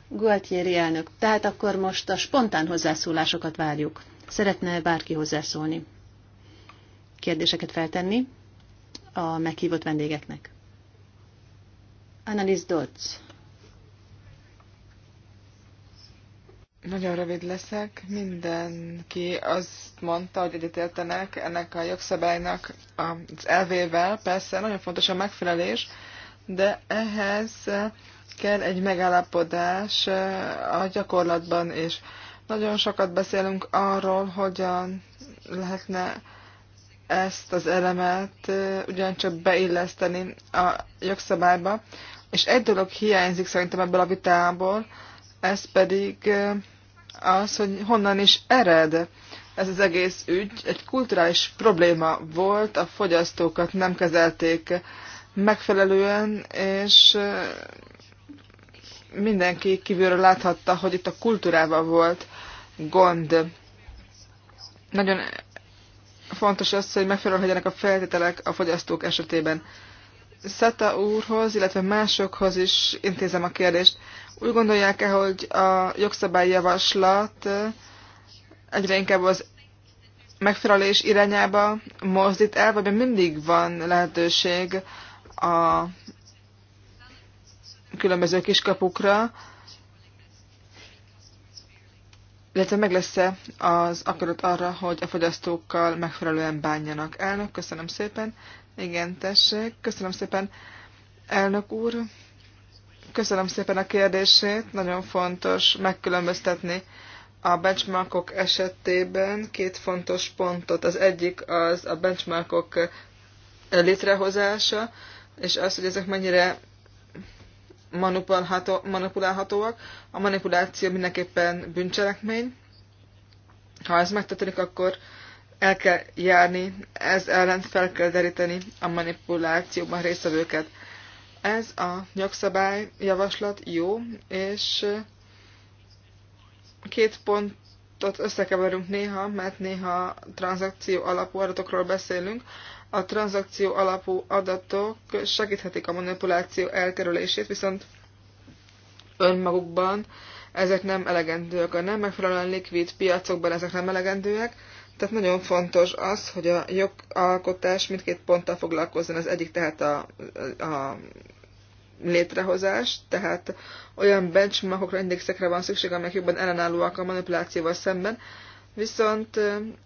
Gualtieri elnök, tehát akkor most a spontán hozzászólásokat várjuk. Szeretne bárki hozzászólni? Kérdéseket feltenni? a meghívott vendégeknek. Annalise Dodds. Nagyon rövid leszek. Mindenki azt mondta, hogy egyetértenek ennek a jogszabálynak az elvével. Persze nagyon fontos a megfelelés, de ehhez kell egy megállapodás a gyakorlatban is. Nagyon sokat beszélünk arról, hogyan lehetne ezt az elemet ugyancsak beilleszteni a jogszabályba. És egy dolog hiányzik szerintem ebből a vitából, ez pedig az, hogy honnan is ered ez az egész ügy. Egy kulturális probléma volt, a fogyasztókat nem kezelték megfelelően, és mindenki kívülről láthatta, hogy itt a kultúrával volt gond. Nagyon fontos az, hogy megfelelően legyenek a feltételek a fogyasztók esetében. Szata úrhoz, illetve másokhoz is intézem a kérdést. Úgy gondolják-e, hogy a jogszabályjavaslat egyre inkább az megfelelés irányába mozdít el, vagy mindig van lehetőség a különböző kiskapukra, illetve meg lesz-e az akarat arra, hogy a fogyasztókkal megfelelően bánjanak. Elnök, köszönöm szépen. Igen, tessék. Köszönöm szépen, elnök úr. Köszönöm szépen a kérdését. Nagyon fontos megkülönböztetni a benchmarkok esetében két fontos pontot. Az egyik az a benchmarkok létrehozása, és az, hogy ezek mennyire manipulálhatóak. A manipuláció mindenképpen bűncselekmény. Ha ez megtörténik, akkor el kell járni, ez ellen fel kell deríteni a manipulációban résztvevőket. Ez a jogszabály javaslat jó, és eh, két pontot összekeverünk néha, mert néha tranzakció alapú adatokról beszélünk, a tranzakció alapú adatok segíthetik a manipuláció elkerülését, viszont önmagukban ezek nem elegendőek. A nem megfelelően likvid piacokban ezek nem elegendőek, tehát nagyon fontos az, hogy a jogalkotás mindkét ponttal foglalkozzon. Az egyik tehát a, a létrehozás, tehát olyan benchmarkokra, indexekre van szükség, amelyek jobban ellenállóak a manipulációval szemben, viszont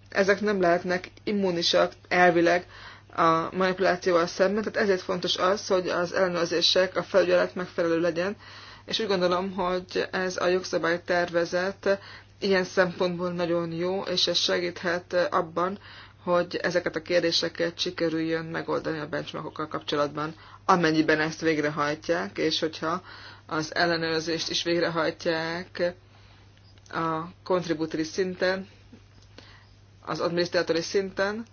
ezek nem lehetnek immunisak elvileg a manipulációval szemben, tehát ezért fontos az, hogy az ellenőrzések, a felügyelet megfelelő legyen, és úgy gondolom, hogy ez a jogszabály tervezet ilyen szempontból nagyon jó, és ez segíthet abban, hogy ezeket a kérdéseket sikerüljön megoldani a benchmarkokkal kapcsolatban, amennyiben ezt végrehajtják, és hogyha az ellenőrzést is végrehajtják a kontributori szinten, az adminisztrátori szinten,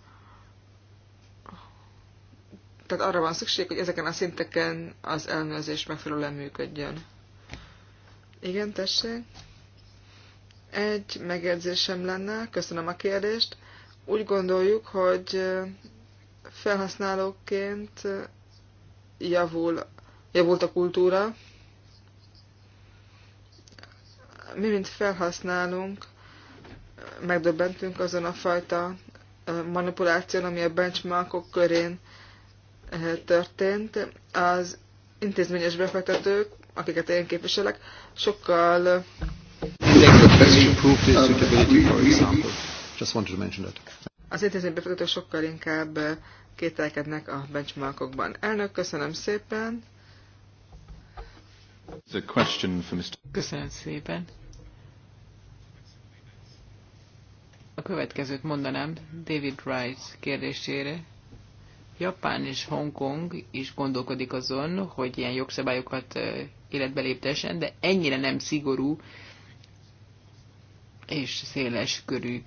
tehát arra van szükség, hogy ezeken a szinteken az ellenőrzés megfelelően működjön. Igen, tessék. Egy megjegyzésem lenne, köszönöm a kérdést. Úgy gondoljuk, hogy felhasználóként javul, javult a kultúra. Mi, mint felhasználunk, megdöbbentünk azon a fajta manipuláción, ami a benchmarkok körén történt. Az intézményes befektetők, akiket én képviselek, sokkal az intézményes befektetők sokkal inkább kételkednek a benchmarkokban. Elnök, köszönöm szépen. Köszönöm szépen. A következőt mondanám David Rice kérdésére. Japán és Hongkong is gondolkodik azon, hogy ilyen jogszabályokat életbe léptessen, de ennyire nem szigorú és széles körű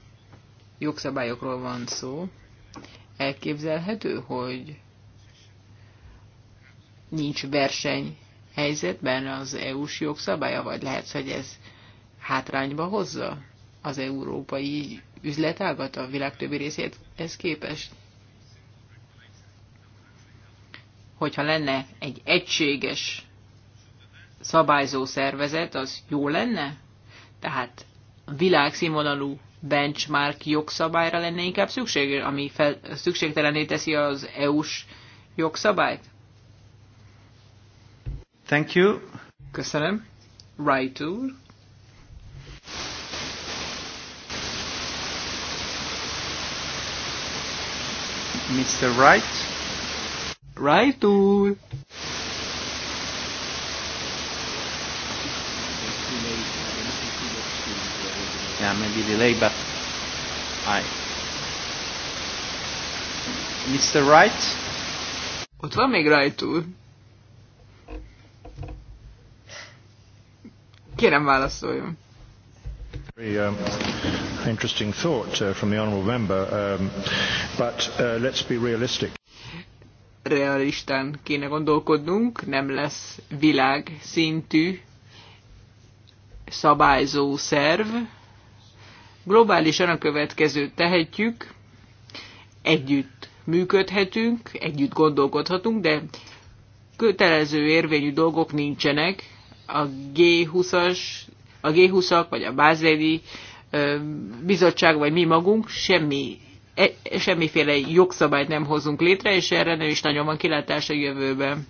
jogszabályokról van szó. Elképzelhető, hogy nincs verseny helyzetben az EU-s jogszabálya, vagy lehet, hogy ez hátrányba hozza az európai üzletágat a világ többi részét ez képest. hogyha lenne egy egységes szabályzó szervezet, az jó lenne? Tehát világszínvonalú benchmark jogszabályra lenne inkább szükség, ami fel, szükségtelené teszi az EU-s jogszabályt? Thank you. Köszönöm. Right úr. Mr. Wright. Right úr! Yeah, maybe delay, but I... Mr. Wright? Ott van még Wright úr? Kérem válaszoljon. Very um, interesting thought uh, from the honourable member, um, but uh, let's be realistic realistán kéne gondolkodnunk, nem lesz világszintű szabályzó szerv. Globálisan a következőt tehetjük, együtt működhetünk, együtt gondolkodhatunk, de kötelező érvényű dolgok nincsenek. A G20-as, a G20-ak, vagy a Bázeli bizottság, vagy mi magunk semmi E, semmiféle jogszabályt nem hozunk létre, és erre nem is nagyon van kilátás a jövőben.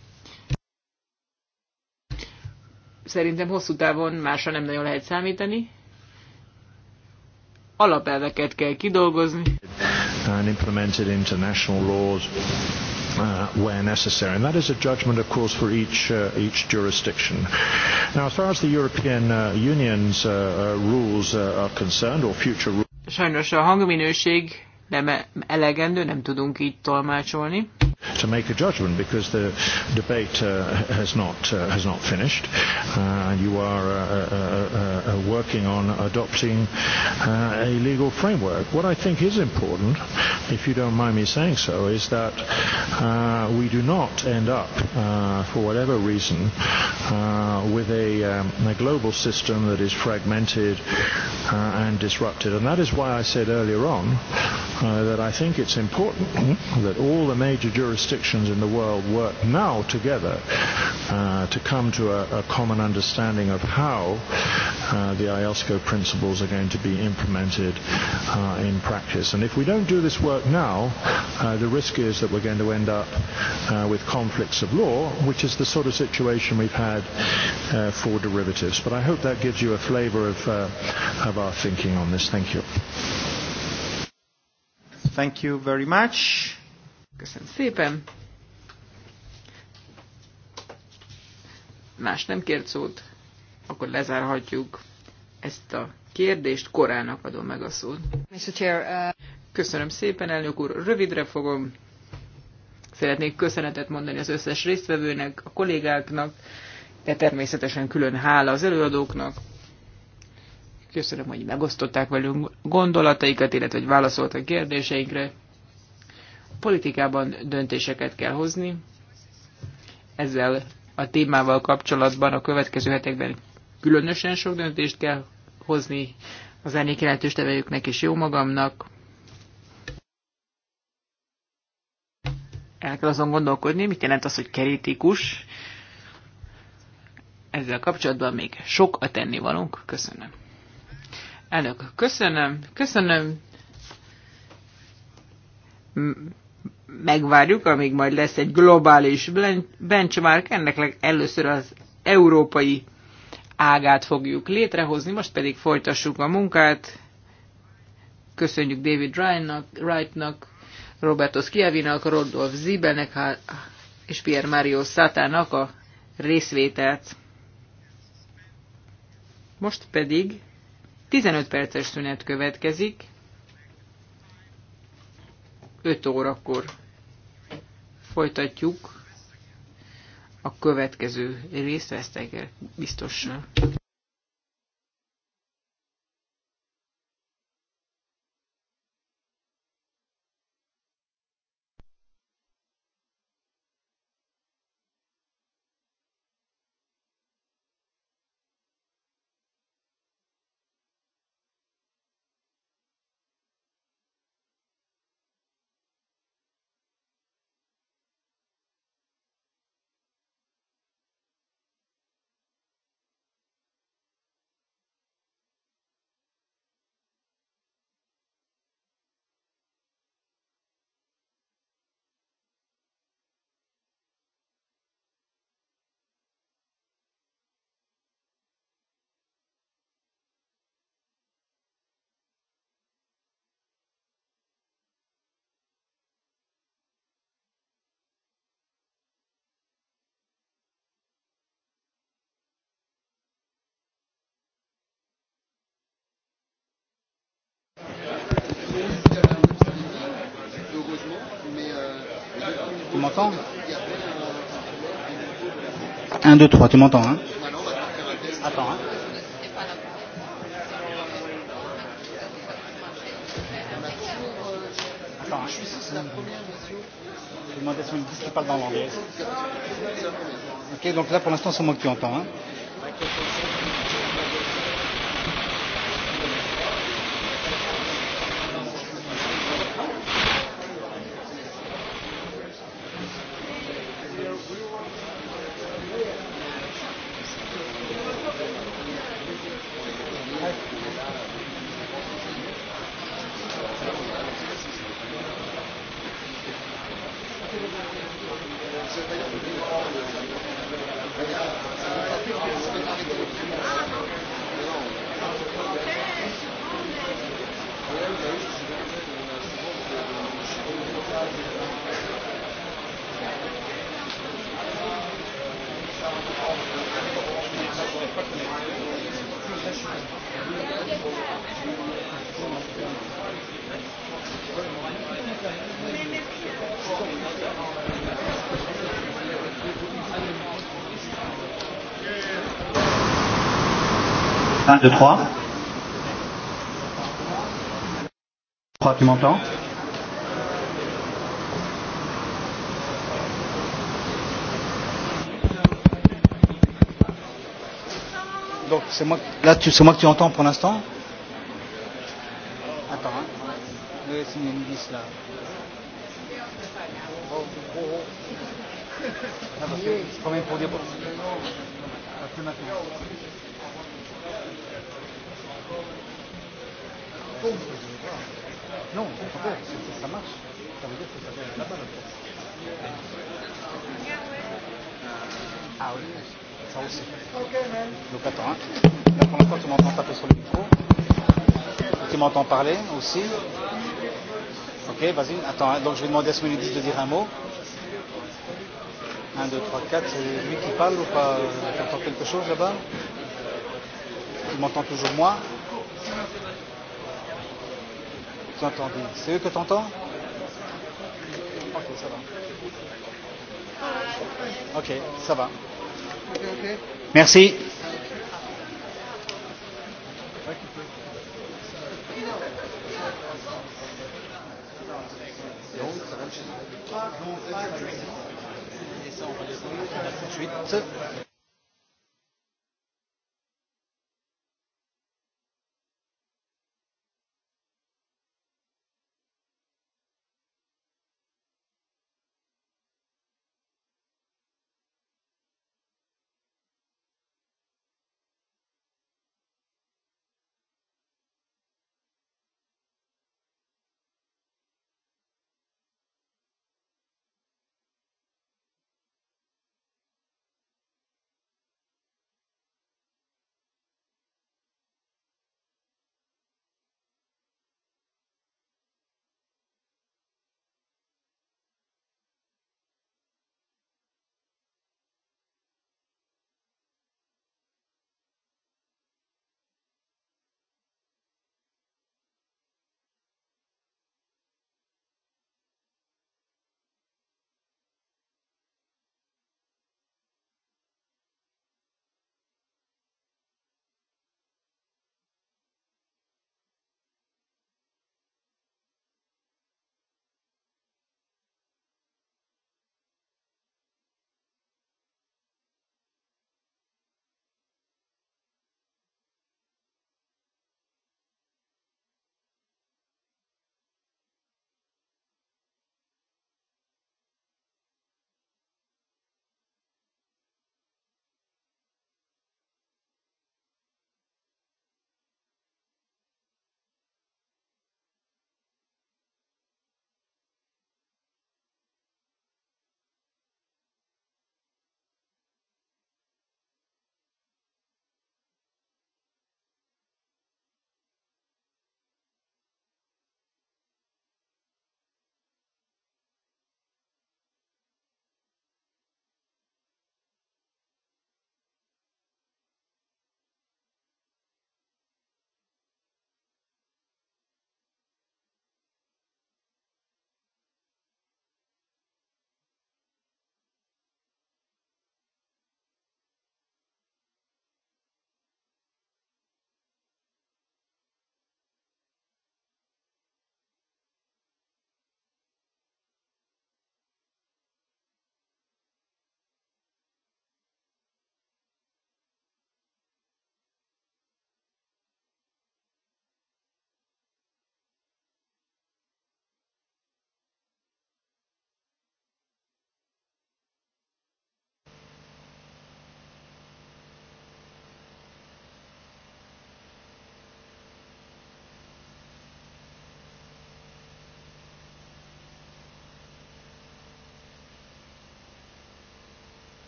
Szerintem hosszú távon másra nem nagyon lehet számítani. Alapelveket kell kidolgozni. And implemented international laws uh, where necessary. And that is a judgment, of course, for each, uh, each jurisdiction. Now, as far as the European uh, Union's uh, uh, rules uh, are concerned, or future rules, Sajnos a hangminőség nem e- elegendő, nem tudunk így tolmácsolni to make a judgment because the debate uh, has not uh, has not finished. Uh, you are uh, uh, uh, uh, working on adopting uh, a legal framework. What I think is important, if you don't mind me saying so, is that uh, we do not end up, uh, for whatever reason, uh, with a, um, a global system that is fragmented uh, and disrupted. And that is why I said earlier on uh, that I think it's important that all the major jurisdictions in the world work now together uh, to come to a, a common understanding of how uh, the IOSCO e principles are going to be implemented uh, in practice. And if we don't do this work now, uh, the risk is that we're going to end up uh, with conflicts of law, which is the sort of situation we've had uh, for derivatives. But I hope that gives you a flavour of, uh, of our thinking on this. Thank you. Thank you very much. Köszönöm szépen. Más nem kért szót, akkor lezárhatjuk ezt a kérdést. Korának adom meg a szót. Uh, Köszönöm szépen, elnök úr. Rövidre fogom. Szeretnék köszönetet mondani az összes résztvevőnek, a kollégáknak, de természetesen külön hála az előadóknak. Köszönöm, hogy megosztották velünk gondolataikat, illetve hogy válaszoltak kérdéseinkre politikában döntéseket kell hozni. Ezzel a témával kapcsolatban a következő hetekben különösen sok döntést kell hozni az ennék jelentős tevejüknek és jó magamnak. El kell azon gondolkodni, mit jelent az, hogy kritikus. Ezzel kapcsolatban még sok a tennivalónk. Köszönöm. Elnök, köszönöm, köszönöm megvárjuk, amíg majd lesz egy globális benchmark, ennek először az európai ágát fogjuk létrehozni, most pedig folytassuk a munkát. Köszönjük David Ryan-nak, Wright-nak, Roberto Schiavinak, Rodolf Zibelnek és Pierre Mario Szátának a részvételt. Most pedig 15 perces szünet következik. 5 órakor folytatjuk a következő részt, ezt biztosan. Tu m'entends 1, 2, 3, tu m'entends hein Attends. Hein Je suis sûr c'est la première, monsieur. Je vais demander à son qui parle dans l'anglais. Ok, donc là pour l'instant c'est moi qui entends. Hein 1, 2, 3. 3, tu m'entends Donc c'est moi, là tu, c'est moi que tu entends pour l'instant Attends, hein. Oui, là. Oh, oh, oh. Ah, parce que je promets pour dire... Parce que maintenant... contro di un ramo. Non, per favore, senza Hamas. Stavo detto che era la baracca. Ah oui, ça aussi. Ok, man. Donc attends, hein. la première fois tu m'entends taper sur le micro. Tu m'entends parler aussi. Ok, vas-y, attends, hein. donc je vais demander à ce minute de dire un mot. 1, 2, 3, 4, c'est lui qui parle ou pas euh, entends quelque chose là-bas Tu m'entends toujours moi entendez C'est eux que tu entends Ok, ça va. Ok, ça va. Merci. Donc, ça va.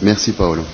Merci Paolo.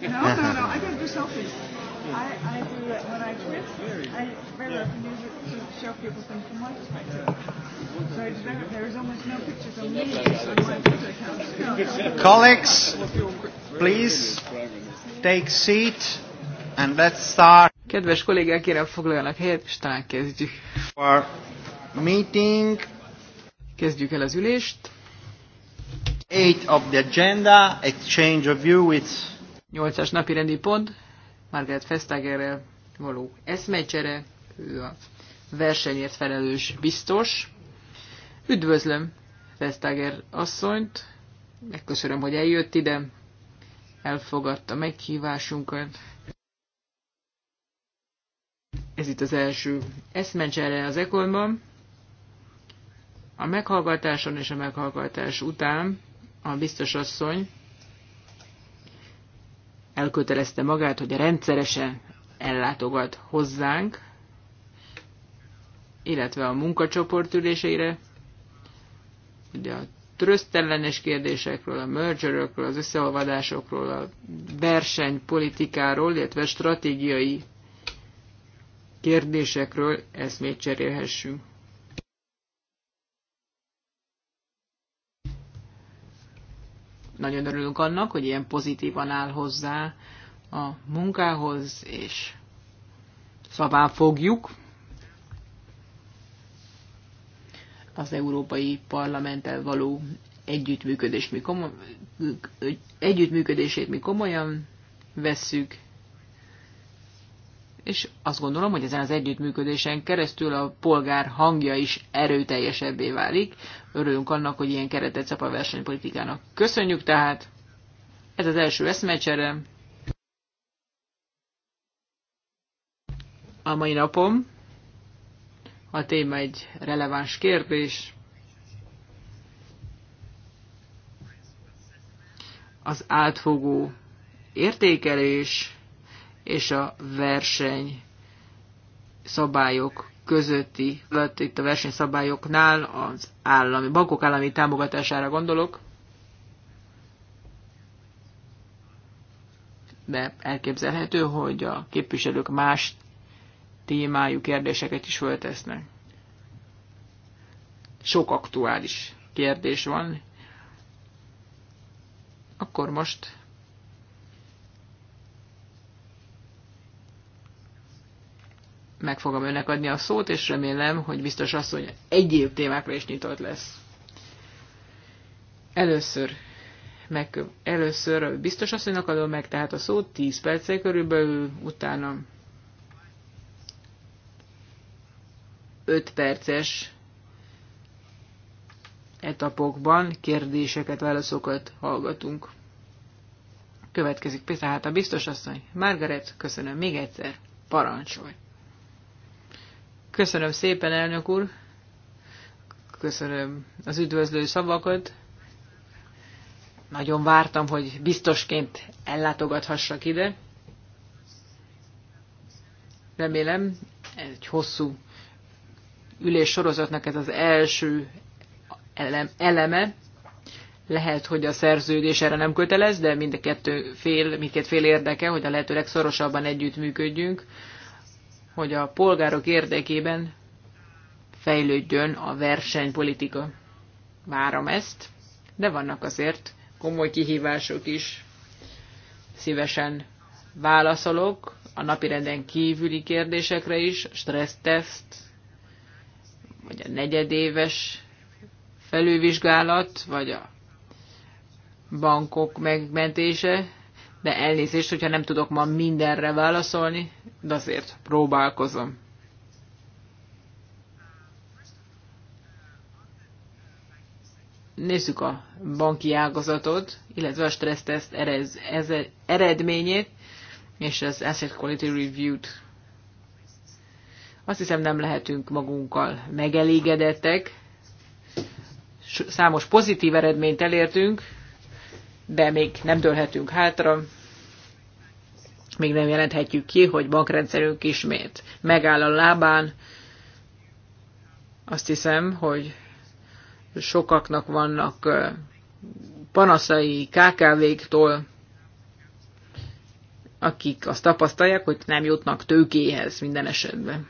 No, no, no. I do selfies. I, I do when I quit. I very often use it to show people things from my perspective. So there's almost no pictures me Colleagues, please take seat and let's start. Kedves kollégák, kérem foglaljanak helyet, és talán kezdjük. Our meeting. Kezdjük el az ülést. Eight of the agenda, exchange of view with Nyolcas napi rendi pont, Margaret Vestagerrel való eszmecsere, ő a versenyért felelős biztos. Üdvözlöm Vestager asszonyt, megköszönöm, hogy eljött ide, elfogadta meghívásunkat. Ez itt az első eszmecsere az ekonban. A meghallgatáson és a meghallgatás után a biztos asszony elkötelezte magát, hogy rendszeresen ellátogat hozzánk, illetve a munkacsoport üléseire, ugye a trösztellenes kérdésekről, a mergerökről, az összeolvadásokról, a versenypolitikáról, illetve stratégiai kérdésekről eszmét cserélhessünk. Nagyon örülünk annak, hogy ilyen pozitívan áll hozzá a munkához, és szaván fogjuk az Európai Parlamenttel való együttműködés mi komo- együttműködését mi komolyan vesszük, és azt gondolom, hogy ezen az együttműködésen keresztül a polgár hangja is erőteljesebbé válik. Örülünk annak, hogy ilyen keretet szab a versenypolitikának. Köszönjük tehát! Ez az első eszmecsere. A mai napom a téma egy releváns kérdés. Az átfogó értékelés és a verseny szabályok közötti, itt a versenyszabályoknál az állami, bankok állami támogatására gondolok, de elképzelhető, hogy a képviselők más témájú kérdéseket is föltesznek. Sok aktuális kérdés van. Akkor most meg fogom önnek adni a szót, és remélem, hogy biztos asszony egyéb témákra is nyitott lesz. Először, meg, először biztos asszonynak adom meg tehát a szót, 10 perccel körülbelül, utána 5 perces etapokban kérdéseket, válaszokat hallgatunk. Következik tehát a biztos asszony. Margaret, köszönöm még egyszer. Parancsolj! Köszönöm szépen, elnök úr. Köszönöm az üdvözlő szavakat. Nagyon vártam, hogy biztosként ellátogathassak ide. Remélem, egy hosszú ülés sorozatnak ez az első eleme. Lehet, hogy a szerződés erre nem kötelez, de mind a kettő fél, mindkét fél érdeke, hogy a lehető legszorosabban együttműködjünk hogy a polgárok érdekében fejlődjön a versenypolitika. Várom ezt, de vannak azért komoly kihívások is. Szívesen válaszolok a napirenden kívüli kérdésekre is, stresszteszt, vagy a negyedéves felülvizsgálat, vagy a bankok megmentése, de elnézést, hogyha nem tudok ma mindenre válaszolni, de azért próbálkozom. Nézzük a banki ágazatot, illetve a teszt eredményét, és az Asset Quality Review-t. Azt hiszem nem lehetünk magunkkal megelégedettek. Számos pozitív eredményt elértünk, de még nem dőlhetünk hátra még nem jelenthetjük ki, hogy bankrendszerünk ismét megáll a lábán. Azt hiszem, hogy sokaknak vannak panaszai KKV-któl, akik azt tapasztalják, hogy nem jutnak tőkéhez minden esetben.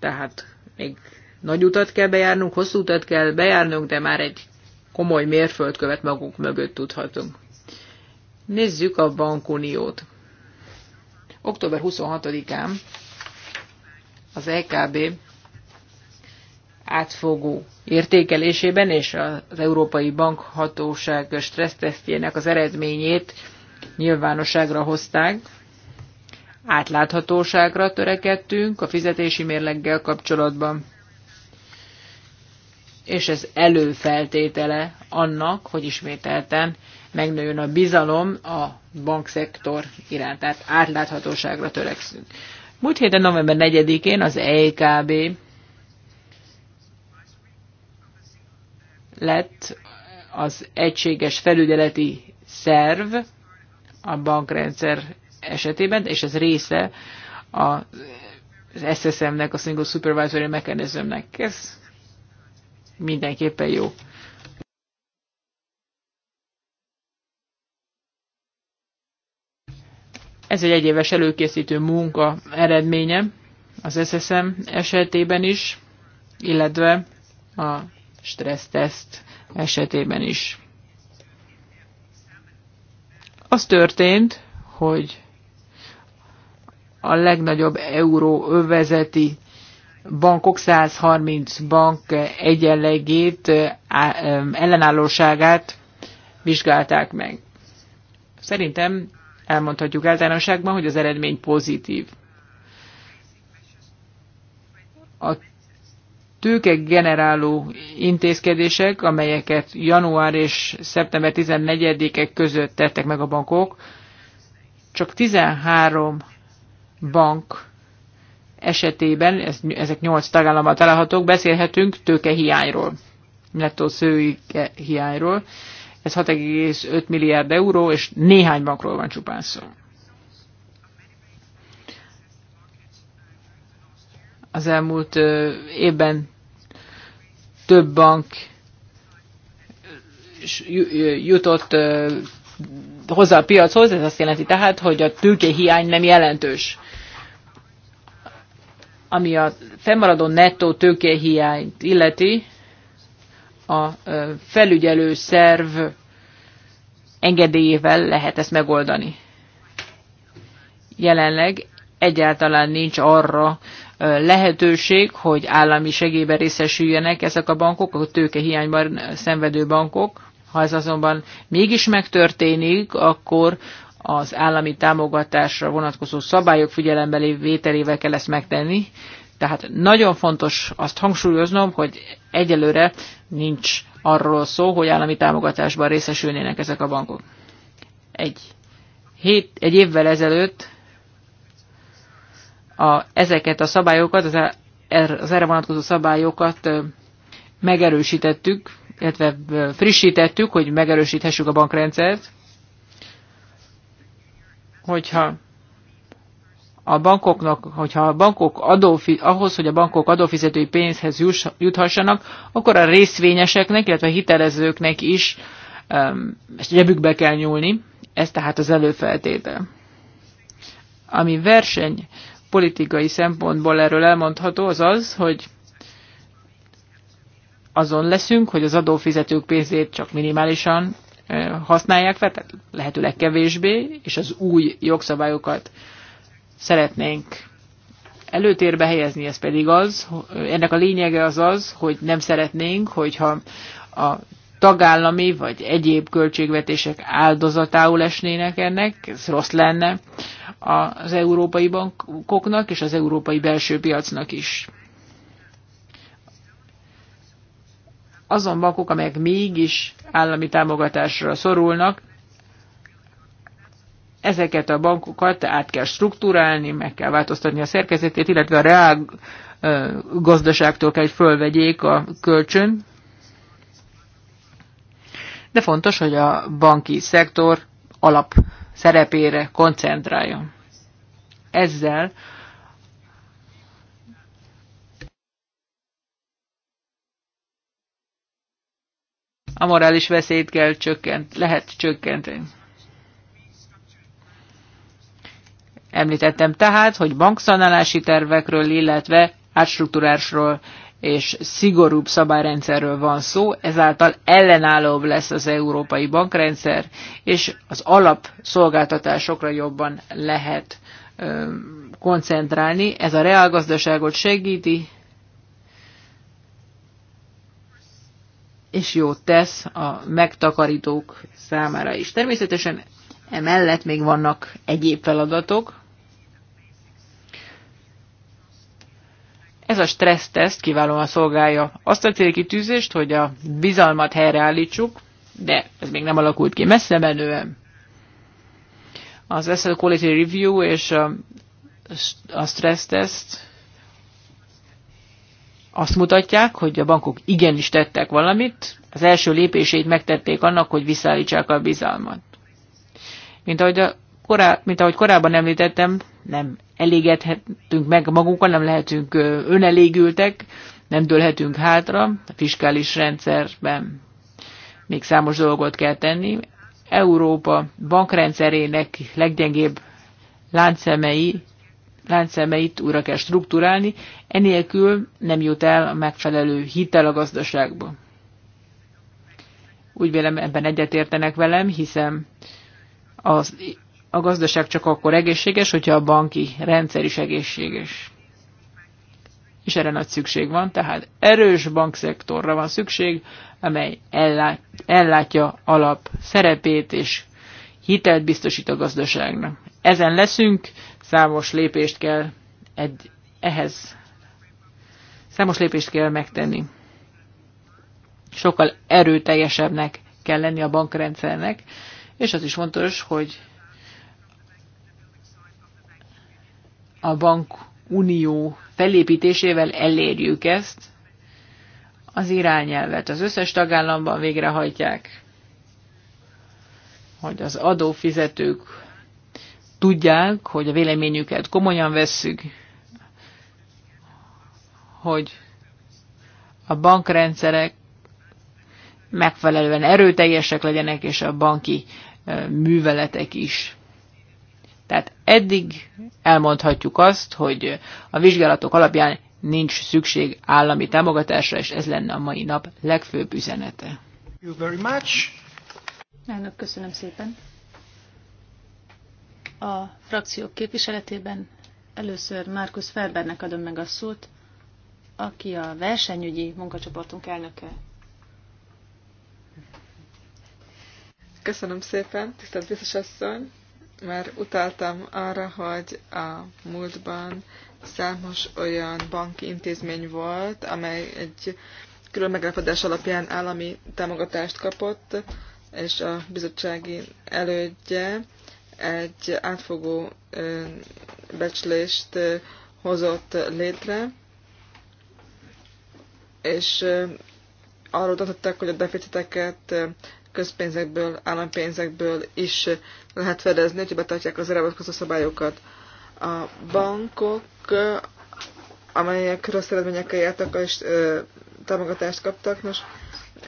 Tehát még nagy utat kell bejárnunk, hosszú utat kell bejárnunk, de már egy komoly mérföldkövet magunk mögött tudhatunk. Nézzük a bankuniót. Október 26-án az EKB átfogó értékelésében és az Európai Bank Hatóság stressztesztjének az eredményét nyilvánosságra hozták. Átláthatóságra törekedtünk a fizetési mérleggel kapcsolatban és ez előfeltétele annak, hogy ismételten megnőjön a bizalom a bankszektor iránt, tehát átláthatóságra törekszünk. Múlt héten november 4-én az EKB lett az egységes felügyeleti szerv a bankrendszer esetében, és ez része az SSM-nek, a Single Supervisory Mechanism-nek. Ez mindenképpen jó. Ez egy egyéves előkészítő munka eredménye az SSM esetében is, illetve a stresszteszt esetében is. Az történt, hogy a legnagyobb euróövezeti bankok 130 bank egyenlegét, ellenállóságát vizsgálták meg. Szerintem elmondhatjuk általánosságban, hogy az eredmény pozitív. A tőke generáló intézkedések, amelyeket január és szeptember 14-ek között tettek meg a bankok, csak 13 bank esetében, ez, ezek 8 tagállamban találhatók, beszélhetünk tőkehiányról, nettó szőke hiányról. Ez 6,5 milliárd euró, és néhány bankról van csupán szó. Az elmúlt évben több bank jutott hozzá a piachoz, ez azt jelenti tehát, hogy a tőkehiány nem jelentős. Ami a fennmaradó nettó tőkehiányt illeti, a felügyelő szerv engedélyével lehet ezt megoldani. Jelenleg egyáltalán nincs arra lehetőség, hogy állami segélybe részesüljenek ezek a bankok, a tőkehiányban szenvedő bankok. Ha ez azonban mégis megtörténik, akkor az állami támogatásra vonatkozó szabályok vételével kell ezt megtenni. Tehát nagyon fontos azt hangsúlyoznom, hogy egyelőre nincs arról szó, hogy állami támogatásban részesülnének ezek a bankok. Egy, hét, egy évvel ezelőtt a, ezeket a szabályokat, az, er, az erre vonatkozó szabályokat megerősítettük, illetve frissítettük, hogy megerősíthessük a bankrendszert, hogyha a bankoknak, hogyha a bankok adófi, ahhoz, hogy a bankok adófizetői pénzhez juthassanak, akkor a részvényeseknek, illetve a hitelezőknek is um, kell nyúlni. Ez tehát az előfeltétel. Ami verseny politikai szempontból erről elmondható, az az, hogy azon leszünk, hogy az adófizetők pénzét csak minimálisan használják fel, tehát lehetőleg kevésbé, és az új jogszabályokat szeretnénk előtérbe helyezni, ez pedig az, ennek a lényege az az, hogy nem szeretnénk, hogyha a tagállami vagy egyéb költségvetések áldozatául esnének ennek, ez rossz lenne az európai bankoknak és az európai belső piacnak is. azon bankok, amelyek mégis állami támogatásra szorulnak, ezeket a bankokat át kell struktúrálni, meg kell változtatni a szerkezetét, illetve a reál gazdaságtól kell, hogy fölvegyék a kölcsön. De fontos, hogy a banki szektor alap szerepére koncentráljon. Ezzel a morális veszélyt kell csökkent, lehet csökkenteni. Említettem tehát, hogy bankszanálási tervekről, illetve átstruktúrásról és szigorúbb szabályrendszerről van szó, ezáltal ellenállóbb lesz az európai bankrendszer, és az alapszolgáltatásokra jobban lehet ö, koncentrálni. Ez a reálgazdaságot segíti, és jót tesz a megtakarítók számára is. Természetesen emellett még vannak egyéb feladatok. Ez a stresszteszt kiválóan szolgálja azt a célkitűzést, hogy a bizalmat helyreállítsuk, de ez még nem alakult ki messze menően. Az Asset Quality Review és a, a stressz teszt azt mutatják, hogy a bankok igenis tettek valamit, az első lépését megtették annak, hogy visszaállítsák a bizalmat. Mint ahogy, a korá, mint ahogy korábban említettem, nem elégedhetünk meg magunkkal, nem lehetünk önelégültek, nem dőlhetünk hátra, a fiskális rendszerben még számos dolgot kell tenni. Európa bankrendszerének leggyengébb láncszemei láncszemeit újra kell struktúrálni, enélkül nem jut el a megfelelő hitel a gazdaságba. Úgy vélem, ebben egyetértenek velem, hiszen az, a gazdaság csak akkor egészséges, hogyha a banki rendszer is egészséges. És erre nagy szükség van, tehát erős bankszektorra van szükség, amely ellát, ellátja alap szerepét és hitelt biztosít a gazdaságnak. Ezen leszünk, Számos lépést kell egy, ehhez, számos lépést kell megtenni. Sokkal erőteljesebbnek kell lenni a bankrendszernek, és az is fontos, hogy a bankunió felépítésével elérjük ezt, az irányelvet az összes tagállamban végrehajtják, hogy az adófizetők tudják, hogy a véleményüket komolyan vesszük, hogy a bankrendszerek megfelelően erőteljesek legyenek, és a banki műveletek is. Tehát eddig elmondhatjuk azt, hogy a vizsgálatok alapján nincs szükség állami támogatásra, és ez lenne a mai nap legfőbb üzenete. Elnök, köszönöm szépen. A frakciók képviseletében először Márkusz Ferbernek adom meg a szót, aki a versenyügyi munkacsoportunk elnöke. Köszönöm szépen, tisztelt biztos asszony! mert utáltam arra, hogy a múltban számos olyan banki intézmény volt, amely egy külön megállapodás alapján állami támogatást kapott, és a bizottsági elődje egy átfogó becslést hozott létre, és arról tartottak, hogy a deficiteket közpénzekből, állampénzekből is lehet fedezni, hogy betartják az vonatkozó szabályokat. A bankok, amelyek rossz eredményekkel jártak, és támogatást kaptak, most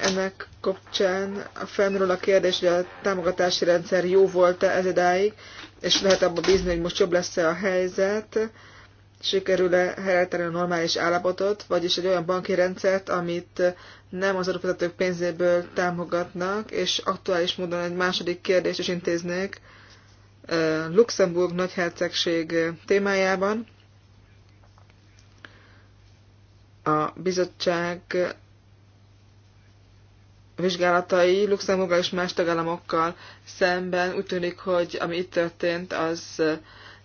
ennek kapcsán a felmerül a kérdés, hogy a támogatási rendszer jó volt-e ez idáig, és lehet abba bízni, hogy most jobb lesz-e a helyzet, sikerül-e helyreállítani a normális állapotot, vagyis egy olyan banki rendszert, amit nem az adófizetők pénzéből támogatnak, és aktuális módon egy második kérdést is intéznék Luxemburg nagyhercegség témájában. A bizottság vizsgálatai Luxemburgal és más tagállamokkal szemben úgy tűnik, hogy ami itt történt, az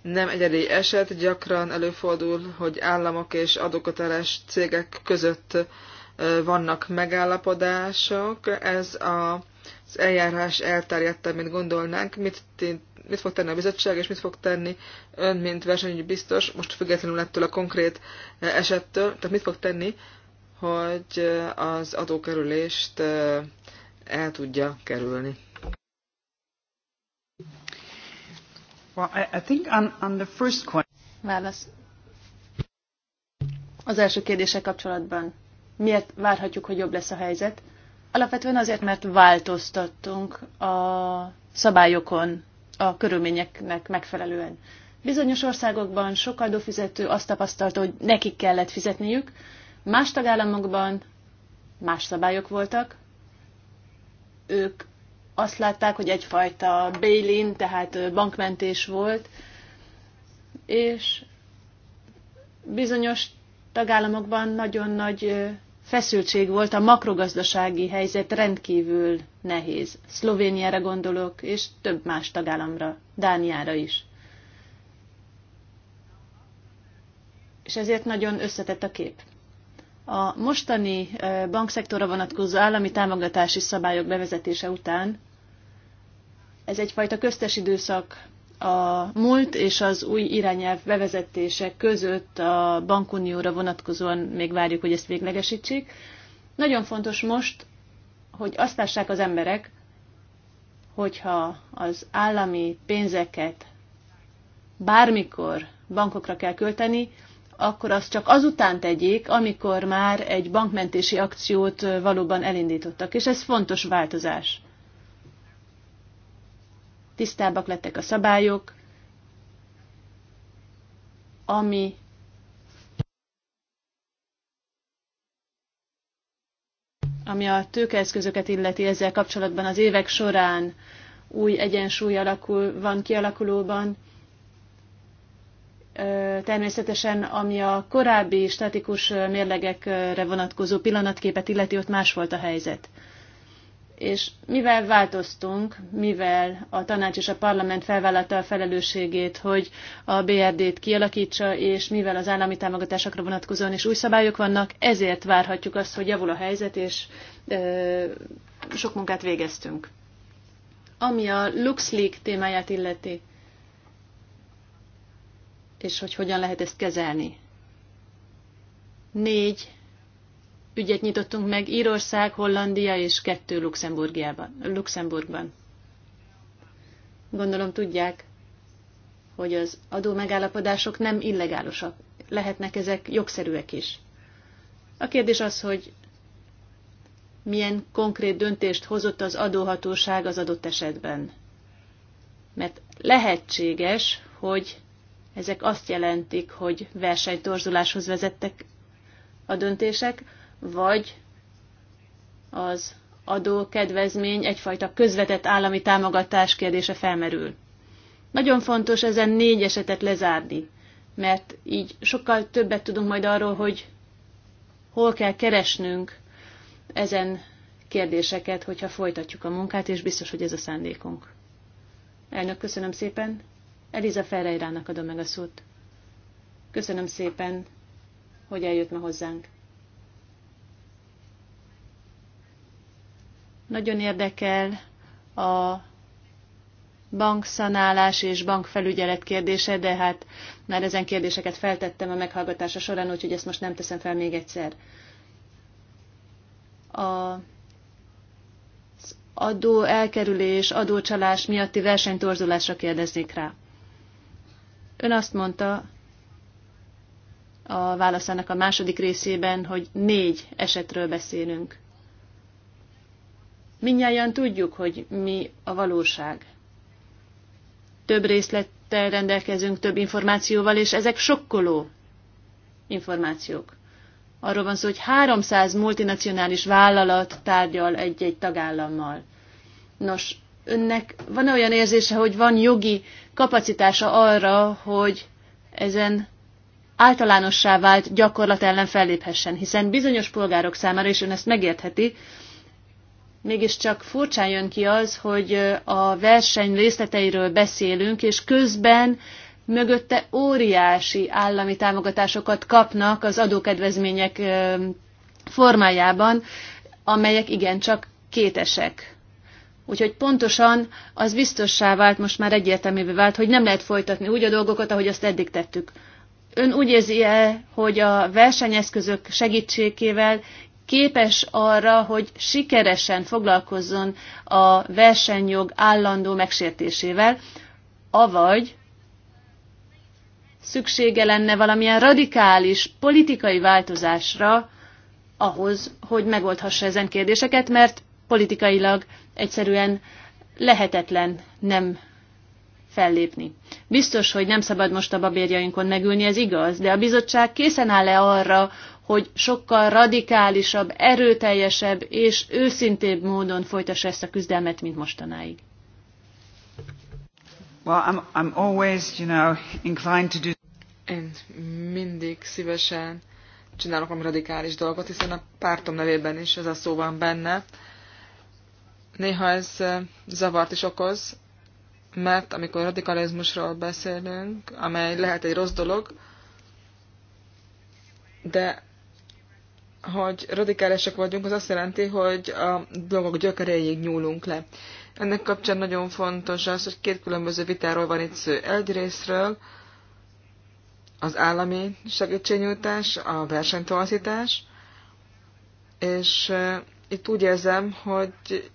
nem egyedi eset, gyakran előfordul, hogy államok és adóköteles cégek között vannak megállapodások. Ez a, az eljárás elterjedte, mint gondolnánk. Mit, mit fog tenni a bizottság, és mit fog tenni ön, mint versenyügyi biztos, most függetlenül ettől a konkrét esettől, tehát mit fog tenni hogy az adókerülést el tudja kerülni. Válasz. Az első kérdése kapcsolatban. Miért várhatjuk, hogy jobb lesz a helyzet? Alapvetően azért, mert változtattunk a szabályokon, a körülményeknek megfelelően. Bizonyos országokban sok adófizető azt tapasztalta, hogy nekik kellett fizetniük, Más tagállamokban más szabályok voltak. Ők azt látták, hogy egyfajta bail-in, tehát bankmentés volt, és bizonyos tagállamokban nagyon nagy feszültség volt, a makrogazdasági helyzet rendkívül nehéz. Szlovéniára gondolok, és több más tagállamra, Dániára is. És ezért nagyon összetett a kép. A mostani e, bankszektorra vonatkozó állami támogatási szabályok bevezetése után ez egyfajta köztes időszak a múlt és az új irányelv bevezetése között a bankunióra vonatkozóan még várjuk, hogy ezt véglegesítsék. Nagyon fontos most, hogy azt lássák az emberek, hogyha az állami pénzeket bármikor bankokra kell költeni, akkor azt csak azután tegyék, amikor már egy bankmentési akciót valóban elindítottak. És ez fontos változás. Tisztábbak lettek a szabályok, ami ami a tőkeeszközöket illeti ezzel kapcsolatban az évek során új egyensúly alakul, van kialakulóban, Természetesen, ami a korábbi statikus mérlegekre vonatkozó pillanatképet illeti, ott más volt a helyzet. És mivel változtunk, mivel a tanács és a parlament felvállalta a felelősségét, hogy a BRD-t kialakítsa, és mivel az állami támogatásokra vonatkozóan is új szabályok vannak, ezért várhatjuk azt, hogy javul a helyzet, és ö, sok munkát végeztünk. Ami a LuxLeak témáját illeti, és hogy hogyan lehet ezt kezelni. Négy ügyet nyitottunk meg Írország, Hollandia és kettő Luxemburgiában, Luxemburgban. Gondolom tudják, hogy az adó megállapodások nem illegálosak. Lehetnek ezek jogszerűek is. A kérdés az, hogy milyen konkrét döntést hozott az adóhatóság az adott esetben. Mert lehetséges, hogy ezek azt jelentik, hogy versenytorzuláshoz vezettek a döntések, vagy az adókedvezmény egyfajta közvetett állami támogatás kérdése felmerül. Nagyon fontos ezen négy esetet lezárni, mert így sokkal többet tudunk majd arról, hogy hol kell keresnünk ezen kérdéseket, hogyha folytatjuk a munkát, és biztos, hogy ez a szándékunk. Elnök, köszönöm szépen. Eliza Ferreirának adom meg a szót. Köszönöm szépen, hogy eljött ma hozzánk. Nagyon érdekel a bankszanálás és bankfelügyelet kérdése, de hát már ezen kérdéseket feltettem a meghallgatása során, úgyhogy ezt most nem teszem fel még egyszer. A adó elkerülés, adócsalás miatti versenytorzulásra kérdeznék rá. Ön azt mondta a válaszának a második részében, hogy négy esetről beszélünk. Mindnyáján tudjuk, hogy mi a valóság. Több részlettel rendelkezünk, több információval, és ezek sokkoló információk. Arról van szó, hogy 300 multinacionális vállalat tárgyal egy-egy tagállammal. Nos, önnek van -e olyan érzése, hogy van jogi kapacitása arra, hogy ezen általánossá vált gyakorlat ellen felléphessen, hiszen bizonyos polgárok számára, és ön ezt megértheti, mégiscsak furcsán jön ki az, hogy a verseny részleteiről beszélünk, és közben mögötte óriási állami támogatásokat kapnak az adókedvezmények formájában, amelyek igencsak kétesek. Úgyhogy pontosan az biztossá vált, most már egyértelművé vált, hogy nem lehet folytatni úgy a dolgokat, ahogy azt eddig tettük. Ön úgy érzi-e, hogy a versenyeszközök segítségével képes arra, hogy sikeresen foglalkozzon a versenyjog állandó megsértésével, avagy szüksége lenne valamilyen radikális politikai változásra ahhoz, hogy megoldhassa ezen kérdéseket, mert politikailag egyszerűen lehetetlen nem fellépni. Biztos, hogy nem szabad most a babérjainkon megülni, ez igaz, de a bizottság készen áll-e arra, hogy sokkal radikálisabb, erőteljesebb és őszintébb módon folytassa ezt a küzdelmet, mint mostanáig? Well, I'm, I'm always, you know, inclined to do... Én mindig szívesen csinálok valami radikális dolgot, hiszen a pártom nevében is ez a szó van benne. Néha ez zavart is okoz, mert amikor radikalizmusról beszélünk, amely lehet egy rossz dolog, de hogy radikálisak vagyunk, az azt jelenti, hogy a dolgok gyökeréig nyúlunk le. Ennek kapcsán nagyon fontos az, hogy két különböző vitáról van itt szó. Egyrésztről az állami segítségnyújtás, a versenytolaszítás, és itt úgy érzem, hogy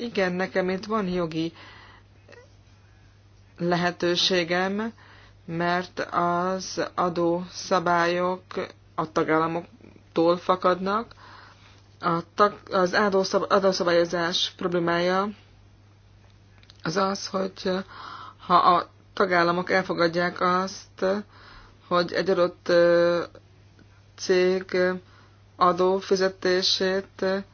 igen, nekem itt van jogi lehetőségem, mert az adó szabályok a tagállamoktól fakadnak. A tag, az adószabályozás problémája az az, hogy ha a tagállamok elfogadják azt, hogy egy adott cég adófizetését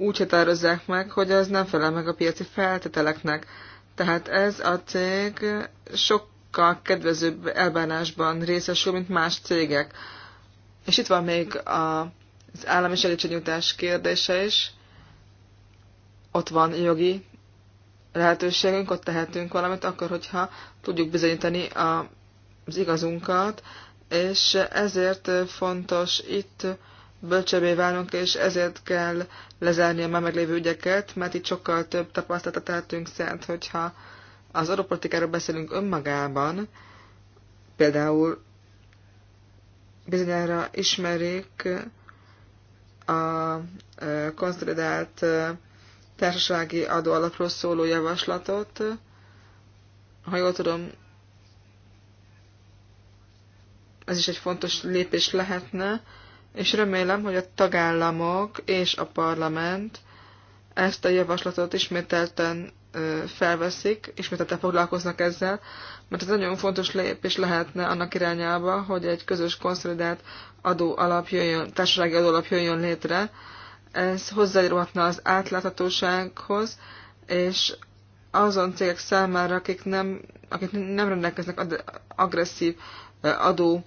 úgy határozzák meg, hogy az nem felel meg a piaci feltételeknek. Tehát ez a cég sokkal kedvezőbb elbánásban részesül, mint más cégek. És itt van még a, az állami segítségnyújtás kérdése is. Ott van jogi lehetőségünk, ott tehetünk valamit, akkor, hogyha tudjuk bizonyítani a, az igazunkat, és ezért fontos itt bölcsebbé válunk, és ezért kell lezárni a már meglévő ügyeket, mert itt sokkal több tapasztalatot tehetünk szert, hogyha az adópolitikáról beszélünk önmagában, például bizonyára ismerik a e, konszolidált e, társasági adóalapról szóló javaslatot. Ha jól tudom, ez is egy fontos lépés lehetne, és remélem, hogy a tagállamok és a parlament ezt a javaslatot ismételten felveszik, ismételten foglalkoznak ezzel, mert ez nagyon fontos lépés lehetne annak irányába, hogy egy közös konszolidált adó alap jöjjön, társasági adó alap jöjjön létre. Ez hozzájárulhatna az átláthatósághoz, és azon cégek számára, akik nem, akik nem rendelkeznek agresszív adó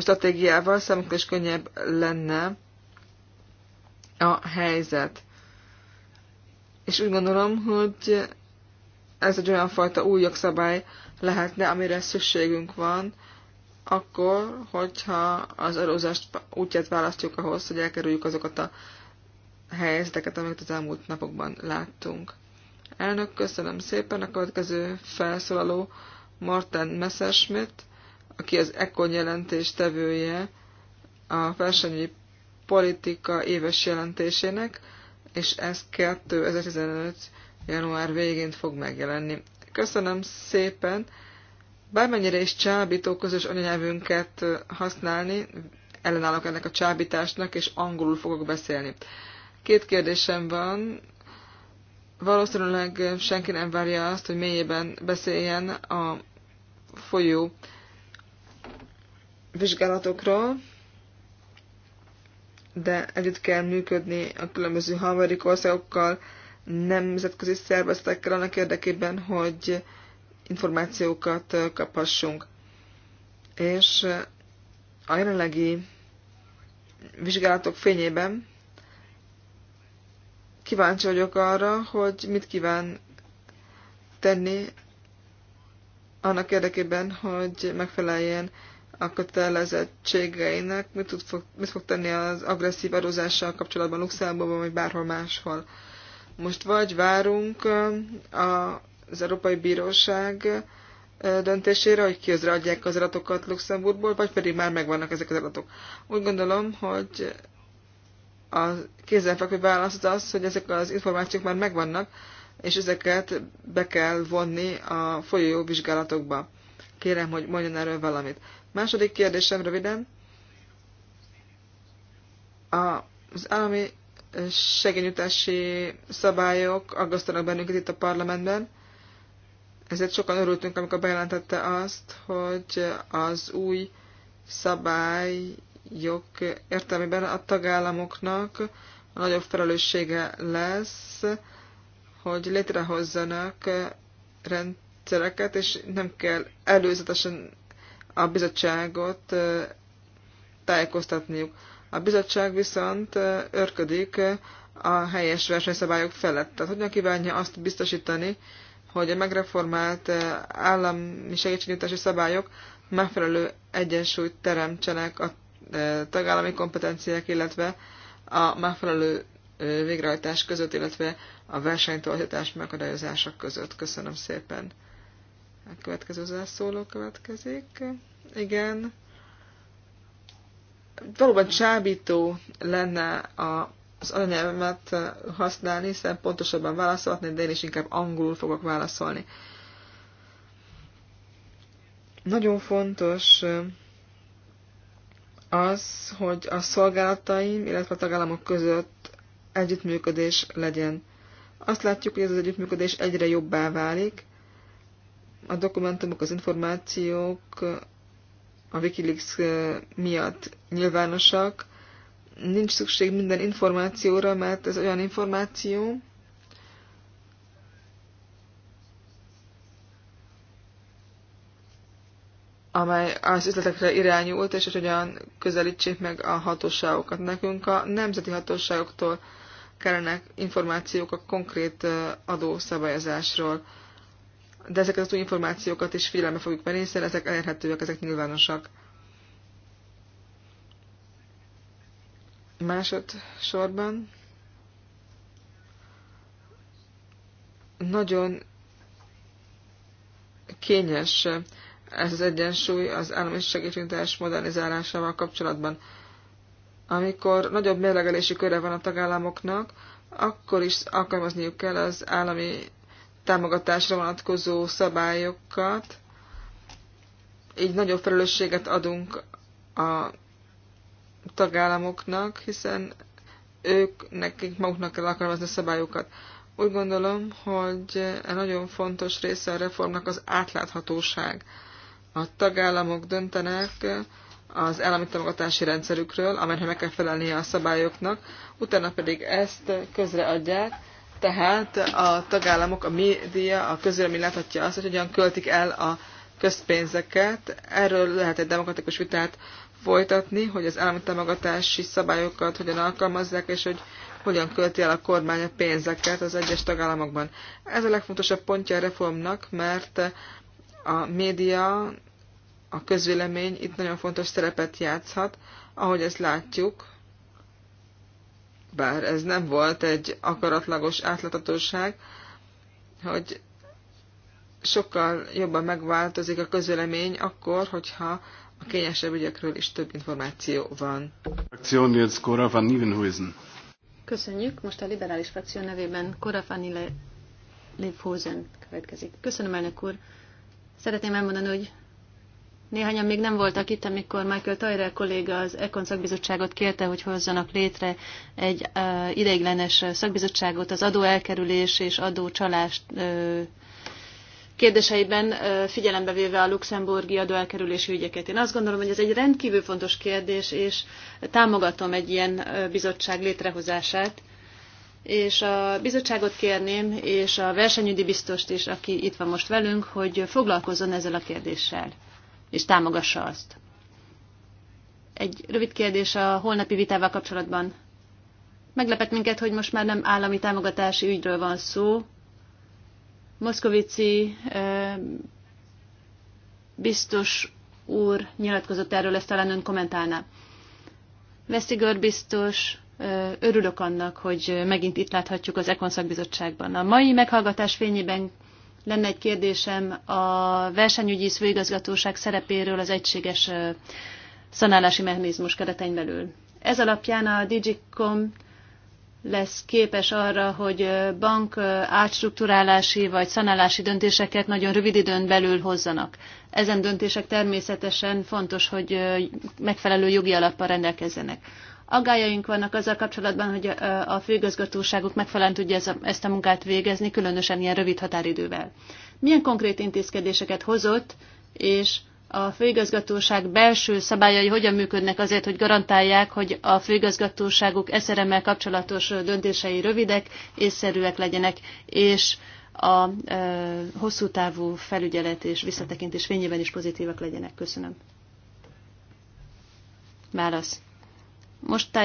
stratégiával számukra is könnyebb lenne a helyzet. És úgy gondolom, hogy ez egy olyan fajta új jogszabály lehetne, amire szükségünk van, akkor, hogyha az adózást útját választjuk ahhoz, hogy elkerüljük azokat a helyzeteket, amiket az elmúlt napokban láttunk. Elnök, köszönöm szépen. A következő felszólaló Martin Messerschmidt, aki az ECON jelentés tevője a versenyi politika éves jelentésének, és ez 2015. január végén fog megjelenni. Köszönöm szépen! Bármennyire is csábító közös anyanyelvünket használni, ellenállok ennek a csábításnak, és angolul fogok beszélni. Két kérdésem van. Valószínűleg senki nem várja azt, hogy mélyében beszéljen a folyó vizsgálatokról, de együtt kell működni a különböző harmadik országokkal, nemzetközi szervezetekkel annak érdekében, hogy információkat kaphassunk. És a jelenlegi vizsgálatok fényében kíváncsi vagyok arra, hogy mit kíván tenni annak érdekében, hogy megfeleljen a kötelezettségeinek, mit, tud, fog, mit fog tenni az agresszív adózással kapcsolatban Luxemburgban, vagy bárhol máshol. Most vagy várunk az Európai Bíróság döntésére, hogy kiözre adják az adatokat Luxemburgból, vagy pedig már megvannak ezek az adatok. Úgy gondolom, hogy a kézenfekvő válasz az az, hogy ezek az információk már megvannak, és ezeket be kell vonni a folyó vizsgálatokba. Kérem, hogy mondjon erről valamit. Második kérdésem röviden. Az állami segényütási szabályok aggasztanak bennünket itt a parlamentben, ezért sokan örültünk, amikor bejelentette azt, hogy az új szabályok értelmében a tagállamoknak a nagyobb felelőssége lesz, hogy létrehozzanak rendszereket, és nem kell előzetesen a bizottságot tájékoztatniuk. A bizottság viszont örködik a helyes versenyszabályok felett. Tehát hogyan kívánja azt biztosítani, hogy a megreformált állami segítségnyújtási szabályok megfelelő egyensúlyt teremtsenek a tagállami kompetenciák, illetve a megfelelő végrehajtás között, illetve a versenytolhatás megakadályozása között. Köszönöm szépen. A következő zászóló következik. Igen. Valóban csábító lenne a az anyanyelvemet használni, hiszen pontosabban válaszolhatni, de én is inkább angolul fogok válaszolni. Nagyon fontos az, hogy a szolgálataim, illetve a tagállamok között együttműködés legyen. Azt látjuk, hogy ez az együttműködés egyre jobbá válik, a dokumentumok, az információk a Wikileaks eh, miatt nyilvánosak. Nincs szükség minden információra, mert ez olyan információ, amely az üzletekre irányult, és hogy hogyan közelítsék meg a hatóságokat. Nekünk a nemzeti hatóságoktól kellenek információk a konkrét eh, adószabályozásról de ezeket az új információkat is figyelembe fogjuk venni, ezek elérhetőek, ezek nyilvánosak. Másodszorban nagyon kényes ez az egyensúly az állami segítségnyújtás modernizálásával kapcsolatban. Amikor nagyobb mérlegelési köre van a tagállamoknak, akkor is alkalmazniuk kell az állami támogatásra vonatkozó szabályokat, így nagyobb felelősséget adunk a tagállamoknak, hiszen ők nekik maguknak kell alkalmazni a szabályokat. Úgy gondolom, hogy e nagyon fontos része a reformnak az átláthatóság. A tagállamok döntenek az állami támogatási rendszerükről, amelyre meg kell felelnie a szabályoknak, utána pedig ezt közreadják, tehát a tagállamok, a média, a közvélemény láthatja azt, hogy hogyan költik el a közpénzeket. Erről lehet egy demokratikus vitát folytatni, hogy az állami támogatási szabályokat hogyan alkalmazzák, és hogy hogyan költi el a kormány a pénzeket az egyes tagállamokban. Ez a legfontosabb pontja a reformnak, mert a média, a közvélemény itt nagyon fontos szerepet játszhat, ahogy ezt látjuk bár ez nem volt egy akaratlagos átlatatóság, hogy sokkal jobban megváltozik a közölemény akkor, hogyha a kényesebb ügyekről is több információ van. Köszönjük. Most a liberális frakció nevében Cora van Leverkusen következik. Köszönöm, elnök úr. Szeretném elmondani, hogy Néhányan még nem voltak itt, amikor Michael Tajrel kolléga az Ekon szakbizottságot kérte, hogy hozzanak létre egy ideiglenes szakbizottságot az elkerülés és adócsalás kérdéseiben figyelembe véve a luxemburgi adóelkerülési ügyeket. Én azt gondolom, hogy ez egy rendkívül fontos kérdés, és támogatom egy ilyen bizottság létrehozását. És a bizottságot kérném, és a versenyügyi biztost is, aki itt van most velünk, hogy foglalkozzon ezzel a kérdéssel és támogassa azt. Egy rövid kérdés a holnapi vitával kapcsolatban. Meglepett minket, hogy most már nem állami támogatási ügyről van szó. Moszkovici biztos úr nyilatkozott erről, ezt talán ön kommentálná. Vesztigör biztos, örülök annak, hogy megint itt láthatjuk az Ekonszakbizottságban. A mai meghallgatás fényében lenne egy kérdésem a versenyügyi főigazgatóság szerepéről az egységes szanálási mechanizmus keretein belül. Ez alapján a Digicom lesz képes arra, hogy bank átstruktúrálási vagy szanálási döntéseket nagyon rövid időn belül hozzanak. Ezen döntések természetesen fontos, hogy megfelelő jogi alappal rendelkezzenek. Aggájaink vannak azzal kapcsolatban, hogy a főigazgatóságuk megfelelően tudja ezt a munkát végezni, különösen ilyen rövid határidővel. Milyen konkrét intézkedéseket hozott, és a főigazgatóság belső szabályai hogyan működnek azért, hogy garantálják, hogy a főigazgatóságuk eszeremmel kapcsolatos döntései rövidek, észszerűek legyenek, és a e, hosszú távú felügyelet és visszatekintés fényében is pozitívak legyenek. Köszönöm. Válasz. Most,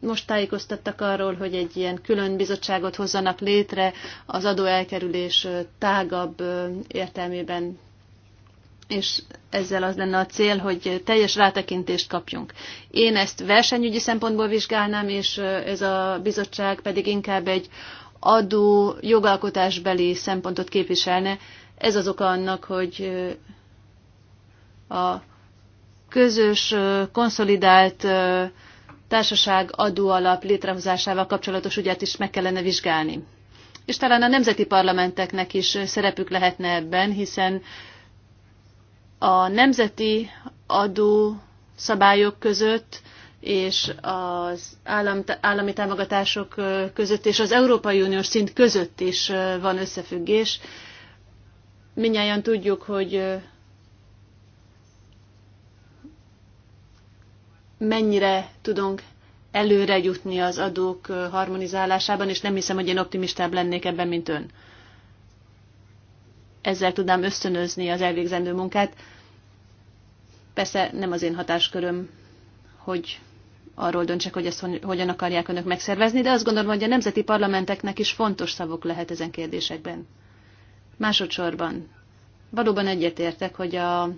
most tájékoztattak arról, hogy egy ilyen külön bizottságot hozzanak létre az adóelkerülés tágabb értelmében, és ezzel az lenne a cél, hogy teljes rátekintést kapjunk. Én ezt versenyügyi szempontból vizsgálnám, és ez a bizottság pedig inkább egy adó jogalkotásbeli szempontot képviselne. Ez az oka annak, hogy a közös, konszolidált társaság adóalap létrehozásával kapcsolatos ügyet is meg kellene vizsgálni. És talán a nemzeti parlamenteknek is szerepük lehetne ebben, hiszen a nemzeti adó szabályok között és az állam, állami támogatások között és az Európai Uniós szint között is van összefüggés. Minnyáján tudjuk, hogy mennyire tudunk előre jutni az adók harmonizálásában, és nem hiszem, hogy én optimistább lennék ebben, mint ön. Ezzel tudnám ösztönözni az elvégzendő munkát. Persze nem az én hatásköröm, hogy arról döntsek, hogy ezt hogyan akarják önök megszervezni, de azt gondolom, hogy a nemzeti parlamenteknek is fontos szavok lehet ezen kérdésekben. Másodszorban valóban egyetértek, hogy a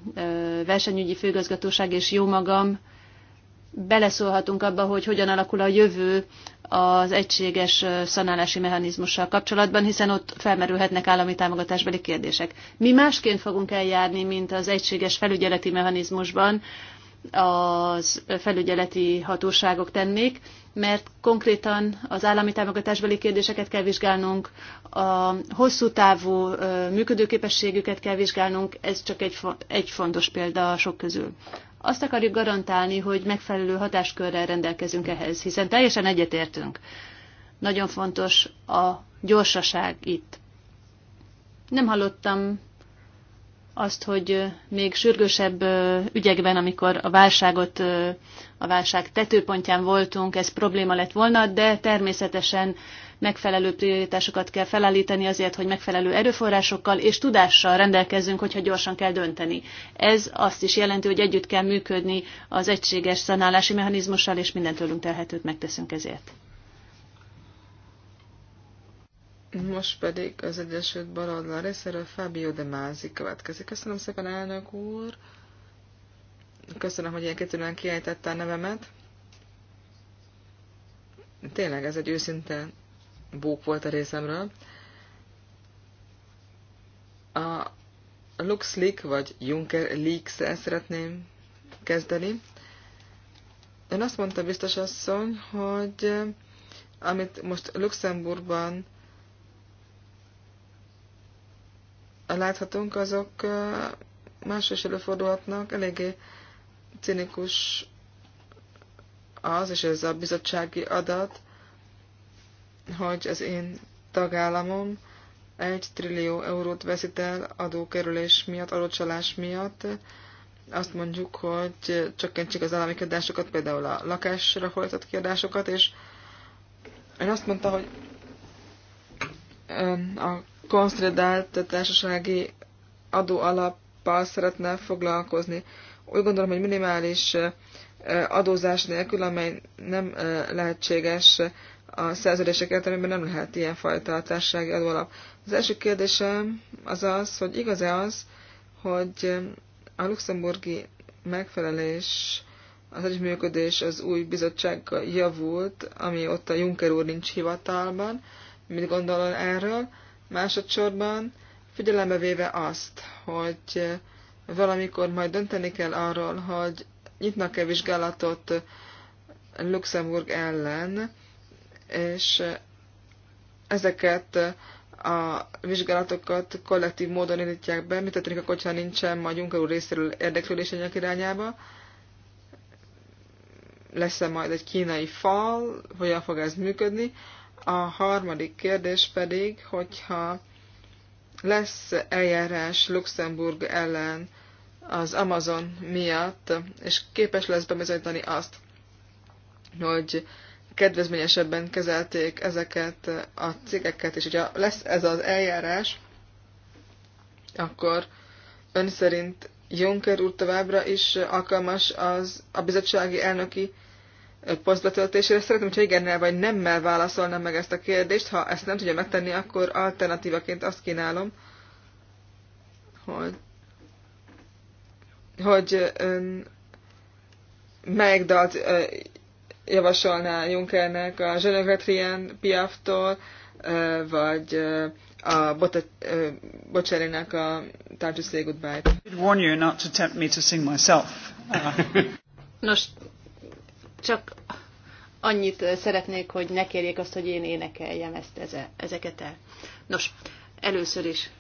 versenyügyi főgazgatóság és jó magam beleszólhatunk abba, hogy hogyan alakul a jövő az egységes szanálási mechanizmussal kapcsolatban, hiszen ott felmerülhetnek állami támogatásbeli kérdések. Mi másként fogunk eljárni, mint az egységes felügyeleti mechanizmusban az felügyeleti hatóságok tennék, mert konkrétan az állami támogatásbeli kérdéseket kell vizsgálnunk, a hosszú távú működőképességüket kell vizsgálnunk, ez csak egy, egy fontos példa a sok közül. Azt akarjuk garantálni, hogy megfelelő hatáskörrel rendelkezünk ehhez, hiszen teljesen egyetértünk. Nagyon fontos a gyorsaság itt. Nem hallottam azt, hogy még sürgősebb ügyekben, amikor a válságot, a válság tetőpontján voltunk, ez probléma lett volna, de természetesen megfelelő prioritásokat kell felállítani azért, hogy megfelelő erőforrásokkal és tudással rendelkezzünk, hogyha gyorsan kell dönteni. Ez azt is jelenti, hogy együtt kell működni az egységes szanálási mechanizmussal, és mindentőlünk telhetőt megteszünk ezért. Most pedig az Egyesült Baloldal részéről Fábio de Mázi következik. Köszönöm szépen, elnök úr! Köszönöm, hogy ilyen kitűnően kiejtette a nevemet. Tényleg ez egy őszinte bók volt a részemről. A Lux Leak, vagy Juncker leaks el szeretném kezdeni. Ön azt mondta biztos asszony, hogy amit most Luxemburgban láthatunk, azok más is előfordulhatnak, eléggé cinikus az, és ez a bizottsági adat, hogy az én tagállamom egy trillió eurót veszít el adókerülés miatt, adócsalás miatt. Azt mondjuk, hogy csökkentsék az állami kiadásokat, például a lakásra folytatott kiadásokat, és én azt mondta, hogy a konszolidált társasági adóalappal szeretne foglalkozni. Úgy gondolom, hogy minimális adózás nélkül, amely nem lehetséges a szerződések értelmében nem lehet ilyenfajta társasági adóalap. Az első kérdésem az az, hogy igaz-e az, hogy a luxemburgi megfelelés, az együttműködés az új bizottság javult, ami ott a Juncker úr nincs hivatalban, mit gondolod erről, Másodszorban figyelembe véve azt, hogy valamikor majd dönteni kell arról, hogy nyitnak-e vizsgálatot Luxemburg ellen, és ezeket a vizsgálatokat kollektív módon indítják be, mit történik, hogyha nincsen majd Juncker úr részéről érdeklődés anyag irányába, lesz-e majd egy kínai fal, hogyan fog ez működni. A harmadik kérdés pedig, hogyha lesz eljárás Luxemburg ellen az Amazon miatt, és képes lesz bebizonyítani azt, hogy kedvezményesebben kezelték ezeket a cégeket, és hogyha lesz ez az eljárás, akkor ön szerint Juncker úr továbbra is alkalmas az a bizottsági elnöki posztbetöltésére. Szeretném, hogyha igennel vagy nemmel válaszolnám meg ezt a kérdést. Ha ezt nem tudja megtenni, akkor alternatívaként azt kínálom, hogy, hogy ön, melyik dalt ö, javasolná Junkernek a Zsönögretrián Piaftól, ö, vagy ö, a bot, Bocserinek a Time to Say Goodbye-t. warn you not to tempt me to sing myself. Uh, Nos, csak annyit szeretnék, hogy ne kérjék azt, hogy én énekeljem ezt, ezeket el. Nos, először is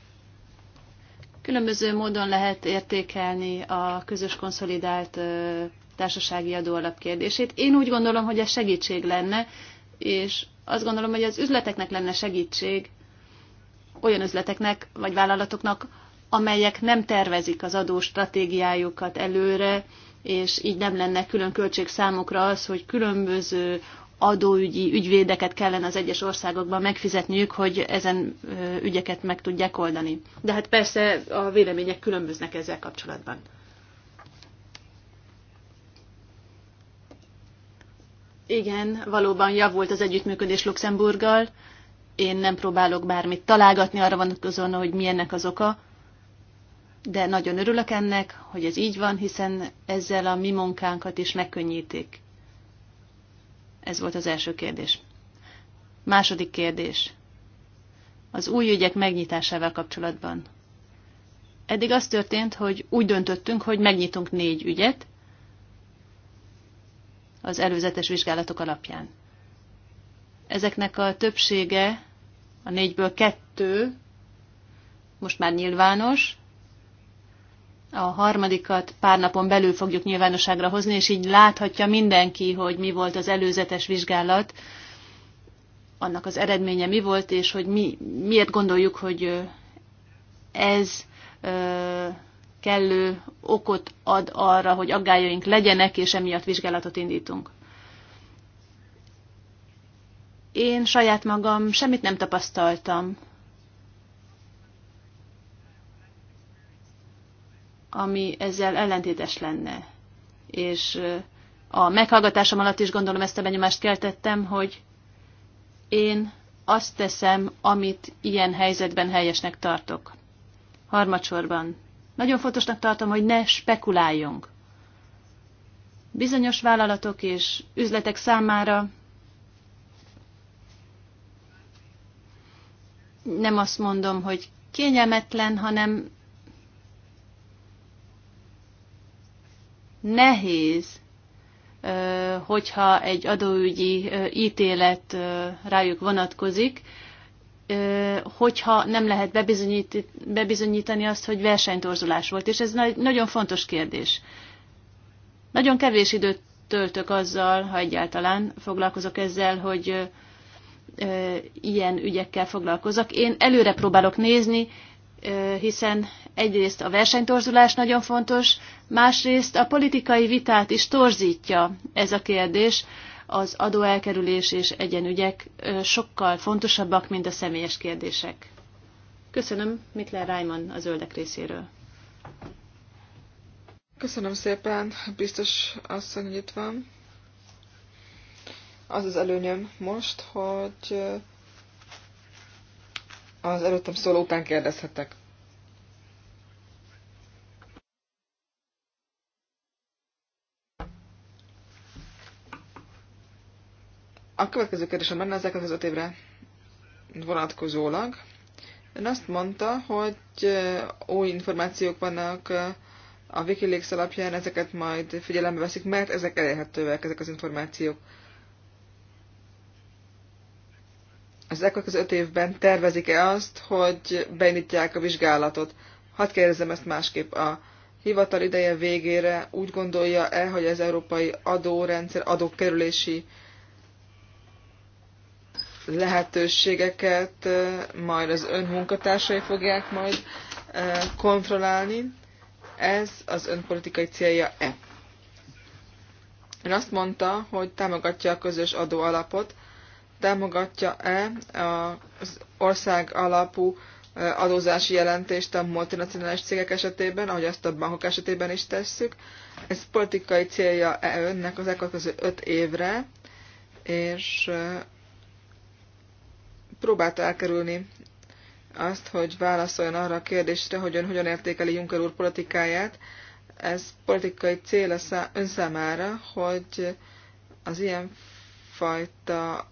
Különböző módon lehet értékelni a közös konszolidált társasági adóalap kérdését. Én úgy gondolom, hogy ez segítség lenne, és azt gondolom, hogy az üzleteknek lenne segítség, olyan üzleteknek vagy vállalatoknak, amelyek nem tervezik az stratégiájukat előre, és így nem lenne külön költség számokra, az, hogy különböző adóügyi ügyvédeket kellene az egyes országokban megfizetniük, hogy ezen ügyeket meg tudják oldani. De hát persze a vélemények különböznek ezzel kapcsolatban. Igen, valóban javult az együttműködés Luxemburggal. Én nem próbálok bármit találgatni arra vonatkozóan, hogy milyennek az oka de nagyon örülök ennek, hogy ez így van, hiszen ezzel a mi munkánkat is megkönnyítik. Ez volt az első kérdés. Második kérdés. Az új ügyek megnyitásával kapcsolatban. Eddig az történt, hogy úgy döntöttünk, hogy megnyitunk négy ügyet az előzetes vizsgálatok alapján. Ezeknek a többsége, a négyből kettő, most már nyilvános, a harmadikat pár napon belül fogjuk nyilvánosságra hozni, és így láthatja mindenki, hogy mi volt az előzetes vizsgálat, annak az eredménye mi volt, és hogy mi, miért gondoljuk, hogy ez kellő okot ad arra, hogy aggájaink legyenek, és emiatt vizsgálatot indítunk. Én saját magam semmit nem tapasztaltam ami ezzel ellentétes lenne. És a meghallgatásom alatt is gondolom ezt a benyomást keltettem, hogy én azt teszem, amit ilyen helyzetben helyesnek tartok. Harmadsorban. Nagyon fontosnak tartom, hogy ne spekuláljunk. Bizonyos vállalatok és üzletek számára nem azt mondom, hogy kényelmetlen, hanem nehéz, hogyha egy adóügyi ítélet rájuk vonatkozik, hogyha nem lehet bebizonyítani azt, hogy versenytorzulás volt. És ez nagyon fontos kérdés. Nagyon kevés időt töltök azzal, ha egyáltalán foglalkozok ezzel, hogy ilyen ügyekkel foglalkozok. Én előre próbálok nézni, hiszen egyrészt a versenytorzulás nagyon fontos, másrészt a politikai vitát is torzítja ez a kérdés, az adóelkerülés és egyenügyek sokkal fontosabbak, mint a személyes kérdések. Köszönöm Mikler Rájman az öldek részéről. Köszönöm szépen, biztos asszony, hogy itt van. Az az előnyöm most, hogy az előttem szóló után kérdezhetek. A következő kérdésem lenne ezek az öt évre vonatkozólag. Ön azt mondta, hogy új információk vannak a Wikileaks alapján, ezeket majd figyelembe veszik, mert ezek elérhetőek, ezek az információk. az elkövetkező öt évben tervezik-e azt, hogy beindítják a vizsgálatot? Hadd kérdezem ezt másképp. A hivatal ideje végére úgy gondolja-e, hogy az európai adórendszer adókerülési lehetőségeket majd az ön munkatársai fogják majd kontrollálni? Ez az ön politikai célja-e? Ön azt mondta, hogy támogatja a közös adóalapot, támogatja-e az ország alapú adózási jelentést a multinacionális cégek esetében, ahogy azt a bankok esetében is tesszük. Ez politikai célja-e önnek az elkövetkező öt évre, és próbálta elkerülni azt, hogy válaszoljon arra a kérdésre, hogy ön hogyan értékeli Juncker úr politikáját. Ez politikai cél ön számára, hogy az ilyen fajta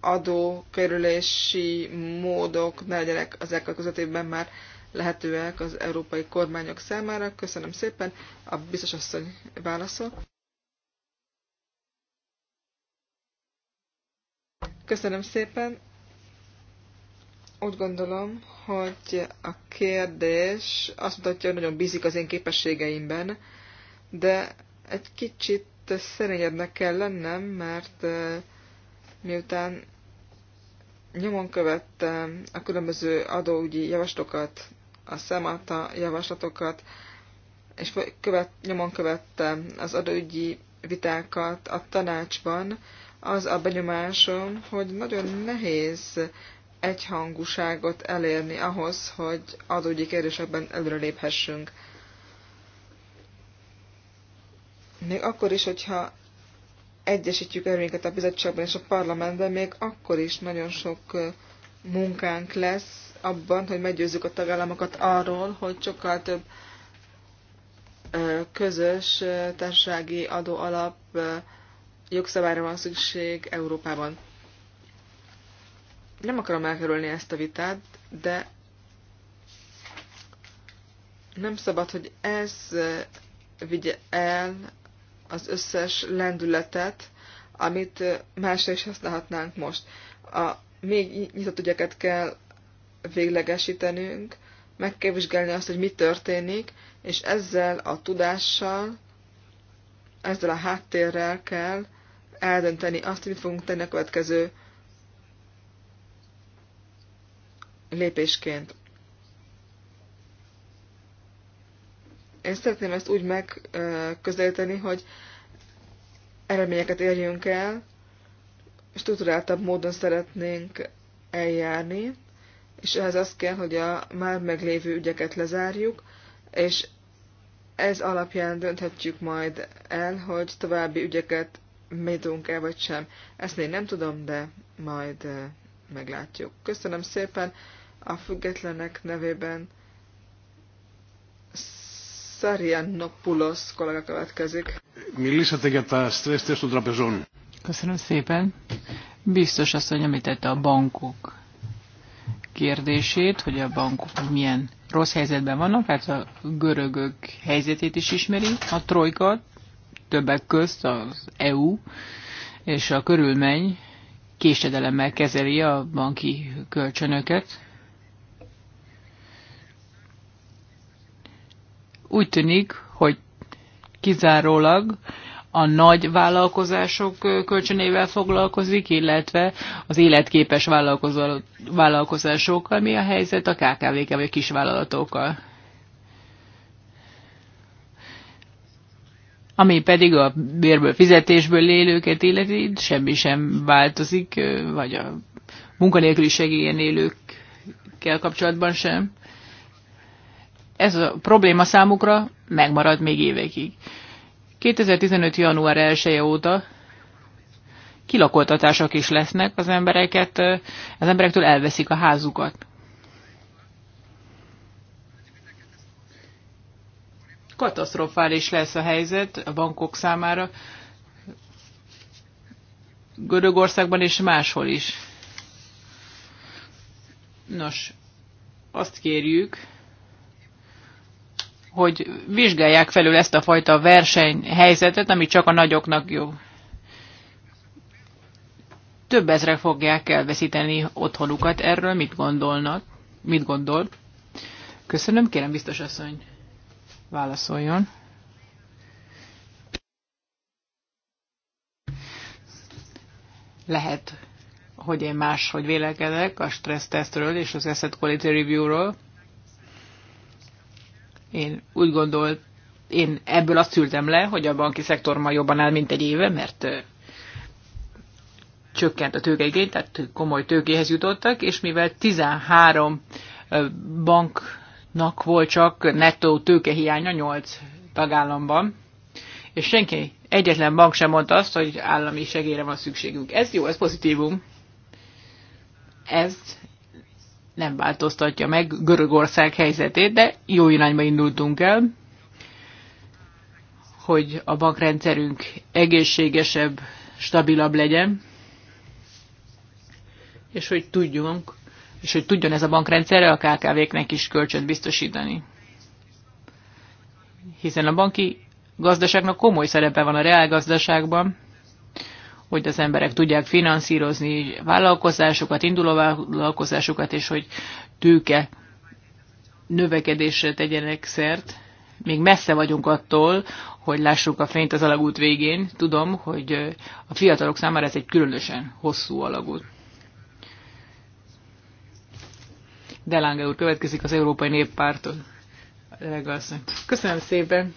adókerülési módok ne legyenek az elkövetkezetében már lehetőek az európai kormányok számára. Köszönöm szépen, a biztos asszony válaszol. Köszönöm szépen. Úgy gondolom, hogy a kérdés azt mutatja, hogy nagyon bízik az én képességeimben, de egy kicsit szerényednek kell lennem, mert eh, miután nyomon követte a különböző adóügyi javaslatokat, a szemata javaslatokat, és követ, nyomon követte az adóügyi vitákat a tanácsban, az a benyomásom, hogy nagyon nehéz egyhangúságot elérni ahhoz, hogy adógyi kérdésekben előreléphessünk. Még akkor is, hogyha egyesítjük erőinket a bizottságban és a parlamentben, még akkor is nagyon sok munkánk lesz abban, hogy meggyőzzük a tagállamokat arról, hogy sokkal több közös társasági adóalap jogszabályra van szükség Európában. Nem akarom elkerülni ezt a vitát, de nem szabad, hogy ez vigye el az összes lendületet, amit másra is használhatnánk most. A még nyitott ügyeket kell véglegesítenünk, meg kell vizsgálni azt, hogy mi történik, és ezzel a tudással, ezzel a háttérrel kell eldönteni azt, hogy mit fogunk tenni a következő lépésként. Én szeretném ezt úgy megközelíteni, hogy eredményeket érjünk el, struktúráltabb módon szeretnénk eljárni, és ehhez az kell, hogy a már meglévő ügyeket lezárjuk, és ez alapján dönthetjük majd el, hogy további ügyeket megyünk el, vagy sem. Ezt még nem tudom, de majd meglátjuk. Köszönöm szépen a függetlenek nevében Szarianopoulos kollega következik. Μιλήσατε για τα stressz test των τραπεζών. Köszönöm szépen. Biztos asszony említette a bankok kérdését, hogy a bankok milyen rossz helyzetben vannak, hát a görögök helyzetét is ismeri, a trojka, többek közt az EU, és a körülmény késedelemmel kezeli a banki kölcsönöket. Úgy tűnik, hogy kizárólag a nagy vállalkozások kölcsönével foglalkozik, illetve az életképes vállalkozásokkal. Mi a helyzet a KKV-kkel vagy a kisvállalatokkal? Ami pedig a bérből fizetésből élőket illeti, semmi sem változik, vagy a munkanélküli segélyen élőkkel kapcsolatban sem ez a probléma számukra megmarad még évekig. 2015. január 1 -e óta kilakoltatások is lesznek az embereket, az emberektől elveszik a házukat. Katasztrofális lesz a helyzet a bankok számára, Görögországban és máshol is. Nos, azt kérjük, hogy vizsgálják felül ezt a fajta versenyhelyzetet, ami csak a nagyoknak jó. Több ezre fogják elveszíteni otthonukat. Erről mit gondolnak? Mit gondol? Köszönöm, kérem biztos asszony válaszoljon. Lehet, hogy én máshogy vélekedek a stressz tesztről és az asset quality review-ról, én úgy gondol, én ebből azt ültem le, hogy a banki szektor ma jobban áll, mint egy éve, mert csökkent a tőkeigény, tehát komoly tőkéhez jutottak, és mivel 13 banknak volt csak nettó tőkehiánya 8 tagállamban, és senki, egyetlen bank sem mondta azt, hogy állami segélyre van szükségünk. Ez jó, ez pozitívum. Ezt nem változtatja meg Görögország helyzetét, de jó irányba indultunk el, hogy a bankrendszerünk egészségesebb, stabilabb legyen, és hogy tudjunk, és hogy tudjon ez a bankrendszer a KKV-knek is kölcsönt biztosítani. Hiszen a banki gazdaságnak komoly szerepe van a reálgazdaságban, hogy az emberek tudják finanszírozni vállalkozásokat, induló vállalkozásokat, és hogy tőke növekedésre tegyenek szert. Még messze vagyunk attól, hogy lássuk a fényt az alagút végén. Tudom, hogy a fiatalok számára ez egy különösen hosszú alagút. Delange úr következik az Európai Néppárton. Köszönöm szépen.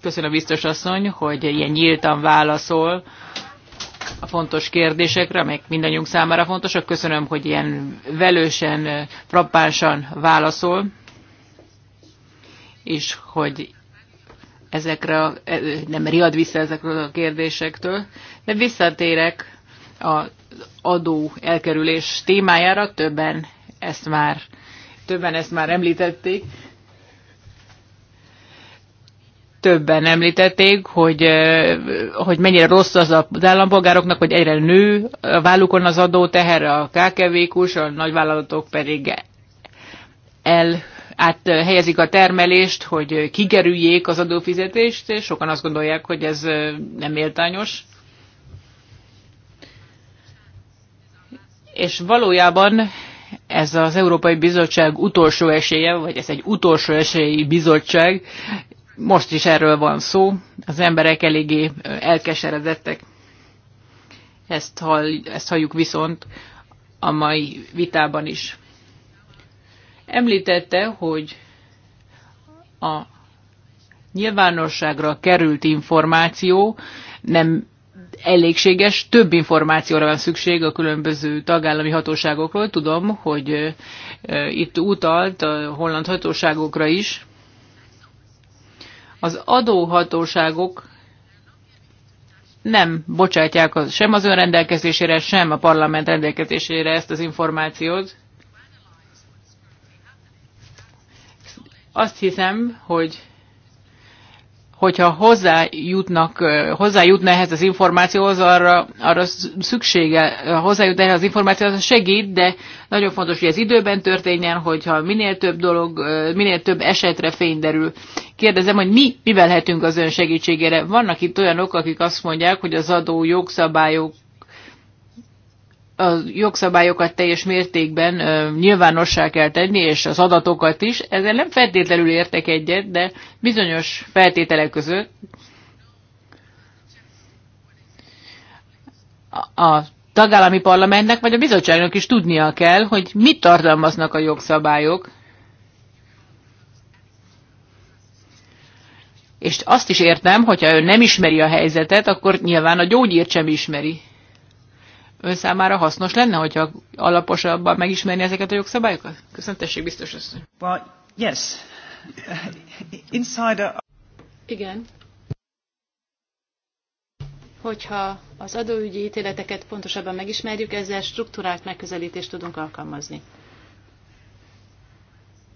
Köszönöm biztos asszony, hogy ilyen nyíltan válaszol a fontos kérdésekre, amelyek mindannyiunk számára fontosak. Köszönöm, hogy ilyen velősen, frappánsan válaszol, és hogy ezekre, a, e, nem riad vissza ezekről a kérdésektől, de visszatérek az adó elkerülés témájára, többen ezt már, többen ezt már említették többen említették, hogy, hogy mennyire rossz az az állampolgároknak, hogy egyre nő a vállukon az adó teher, a KKV-kus, a nagyvállalatok pedig el át helyezik a termelést, hogy kikerüljék az adófizetést, és sokan azt gondolják, hogy ez nem méltányos. És valójában ez az Európai Bizottság utolsó esélye, vagy ez egy utolsó esélyi bizottság, most is erről van szó, az emberek eléggé elkeseredettek. Ezt, hall, ezt halljuk viszont a mai vitában is. Említette, hogy a nyilvánosságra került információ nem elégséges, több információra van szükség a különböző tagállami hatóságokról. Tudom, hogy itt utalt a holland hatóságokra is az adóhatóságok nem bocsátják az, sem az önrendelkezésére, sem a parlament rendelkezésére ezt az információt. Azt hiszem, hogy hogyha hozzájutnak, hozzájutna ehhez az információhoz, arra, arra szüksége hozzájutna ehhez az információhoz, az segít, de nagyon fontos, hogy ez időben történjen, hogyha minél több dolog, minél több esetre fény derül. Kérdezem, hogy mi mivel lehetünk az ön segítségére? Vannak itt olyanok, akik azt mondják, hogy az adó jogszabályok a jogszabályokat teljes mértékben ö, nyilvánossá kell tenni, és az adatokat is. Ezzel nem feltétlenül értek egyet, de bizonyos feltételek között a tagállami parlamentnek vagy a bizottságnak is tudnia kell, hogy mit tartalmaznak a jogszabályok, És azt is értem, hogyha ő nem ismeri a helyzetet, akkor nyilván a gyógyírt sem ismeri ön számára hasznos lenne, hogyha alaposabban megismerni ezeket a jogszabályokat? Köszönöm, tessék, biztos asszony. Well, yes. Insider... Igen. Hogyha az adóügyi ítéleteket pontosabban megismerjük, ezzel struktúrált megközelítést tudunk alkalmazni.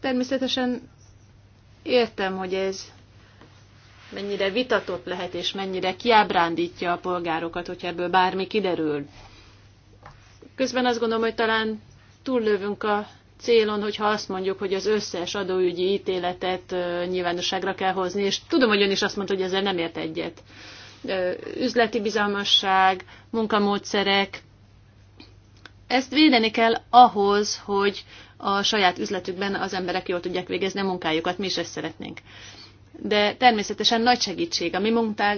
Természetesen értem, hogy ez mennyire vitatott lehet, és mennyire kiábrándítja a polgárokat, hogyha ebből bármi kiderül. Közben azt gondolom, hogy talán túllövünk a célon, hogyha azt mondjuk, hogy az összes adóügyi ítéletet nyilvánosságra kell hozni, és tudom, hogy ön is azt mondta, hogy ezzel nem ért egyet. Üzleti bizalmasság, munkamódszerek, ezt védeni kell ahhoz, hogy a saját üzletükben az emberek jól tudják végezni a munkájukat, mi is ezt szeretnénk. De természetesen nagy segítség a mi,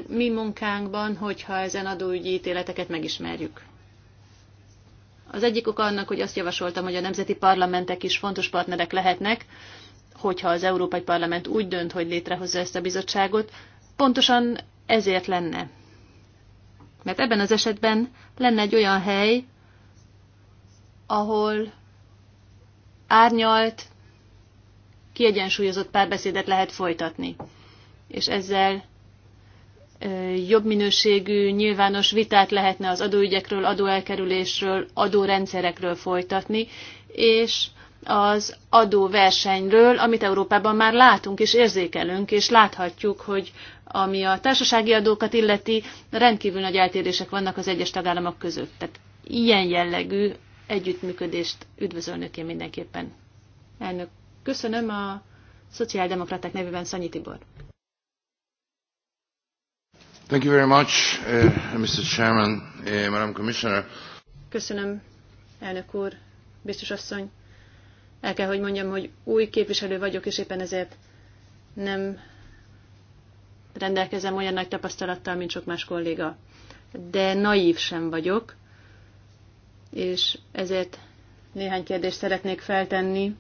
mi munkánkban, hogyha ezen adóügyi ítéleteket megismerjük. Az egyik oka annak, hogy azt javasoltam, hogy a nemzeti parlamentek is fontos partnerek lehetnek, hogyha az Európai Parlament úgy dönt, hogy létrehozza ezt a bizottságot, pontosan ezért lenne. Mert ebben az esetben lenne egy olyan hely, ahol árnyalt, kiegyensúlyozott párbeszédet lehet folytatni. És ezzel jobb minőségű, nyilvános vitát lehetne az adóügyekről, adóelkerülésről, adórendszerekről folytatni, és az adóversenyről, amit Európában már látunk és érzékelünk, és láthatjuk, hogy ami a társasági adókat illeti, rendkívül nagy eltérések vannak az egyes tagállamok között. Tehát ilyen jellegű együttműködést üdvözölnök én mindenképpen. Elnök, köszönöm a szociáldemokraták nevében Szanyi Tibor. Uh, uh, Köszönöm, elnök úr, biztos asszony. El kell, hogy mondjam, hogy új képviselő vagyok, és éppen ezért nem rendelkezem olyan nagy tapasztalattal, mint sok más kolléga. De naív sem vagyok, és ezért néhány kérdést szeretnék feltenni,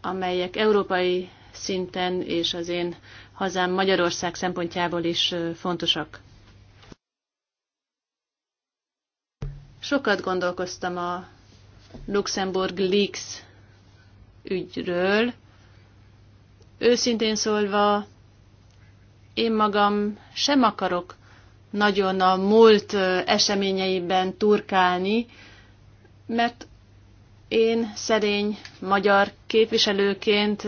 amelyek európai szinten és az én hazám Magyarország szempontjából is fontosak. Sokat gondolkoztam a Luxemburg Leaks ügyről. Őszintén szólva, én magam sem akarok nagyon a múlt eseményeiben turkálni, mert én szerény magyar képviselőként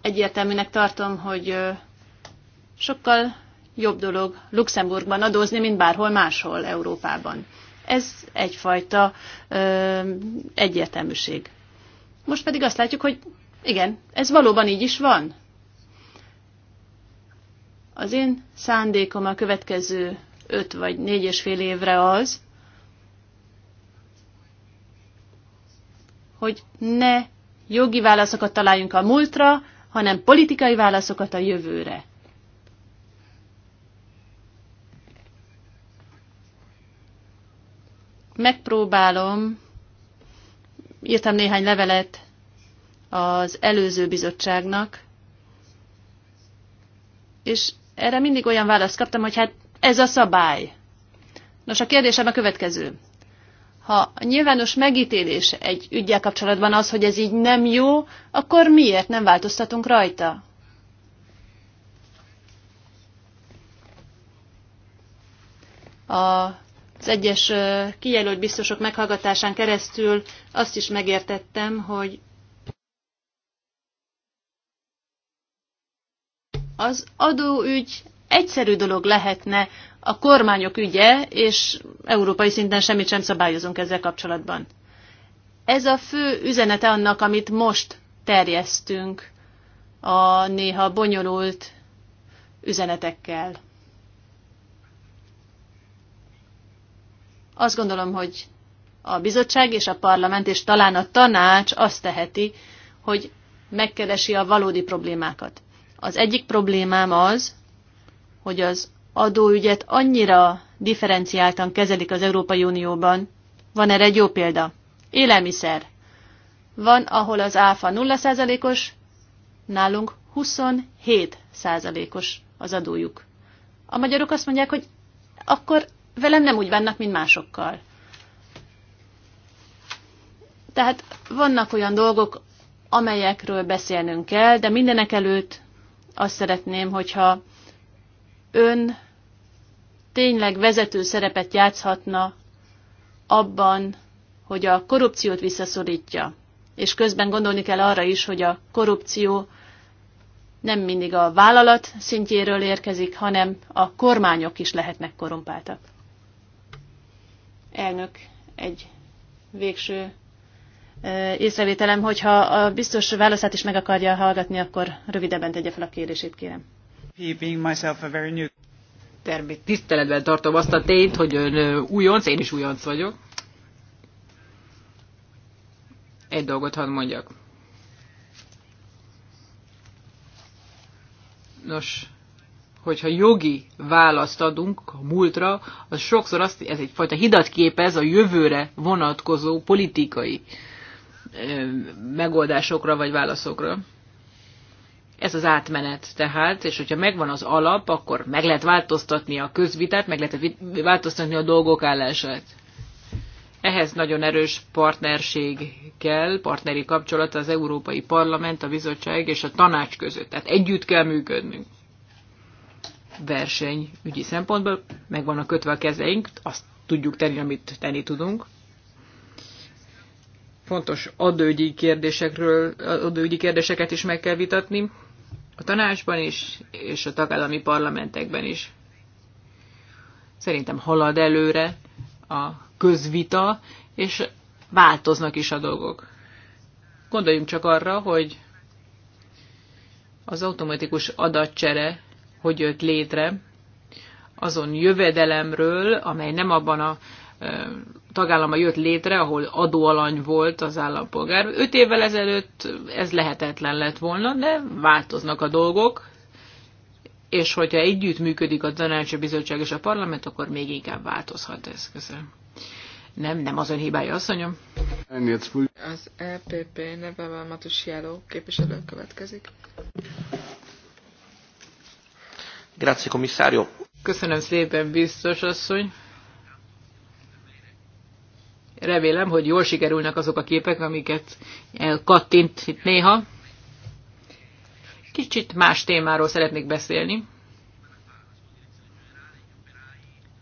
egyértelműnek tartom, hogy sokkal jobb dolog Luxemburgban adózni, mint bárhol máshol Európában. Ez egyfajta ö, egyértelműség. Most pedig azt látjuk, hogy igen, ez valóban így is van. Az én szándékom a következő öt vagy négy és fél évre az, hogy ne jogi válaszokat találjunk a múltra, hanem politikai válaszokat a jövőre. Megpróbálom, írtam néhány levelet az előző bizottságnak, és erre mindig olyan választ kaptam, hogy hát ez a szabály. Nos, a kérdésem a következő. Ha a nyilvános megítélés egy ügyel kapcsolatban az, hogy ez így nem jó, akkor miért nem változtatunk rajta? az egyes kijelölt biztosok meghallgatásán keresztül azt is megértettem, hogy az adóügy egyszerű dolog lehetne a kormányok ügye, és európai szinten semmit sem szabályozunk ezzel kapcsolatban. Ez a fő üzenete annak, amit most terjesztünk a néha bonyolult üzenetekkel. Azt gondolom, hogy a bizottság és a parlament, és talán a tanács azt teheti, hogy megkeresi a valódi problémákat. Az egyik problémám az, hogy az adóügyet annyira differenciáltan kezelik az Európai Unióban. Van erre egy jó példa. Élelmiszer. Van, ahol az áfa 0%-os, nálunk 27%-os az adójuk. A magyarok azt mondják, hogy akkor velem nem úgy bánnak, mint másokkal. Tehát vannak olyan dolgok, amelyekről beszélnünk kell, de mindenek előtt azt szeretném, hogyha ön tényleg vezető szerepet játszhatna abban, hogy a korrupciót visszaszorítja. És közben gondolni kell arra is, hogy a korrupció nem mindig a vállalat szintjéről érkezik, hanem a kormányok is lehetnek korumpáltak. Elnök, egy végső észrevételem, hogyha a biztos válaszát is meg akarja hallgatni, akkor rövidebben tegye fel a kérését, kérem. Being tiszteletben tartom azt a tényt, hogy ön újonc, én is újonc vagyok. Egy dolgot hadd mondjak. Nos, hogyha jogi választ adunk a múltra, az sokszor azt, ez egyfajta hidat képez a jövőre vonatkozó politikai megoldásokra vagy válaszokra. Ez az átmenet tehát, és hogyha megvan az alap, akkor meg lehet változtatni a közvitát, meg lehet változtatni a dolgok állását. Ehhez nagyon erős partnerség kell, partneri kapcsolat az Európai Parlament, a Bizottság és a Tanács között. Tehát együtt kell működnünk. Verseny ügyi szempontból meg vannak kötve a kezeink, azt tudjuk tenni, amit tenni tudunk. Fontos adőgyi, kérdésekről, adőgyi kérdéseket is meg kell vitatni a tanácsban is, és a tagállami parlamentekben is. Szerintem halad előre a közvita, és változnak is a dolgok. Gondoljunk csak arra, hogy az automatikus adatcsere hogy jött létre, azon jövedelemről, amely nem abban a tagállama jött létre, ahol adóalany volt az állampolgár. Öt évvel ezelőtt ez lehetetlen lett volna, de változnak a dolgok, és hogyha együtt működik a tanács, a bizottság és a parlament, akkor még inkább változhat ez. Köszönöm. Nem, nem az ön hibája, asszonyom. Az EPP nevevel Matus Jeló képviselő következik. Grazie, Köszönöm szépen, biztos asszony remélem, hogy jól sikerülnek azok a képek, amiket elkattint itt néha. Kicsit más témáról szeretnék beszélni.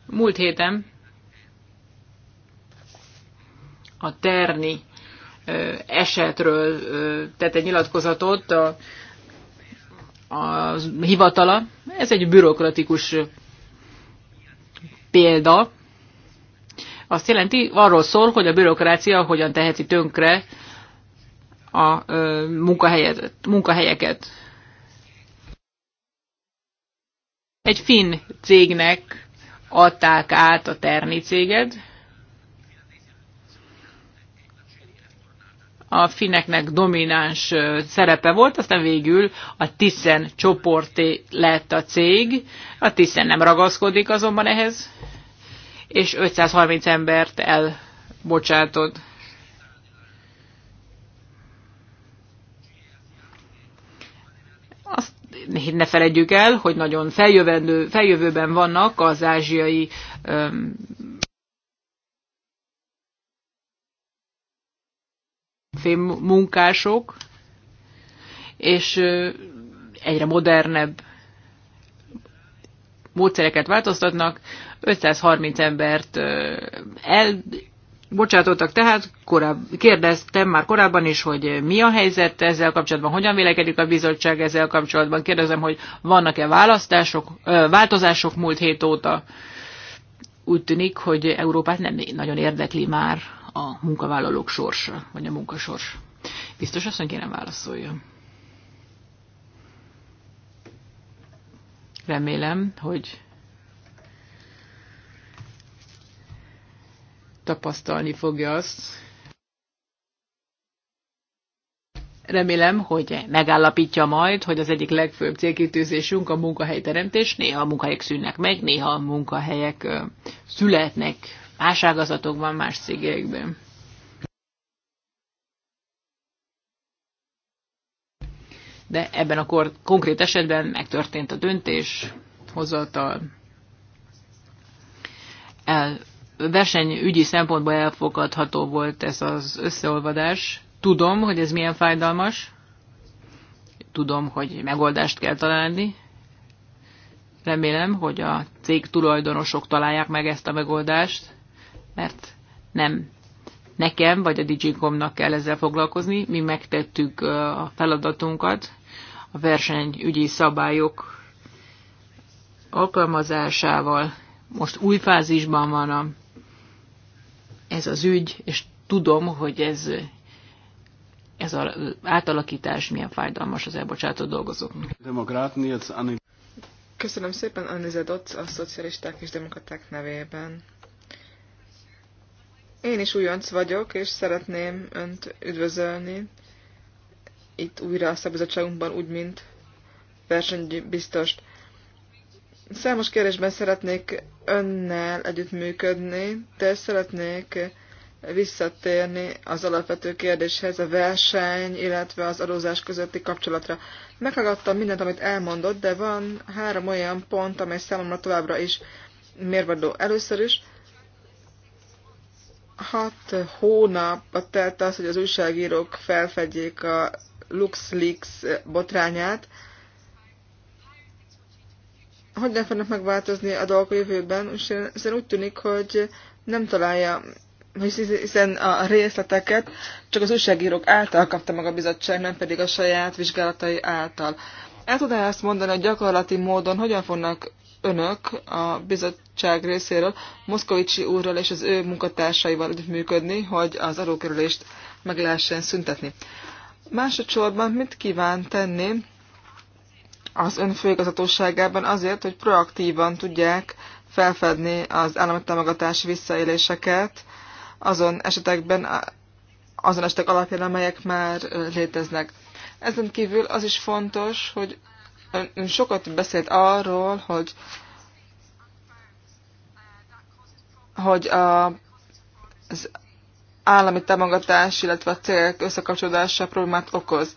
Múlt héten a Terni esetről tett egy nyilatkozatot a, a hivatala. Ez egy bürokratikus példa, azt jelenti, arról szól, hogy a bürokrácia hogyan teheti tönkre a munkahelyet, munkahelyeket. Egy finn cégnek adták át a Terni céged. A finneknek domináns szerepe volt, aztán végül a Tiszen csoporté lett a cég. A Tiszen nem ragaszkodik azonban ehhez és 530 embert elbocsátott. Azt ne feledjük el, hogy nagyon feljövendő, feljövőben vannak az ázsiai öm, munkások, és egyre modernebb módszereket változtatnak, 530 embert el, Bocsátottak tehát, korább, kérdeztem már korábban is, hogy mi a helyzet ezzel kapcsolatban, hogyan vélekedik a bizottság ezzel kapcsolatban. Kérdezem, hogy vannak-e választások, változások múlt hét óta. Úgy tűnik, hogy Európát nem nagyon érdekli már a munkavállalók sorsa, vagy a munkasors. Biztos azt, mondja, kérem válaszoljon. Remélem, hogy tapasztalni fogja azt. Remélem, hogy megállapítja majd, hogy az egyik legfőbb célkitűzésünk a munkahelyteremtés. Néha a munkahelyek szűnnek meg, néha a munkahelyek születnek más ágazatokban, más szigekben. de ebben a kor, konkrét esetben megtörtént a döntés, hozatal, el, versenyügyi szempontból elfogadható volt ez az összeolvadás. Tudom, hogy ez milyen fájdalmas, tudom, hogy megoldást kell találni. Remélem, hogy a cég tulajdonosok találják meg ezt a megoldást, mert nem nekem vagy a Digicomnak kell ezzel foglalkozni. Mi megtettük a feladatunkat, a versenyügyi szabályok alkalmazásával. Most új fázisban van a ez az ügy, és tudom, hogy ez, ez az átalakítás milyen fájdalmas az elbocsátott dolgozóknak. Köszönöm szépen Annize Dotz a szocialisták és demokraták nevében. Én is újonc vagyok, és szeretném Önt üdvözölni itt újra a szabizottságunkban, úgy, mint versenybiztost. Számos kérdésben szeretnék önnel együttműködni, de szeretnék visszatérni az alapvető kérdéshez, a verseny, illetve az adózás közötti kapcsolatra. Meghallgattam mindent, amit elmondott, de van három olyan pont, amely számomra továbbra is mérvadó. Először is, hat hónap telt az, hogy az újságírók felfedjék a LuxLeaks botrányát, hogyan fognak megváltozni a dolgok a jövőben, hiszen úgy tűnik, hogy nem találja, hiszen a részleteket csak az újságírók által kapta meg a bizottság, nem pedig a saját vizsgálatai által. El tudná azt mondani, hogy gyakorlati módon hogyan fognak önök a bizottság részéről Moszkovicsi úrral és az ő munkatársaival működni, hogy az adókerülést meg lehessen szüntetni. Másodszorban mit kíván tenni az ön főigazgatóságában azért, hogy proaktívan tudják felfedni az állami támogatás visszaéléseket azon esetekben, azon esetek alapján, amelyek már léteznek. Ezen kívül az is fontos, hogy ön sokat beszélt arról, hogy hogy a, az állami támogatás, illetve a cégek összekapcsolódása problémát okoz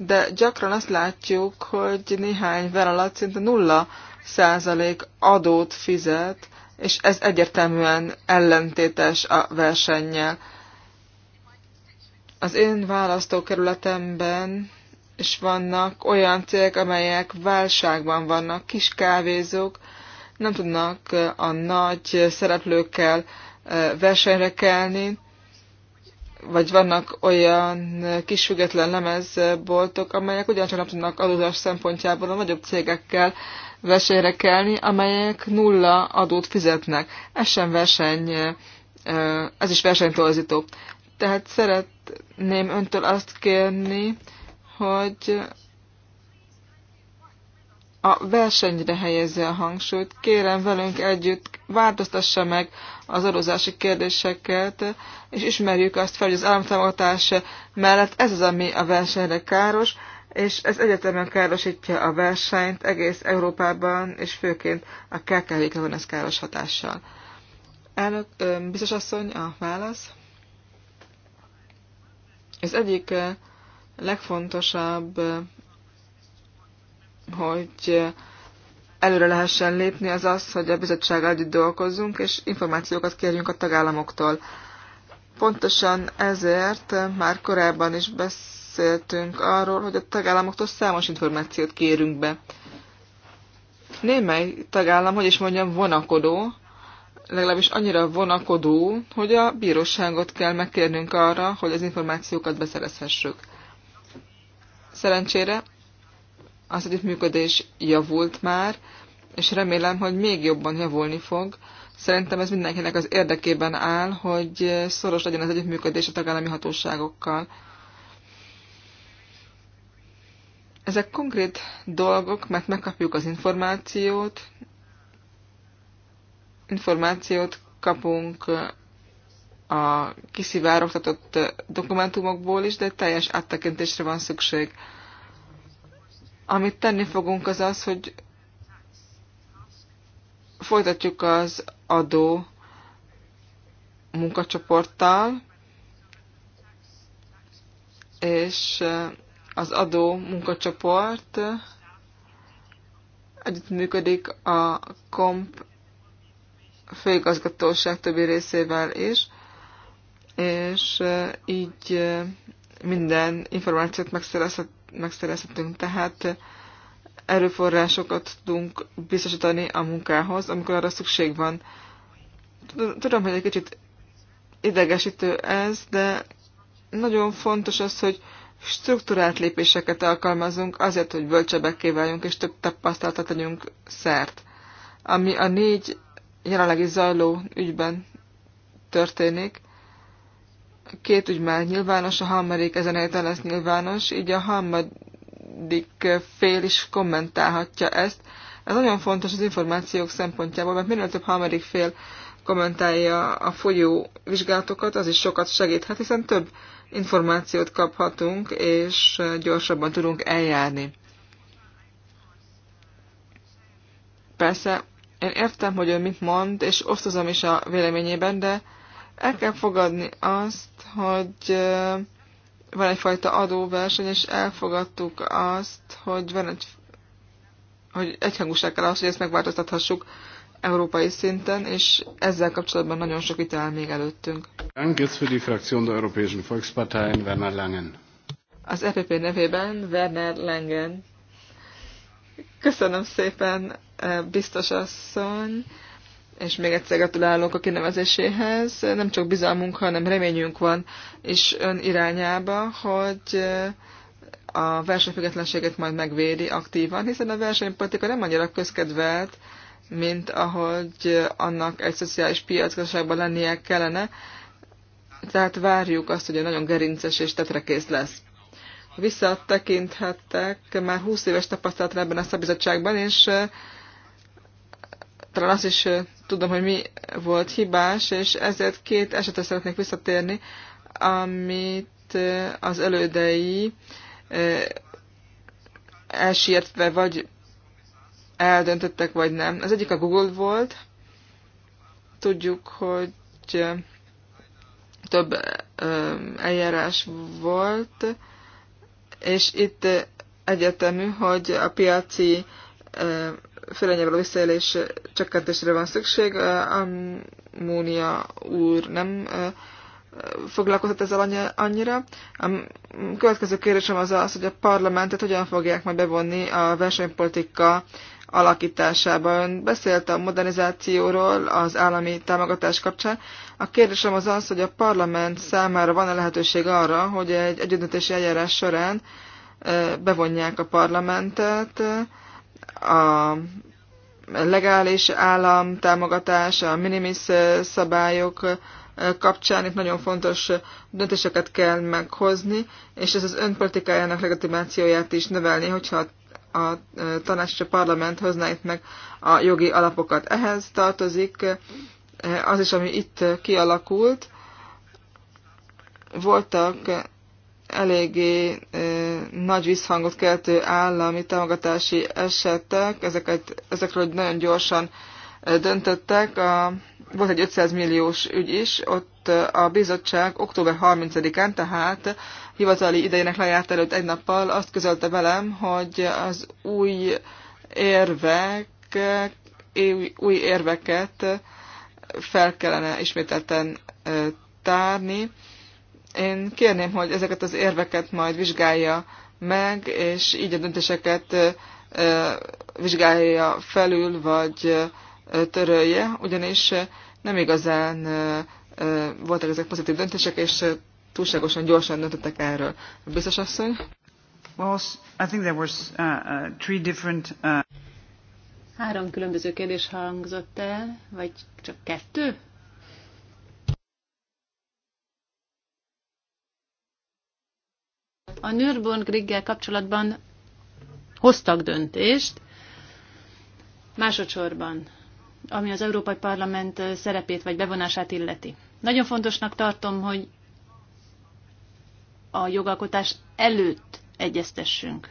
de gyakran azt látjuk, hogy néhány vállalat szinte nulla százalék adót fizet, és ez egyértelműen ellentétes a versennyel. Az én választókerületemben is vannak olyan cégek, amelyek válságban vannak, kis kávézók, nem tudnak a nagy szereplőkkel eh, versenyre kelni, vagy vannak olyan kis független lemezboltok, amelyek ugyancsak nem tudnak adózás szempontjából a nagyobb cégekkel versenyre kelni, amelyek nulla adót fizetnek. Ez sem verseny, ez is versenytorzító. Tehát szeretném öntől azt kérni, hogy a versenyre helyezze a hangsúlyt. Kérem velünk együtt, változtassa meg az adózási kérdéseket, és ismerjük azt fel, hogy az államtámogatás mellett ez az, ami a versenyre káros, és ez egyetemen károsítja a versenyt egész Európában, és főként a KKV-kre van ez káros hatással. Elnök, biztos asszony, a válasz? Az egyik legfontosabb, hogy előre lehessen lépni, az az, hogy a bizottsággal együtt dolgozzunk, és információkat kérjünk a tagállamoktól. Pontosan ezért már korábban is beszéltünk arról, hogy a tagállamoktól számos információt kérünk be. Némely tagállam, hogy is mondjam, vonakodó, legalábbis annyira vonakodó, hogy a bíróságot kell megkérnünk arra, hogy az információkat beszerezhessük. Szerencsére az együttműködés javult már, és remélem, hogy még jobban javulni fog. Szerintem ez mindenkinek az érdekében áll, hogy szoros legyen az együttműködés a tagállami hatóságokkal. Ezek konkrét dolgok, mert megkapjuk az információt, információt kapunk a kiszivárogtatott dokumentumokból is, de teljes áttekintésre van szükség. Amit tenni fogunk az az, hogy folytatjuk az adó munkacsoporttal, és az adó munkacsoport együttműködik a KOMP főigazgatóság többi részével is, és így minden információt megszerezhet, megszerezhetünk. Tehát erőforrásokat tudunk biztosítani a munkához, amikor arra szükség van. Tudom, hogy egy kicsit idegesítő ez, de nagyon fontos az, hogy struktúrált lépéseket alkalmazunk azért, hogy bölcsebbekké váljunk és több tapasztalatot tegyünk szert. Ami a négy jelenlegi zajló ügyben történik, két ügy már nyilvános, a harmadik ezen a héten lesz nyilvános, így a harmadik fél is kommentálhatja ezt. Ez nagyon fontos az információk szempontjából, mert minél több harmadik fél kommentálja a folyó vizsgálatokat, az is sokat segíthet, hiszen több információt kaphatunk, és gyorsabban tudunk eljárni. Persze, én értem, hogy ő mit mond, és osztozom is a véleményében, de el kell fogadni azt, hogy van egyfajta adóverseny, és elfogadtuk azt, hogy van egy hogy egyhangúság kell az, hogy ezt megváltoztathassuk európai szinten, és ezzel kapcsolatban nagyon sok itt áll még előttünk. Werner Langen. Az EPP nevében Werner Langen. Köszönöm szépen, biztos asszony és még egyszer gratulálok a kinevezéséhez. Nem csak bizalmunk, hanem reményünk van is ön irányába, hogy eh, a versenyfüggetlenséget majd megvédi aktívan, hiszen a versenypolitika nem annyira közkedvelt, mint ahogy annak egy szociális piacgazdaságban lennie kellene, tehát várjuk azt, hogy nagyon gerinces és tetrekész lesz. Visszatekinthettek már 20 éves tapasztalatra ebben a szabizottságban, és eh, talán azt is eh, tudom, hogy mi volt hibás, és ezért két esetre szeretnék visszatérni, amit az elődei elsértve vagy eldöntöttek, vagy nem. Az egyik a Google volt. Tudjuk, hogy több eljárás volt, és itt egyetemű, hogy a piaci a visszaélés csökkentésre van szükség. Ammónia úr nem foglalkozott ezzel annyira. A következő kérdésem az az, hogy a parlamentet hogyan fogják majd bevonni a versenypolitika alakításába. Ön beszélt a modernizációról az állami támogatás kapcsán. A kérdésem az az, hogy a parlament számára van-e lehetőség arra, hogy egy együttdöntési eljárás során bevonják a parlamentet, a legális állam a minimis szabályok kapcsán itt nagyon fontos döntéseket kell meghozni, és ez az önpolitikájának legitimációját is növelni, hogyha a tanács és a parlament hozná itt meg a jogi alapokat. Ehhez tartozik az is, ami itt kialakult. Voltak eléggé nagy visszhangot keltő állami támogatási esetek, ezeket, ezekről nagyon gyorsan döntöttek. A, volt egy 500 milliós ügy is, ott a bizottság október 30-án, tehát hivatali idejének lejárt előtt egy nappal azt közölte velem, hogy az új érvek, új érveket fel kellene ismételten tárni, én kérném, hogy ezeket az érveket majd vizsgálja meg, és így a döntéseket vizsgálja felül, vagy törölje, ugyanis nem igazán voltak ezek pozitív döntések, és túlságosan gyorsan döntöttek erről. Biztos asszony? Well, I think there was uh, uh, three different. Uh... Három különböző kérdés hangzott el, vagy csak kettő? a Griggel kapcsolatban hoztak döntést, másodszorban, ami az Európai Parlament szerepét vagy bevonását illeti. Nagyon fontosnak tartom, hogy a jogalkotás előtt egyeztessünk.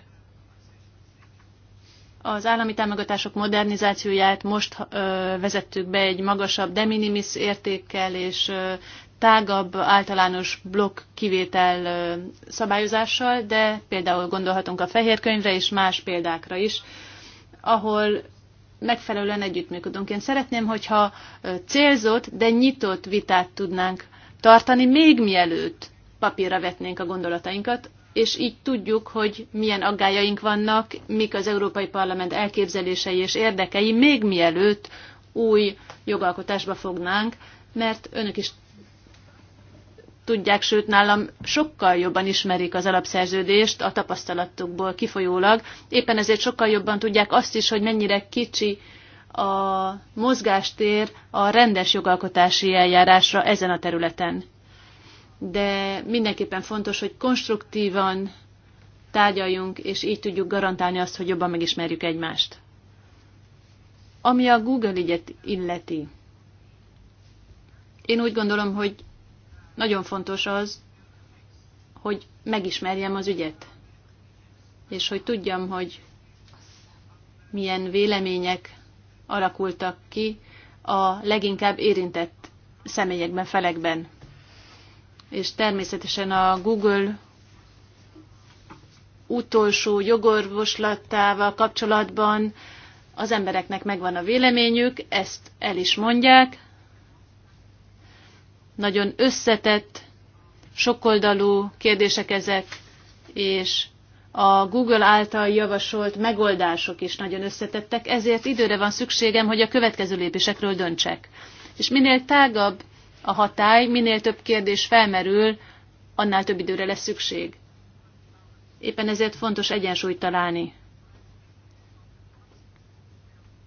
Az állami támogatások modernizációját most ö, vezettük be egy magasabb de minimis értékkel és ö, tágabb általános blokk kivétel szabályozással, de például gondolhatunk a fehér könyvre és más példákra is, ahol megfelelően együttműködünk. Én szeretném, hogyha célzott, de nyitott vitát tudnánk tartani, még mielőtt papírra vetnénk a gondolatainkat, és így tudjuk, hogy milyen aggájaink vannak, mik az Európai Parlament elképzelései és érdekei, még mielőtt új jogalkotásba fognánk, mert önök is tudják, sőt nálam sokkal jobban ismerik az alapszerződést a tapasztalatukból kifolyólag. Éppen ezért sokkal jobban tudják azt is, hogy mennyire kicsi a mozgástér a rendes jogalkotási eljárásra ezen a területen. De mindenképpen fontos, hogy konstruktívan tárgyaljunk, és így tudjuk garantálni azt, hogy jobban megismerjük egymást. Ami a Google ügyet illeti, én úgy gondolom, hogy nagyon fontos az, hogy megismerjem az ügyet, és hogy tudjam, hogy milyen vélemények alakultak ki a leginkább érintett személyekben, felekben. És természetesen a Google utolsó jogorvoslatával kapcsolatban az embereknek megvan a véleményük, ezt el is mondják, nagyon összetett, sokoldalú kérdések ezek, és a Google által javasolt megoldások is nagyon összetettek, ezért időre van szükségem, hogy a következő lépésekről döntsek. És minél tágabb a hatály, minél több kérdés felmerül, annál több időre lesz szükség. Éppen ezért fontos egyensúlyt találni.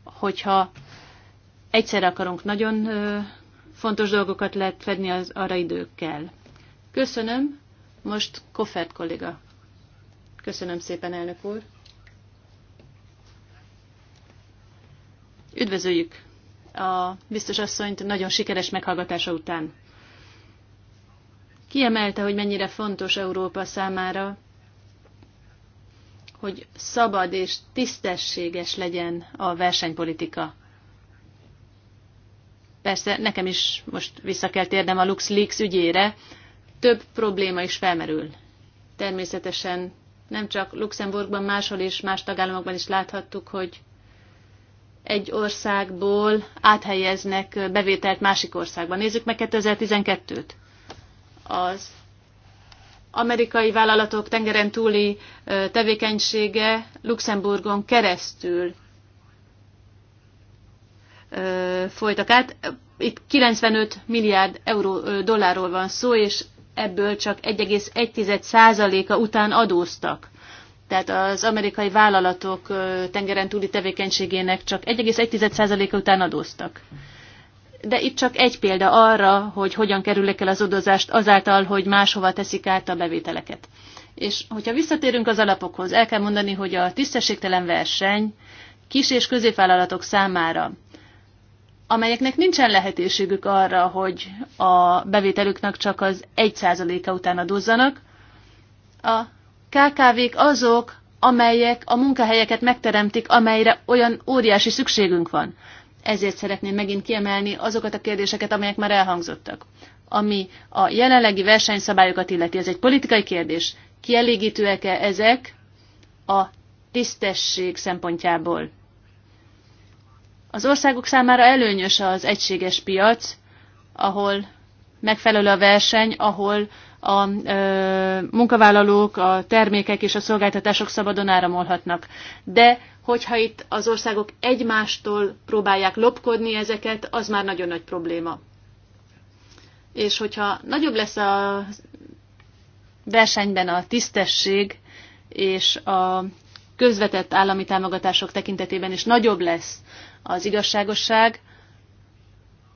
Hogyha egyszer akarunk nagyon fontos dolgokat lehet fedni az arra időkkel. Köszönöm. Most Koffert kolléga. Köszönöm szépen, elnök úr. Üdvözöljük a biztos asszonyt nagyon sikeres meghallgatása után. Kiemelte, hogy mennyire fontos Európa számára, hogy szabad és tisztességes legyen a versenypolitika. Persze nekem is most vissza kell térnem a LuxLeaks ügyére, több probléma is felmerül. Természetesen nem csak Luxemburgban, máshol és más tagállamokban is láthattuk, hogy egy országból áthelyeznek bevételt másik országban. Nézzük meg 2012-t. Az amerikai vállalatok tengeren túli tevékenysége Luxemburgon keresztül folytak át. Itt 95 milliárd euró, dollárról van szó, és ebből csak 1,1%-a után adóztak. Tehát az amerikai vállalatok tengeren túli tevékenységének csak 1,1%-a után adóztak. De itt csak egy példa arra, hogy hogyan kerülnek el az adózást azáltal, hogy máshova teszik át a bevételeket. És hogyha visszatérünk az alapokhoz, el kell mondani, hogy a tisztességtelen verseny kis és középvállalatok számára amelyeknek nincsen lehetőségük arra, hogy a bevételüknek csak az 1%-a után adózzanak. A KKV-k azok, amelyek a munkahelyeket megteremtik, amelyre olyan óriási szükségünk van. Ezért szeretném megint kiemelni azokat a kérdéseket, amelyek már elhangzottak. Ami a jelenlegi versenyszabályokat illeti, ez egy politikai kérdés. Kielégítőek-e ezek a tisztesség szempontjából? Az országok számára előnyös az egységes piac, ahol megfelelő a verseny, ahol a ö, munkavállalók, a termékek és a szolgáltatások szabadon áramolhatnak. De hogyha itt az országok egymástól próbálják lopkodni ezeket, az már nagyon nagy probléma. És hogyha nagyobb lesz a versenyben a tisztesség és a közvetett állami támogatások tekintetében is nagyobb lesz az igazságosság,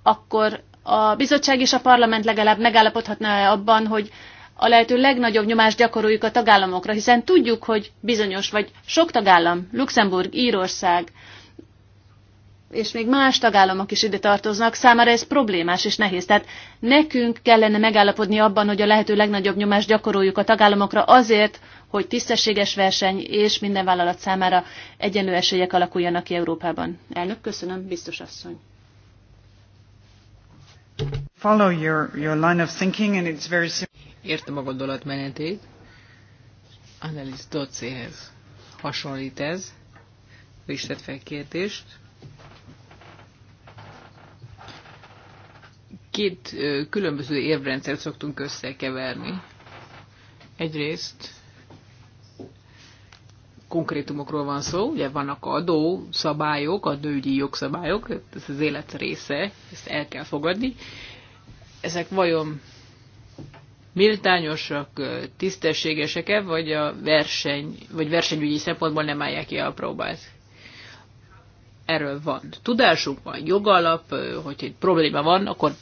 akkor a bizottság és a parlament legalább megállapodhatná -e abban, hogy a lehető legnagyobb nyomást gyakoroljuk a tagállamokra, hiszen tudjuk, hogy bizonyos vagy sok tagállam, Luxemburg, Írország, és még más tagállamok is ide tartoznak, számára ez problémás és nehéz. Tehát nekünk kellene megállapodni abban, hogy a lehető legnagyobb nyomást gyakoroljuk a tagállamokra azért, hogy tisztességes verseny és minden vállalat számára egyenlő esélyek alakuljanak ki Európában. Elnök, köszönöm, biztos asszony. Follow your, your line of thinking and it's very Értem a gondolatmenetét. Annelies Docéhez hasonlít ez. Ő fel kérdést. Két különböző érvrendszert szoktunk összekeverni. Egyrészt konkrétumokról van szó, ugye vannak adó szabályok, adőgyi jogszabályok, ez az élet része, ezt el kell fogadni. Ezek vajon méltányosak, tisztességesek-e, vagy a verseny, vagy versenyügyi szempontból nem állják ki a próbát? Erről van. Tudásunk van, jogalap, hogy egy probléma van, akkor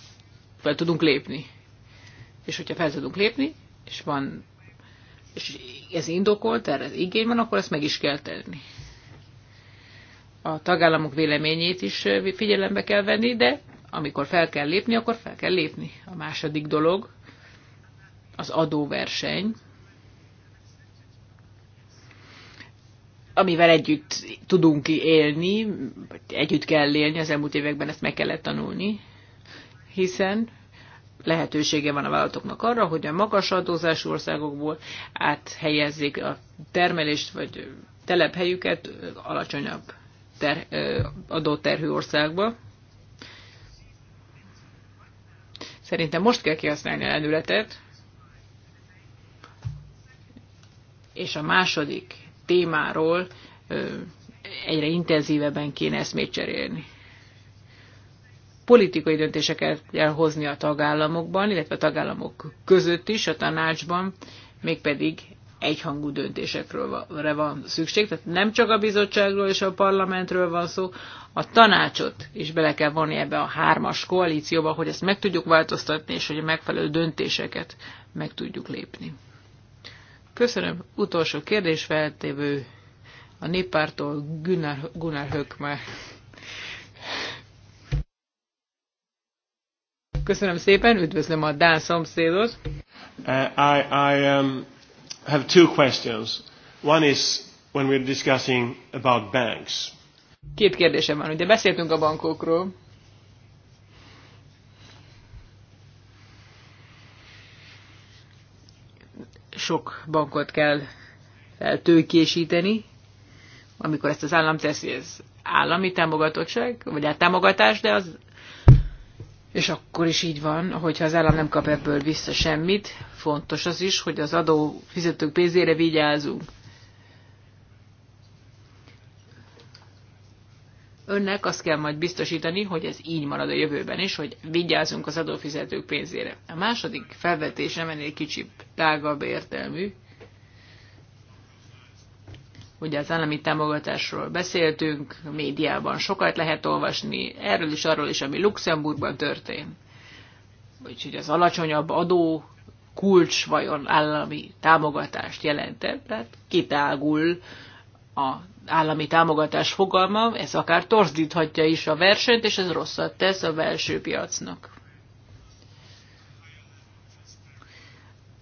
fel tudunk lépni. És hogyha fel tudunk lépni, és van és ez indokolt, erre igény van, akkor ezt meg is kell tenni. A tagállamok véleményét is figyelembe kell venni, de amikor fel kell lépni, akkor fel kell lépni. A második dolog az adóverseny, amivel együtt tudunk élni, vagy együtt kell élni, az elmúlt években ezt meg kellett tanulni, hiszen lehetősége van a vállalatoknak arra, hogy a magas adózású országokból áthelyezzék a termelést vagy telephelyüket alacsonyabb ter, adóterhű országba. Szerintem most kell kihasználni a lendületet. És a második témáról egyre intenzívebben kéne eszmét cserélni politikai döntéseket kell hozni a tagállamokban, illetve a tagállamok között is, a tanácsban, mégpedig egyhangú döntésekre van szükség. Tehát nem csak a bizottságról és a parlamentről van szó, a tanácsot is bele kell vonni ebbe a hármas koalícióba, hogy ezt meg tudjuk változtatni, és hogy a megfelelő döntéseket meg tudjuk lépni. Köszönöm. Utolsó kérdés feltévő a néppártól Gunnar, Gunnar Hökmer. Köszönöm szépen, üdvözlöm a Dán szomszédot. Uh, I, I um, have two questions. One is when we're discussing about banks. Két kérdésem van. Ugye beszéltünk a bankokról. Sok bankot kell feltőkésíteni, amikor ezt az állam teszi, ez állami támogatottság, vagy a támogatás, de az és akkor is így van, hogyha az állam nem kap ebből vissza semmit, fontos az is, hogy az adó fizetők pénzére vigyázunk. Önnek azt kell majd biztosítani, hogy ez így marad a jövőben is, hogy vigyázunk az adófizetők pénzére. A második felvetésem ennél kicsit tágabb értelmű. Ugye az állami támogatásról beszéltünk, a médiában sokat lehet olvasni, erről is, arról is, ami Luxemburgban történt. Úgyhogy az alacsonyabb adó kulcs vajon állami támogatást jelentett, tehát kitágul a állami támogatás fogalma, ez akár torzíthatja is a versenyt, és ez rosszat tesz a belső piacnak.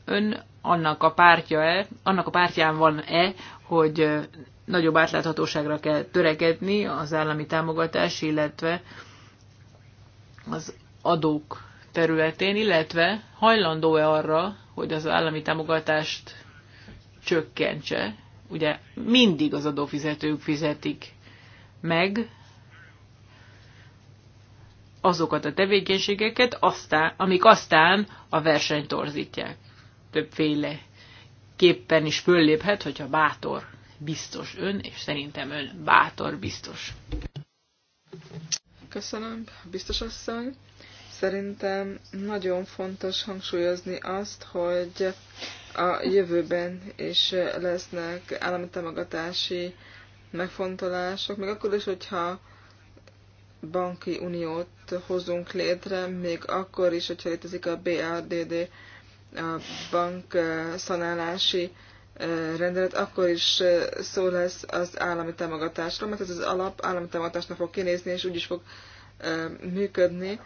Ön annak a pártja-e, annak a pártján van-e, hogy nagyobb átláthatóságra kell törekedni az állami támogatás, illetve az adók területén, illetve hajlandó-e arra, hogy az állami támogatást csökkentse. Ugye mindig az adófizetők fizetik meg azokat a tevékenységeket, aztán, amik aztán a versenyt torzítják többféle képpen is fölléphet, hogyha bátor, biztos ön, és szerintem ön bátor, biztos. Köszönöm, biztos asszony. Szerintem nagyon fontos hangsúlyozni azt, hogy a jövőben is lesznek állami támogatási megfontolások, még akkor is, hogyha banki uniót hozunk létre, még akkor is, hogyha létezik a BRDD a bank szanálási rendelet, akkor is szó lesz az állami támogatásról, mert ez az alap állami támogatásnak fog kinézni, és úgy is fog működni.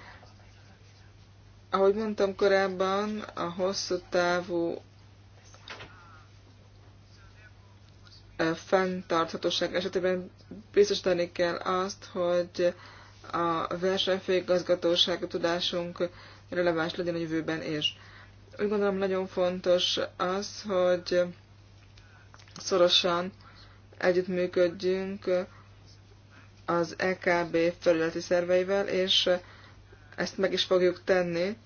Ahogy mondtam korábban, a hosszú távú fenntarthatóság esetében biztosítani kell azt, hogy a versenyfőigazgatóság tudásunk releváns legyen a jövőben is. És úgy gondolom nagyon fontos az, hogy szorosan együttműködjünk az EKB felületi szerveivel, és ezt meg is fogjuk tenni.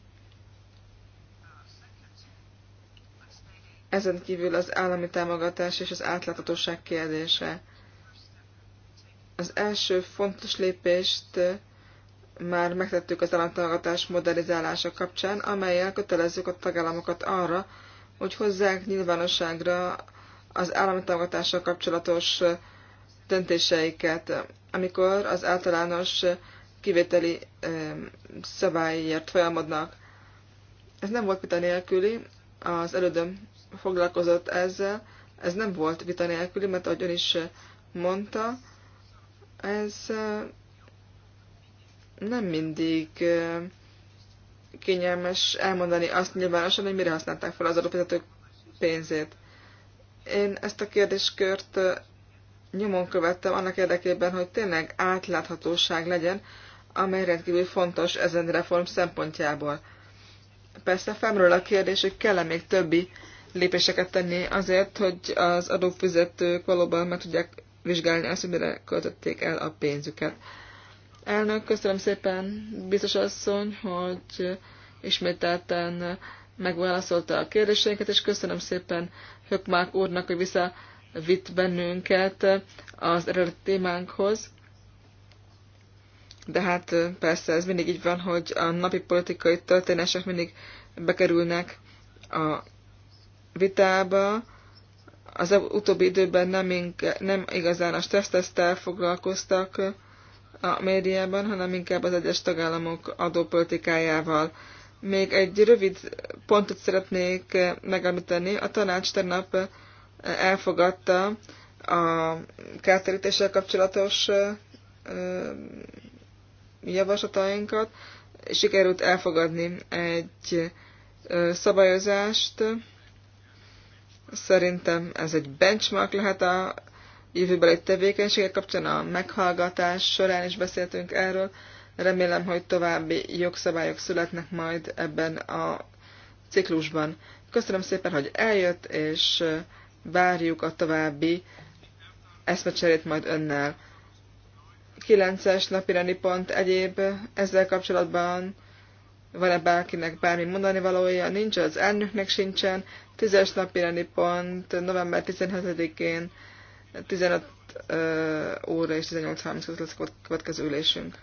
Ezen kívül az állami támogatás és az átláthatóság kérdése. Az első fontos lépést már megtettük az államtámogatás modernizálása kapcsán, amelyel kötelezzük a tagállamokat arra, hogy hozzák nyilvánosságra az állami támogatással kapcsolatos döntéseiket, amikor az általános kivételi szabályért folyamodnak. Ez nem volt vita nélküli, az elődöm foglalkozott ezzel, ez nem volt vita nélküli, mert ahogy ön is mondta, ez nem mindig kényelmes elmondani azt nyilvánosan, hogy mire használták fel az adófizetők pénzét. Én ezt a kérdéskört nyomon követtem annak érdekében, hogy tényleg átláthatóság legyen, amely rendkívül fontos ezen reform szempontjából. Persze felmerül a kérdés, hogy kell-e még többi lépéseket tenni azért, hogy az adófizetők valóban meg tudják vizsgálni azt, hogy mire költötték el a pénzüket. Elnök, köszönöm szépen, biztos asszony, hogy ismételten megválaszolta a kérdéseinket, és köszönöm szépen Hökmák úrnak, hogy visszavitt bennünket az eredeti témánkhoz. De hát persze ez mindig így van, hogy a napi politikai történések mindig bekerülnek a vitába. Az utóbbi időben nem, nem igazán a stressztesztel foglalkoztak, a médiában, hanem inkább az egyes tagállamok adópolitikájával. Még egy rövid pontot szeretnék megemlíteni. A tanács tegnap elfogadta a kártérítéssel kapcsolatos javaslatainkat, sikerült elfogadni egy szabályozást. Szerintem ez egy benchmark lehet a jövőbeli tevékenységek kapcsán a meghallgatás során is beszéltünk erről. Remélem, hogy további jogszabályok születnek majd ebben a ciklusban. Köszönöm szépen, hogy eljött, és várjuk a további eszmecserét majd önnel. 9-es napirendi pont egyéb ezzel kapcsolatban van-e bárkinek bármi mondani valója, nincs, az elnöknek sincsen. 10-es napirendi pont november 17-én 15 óra és 18.30 között lesz a következő ülésünk.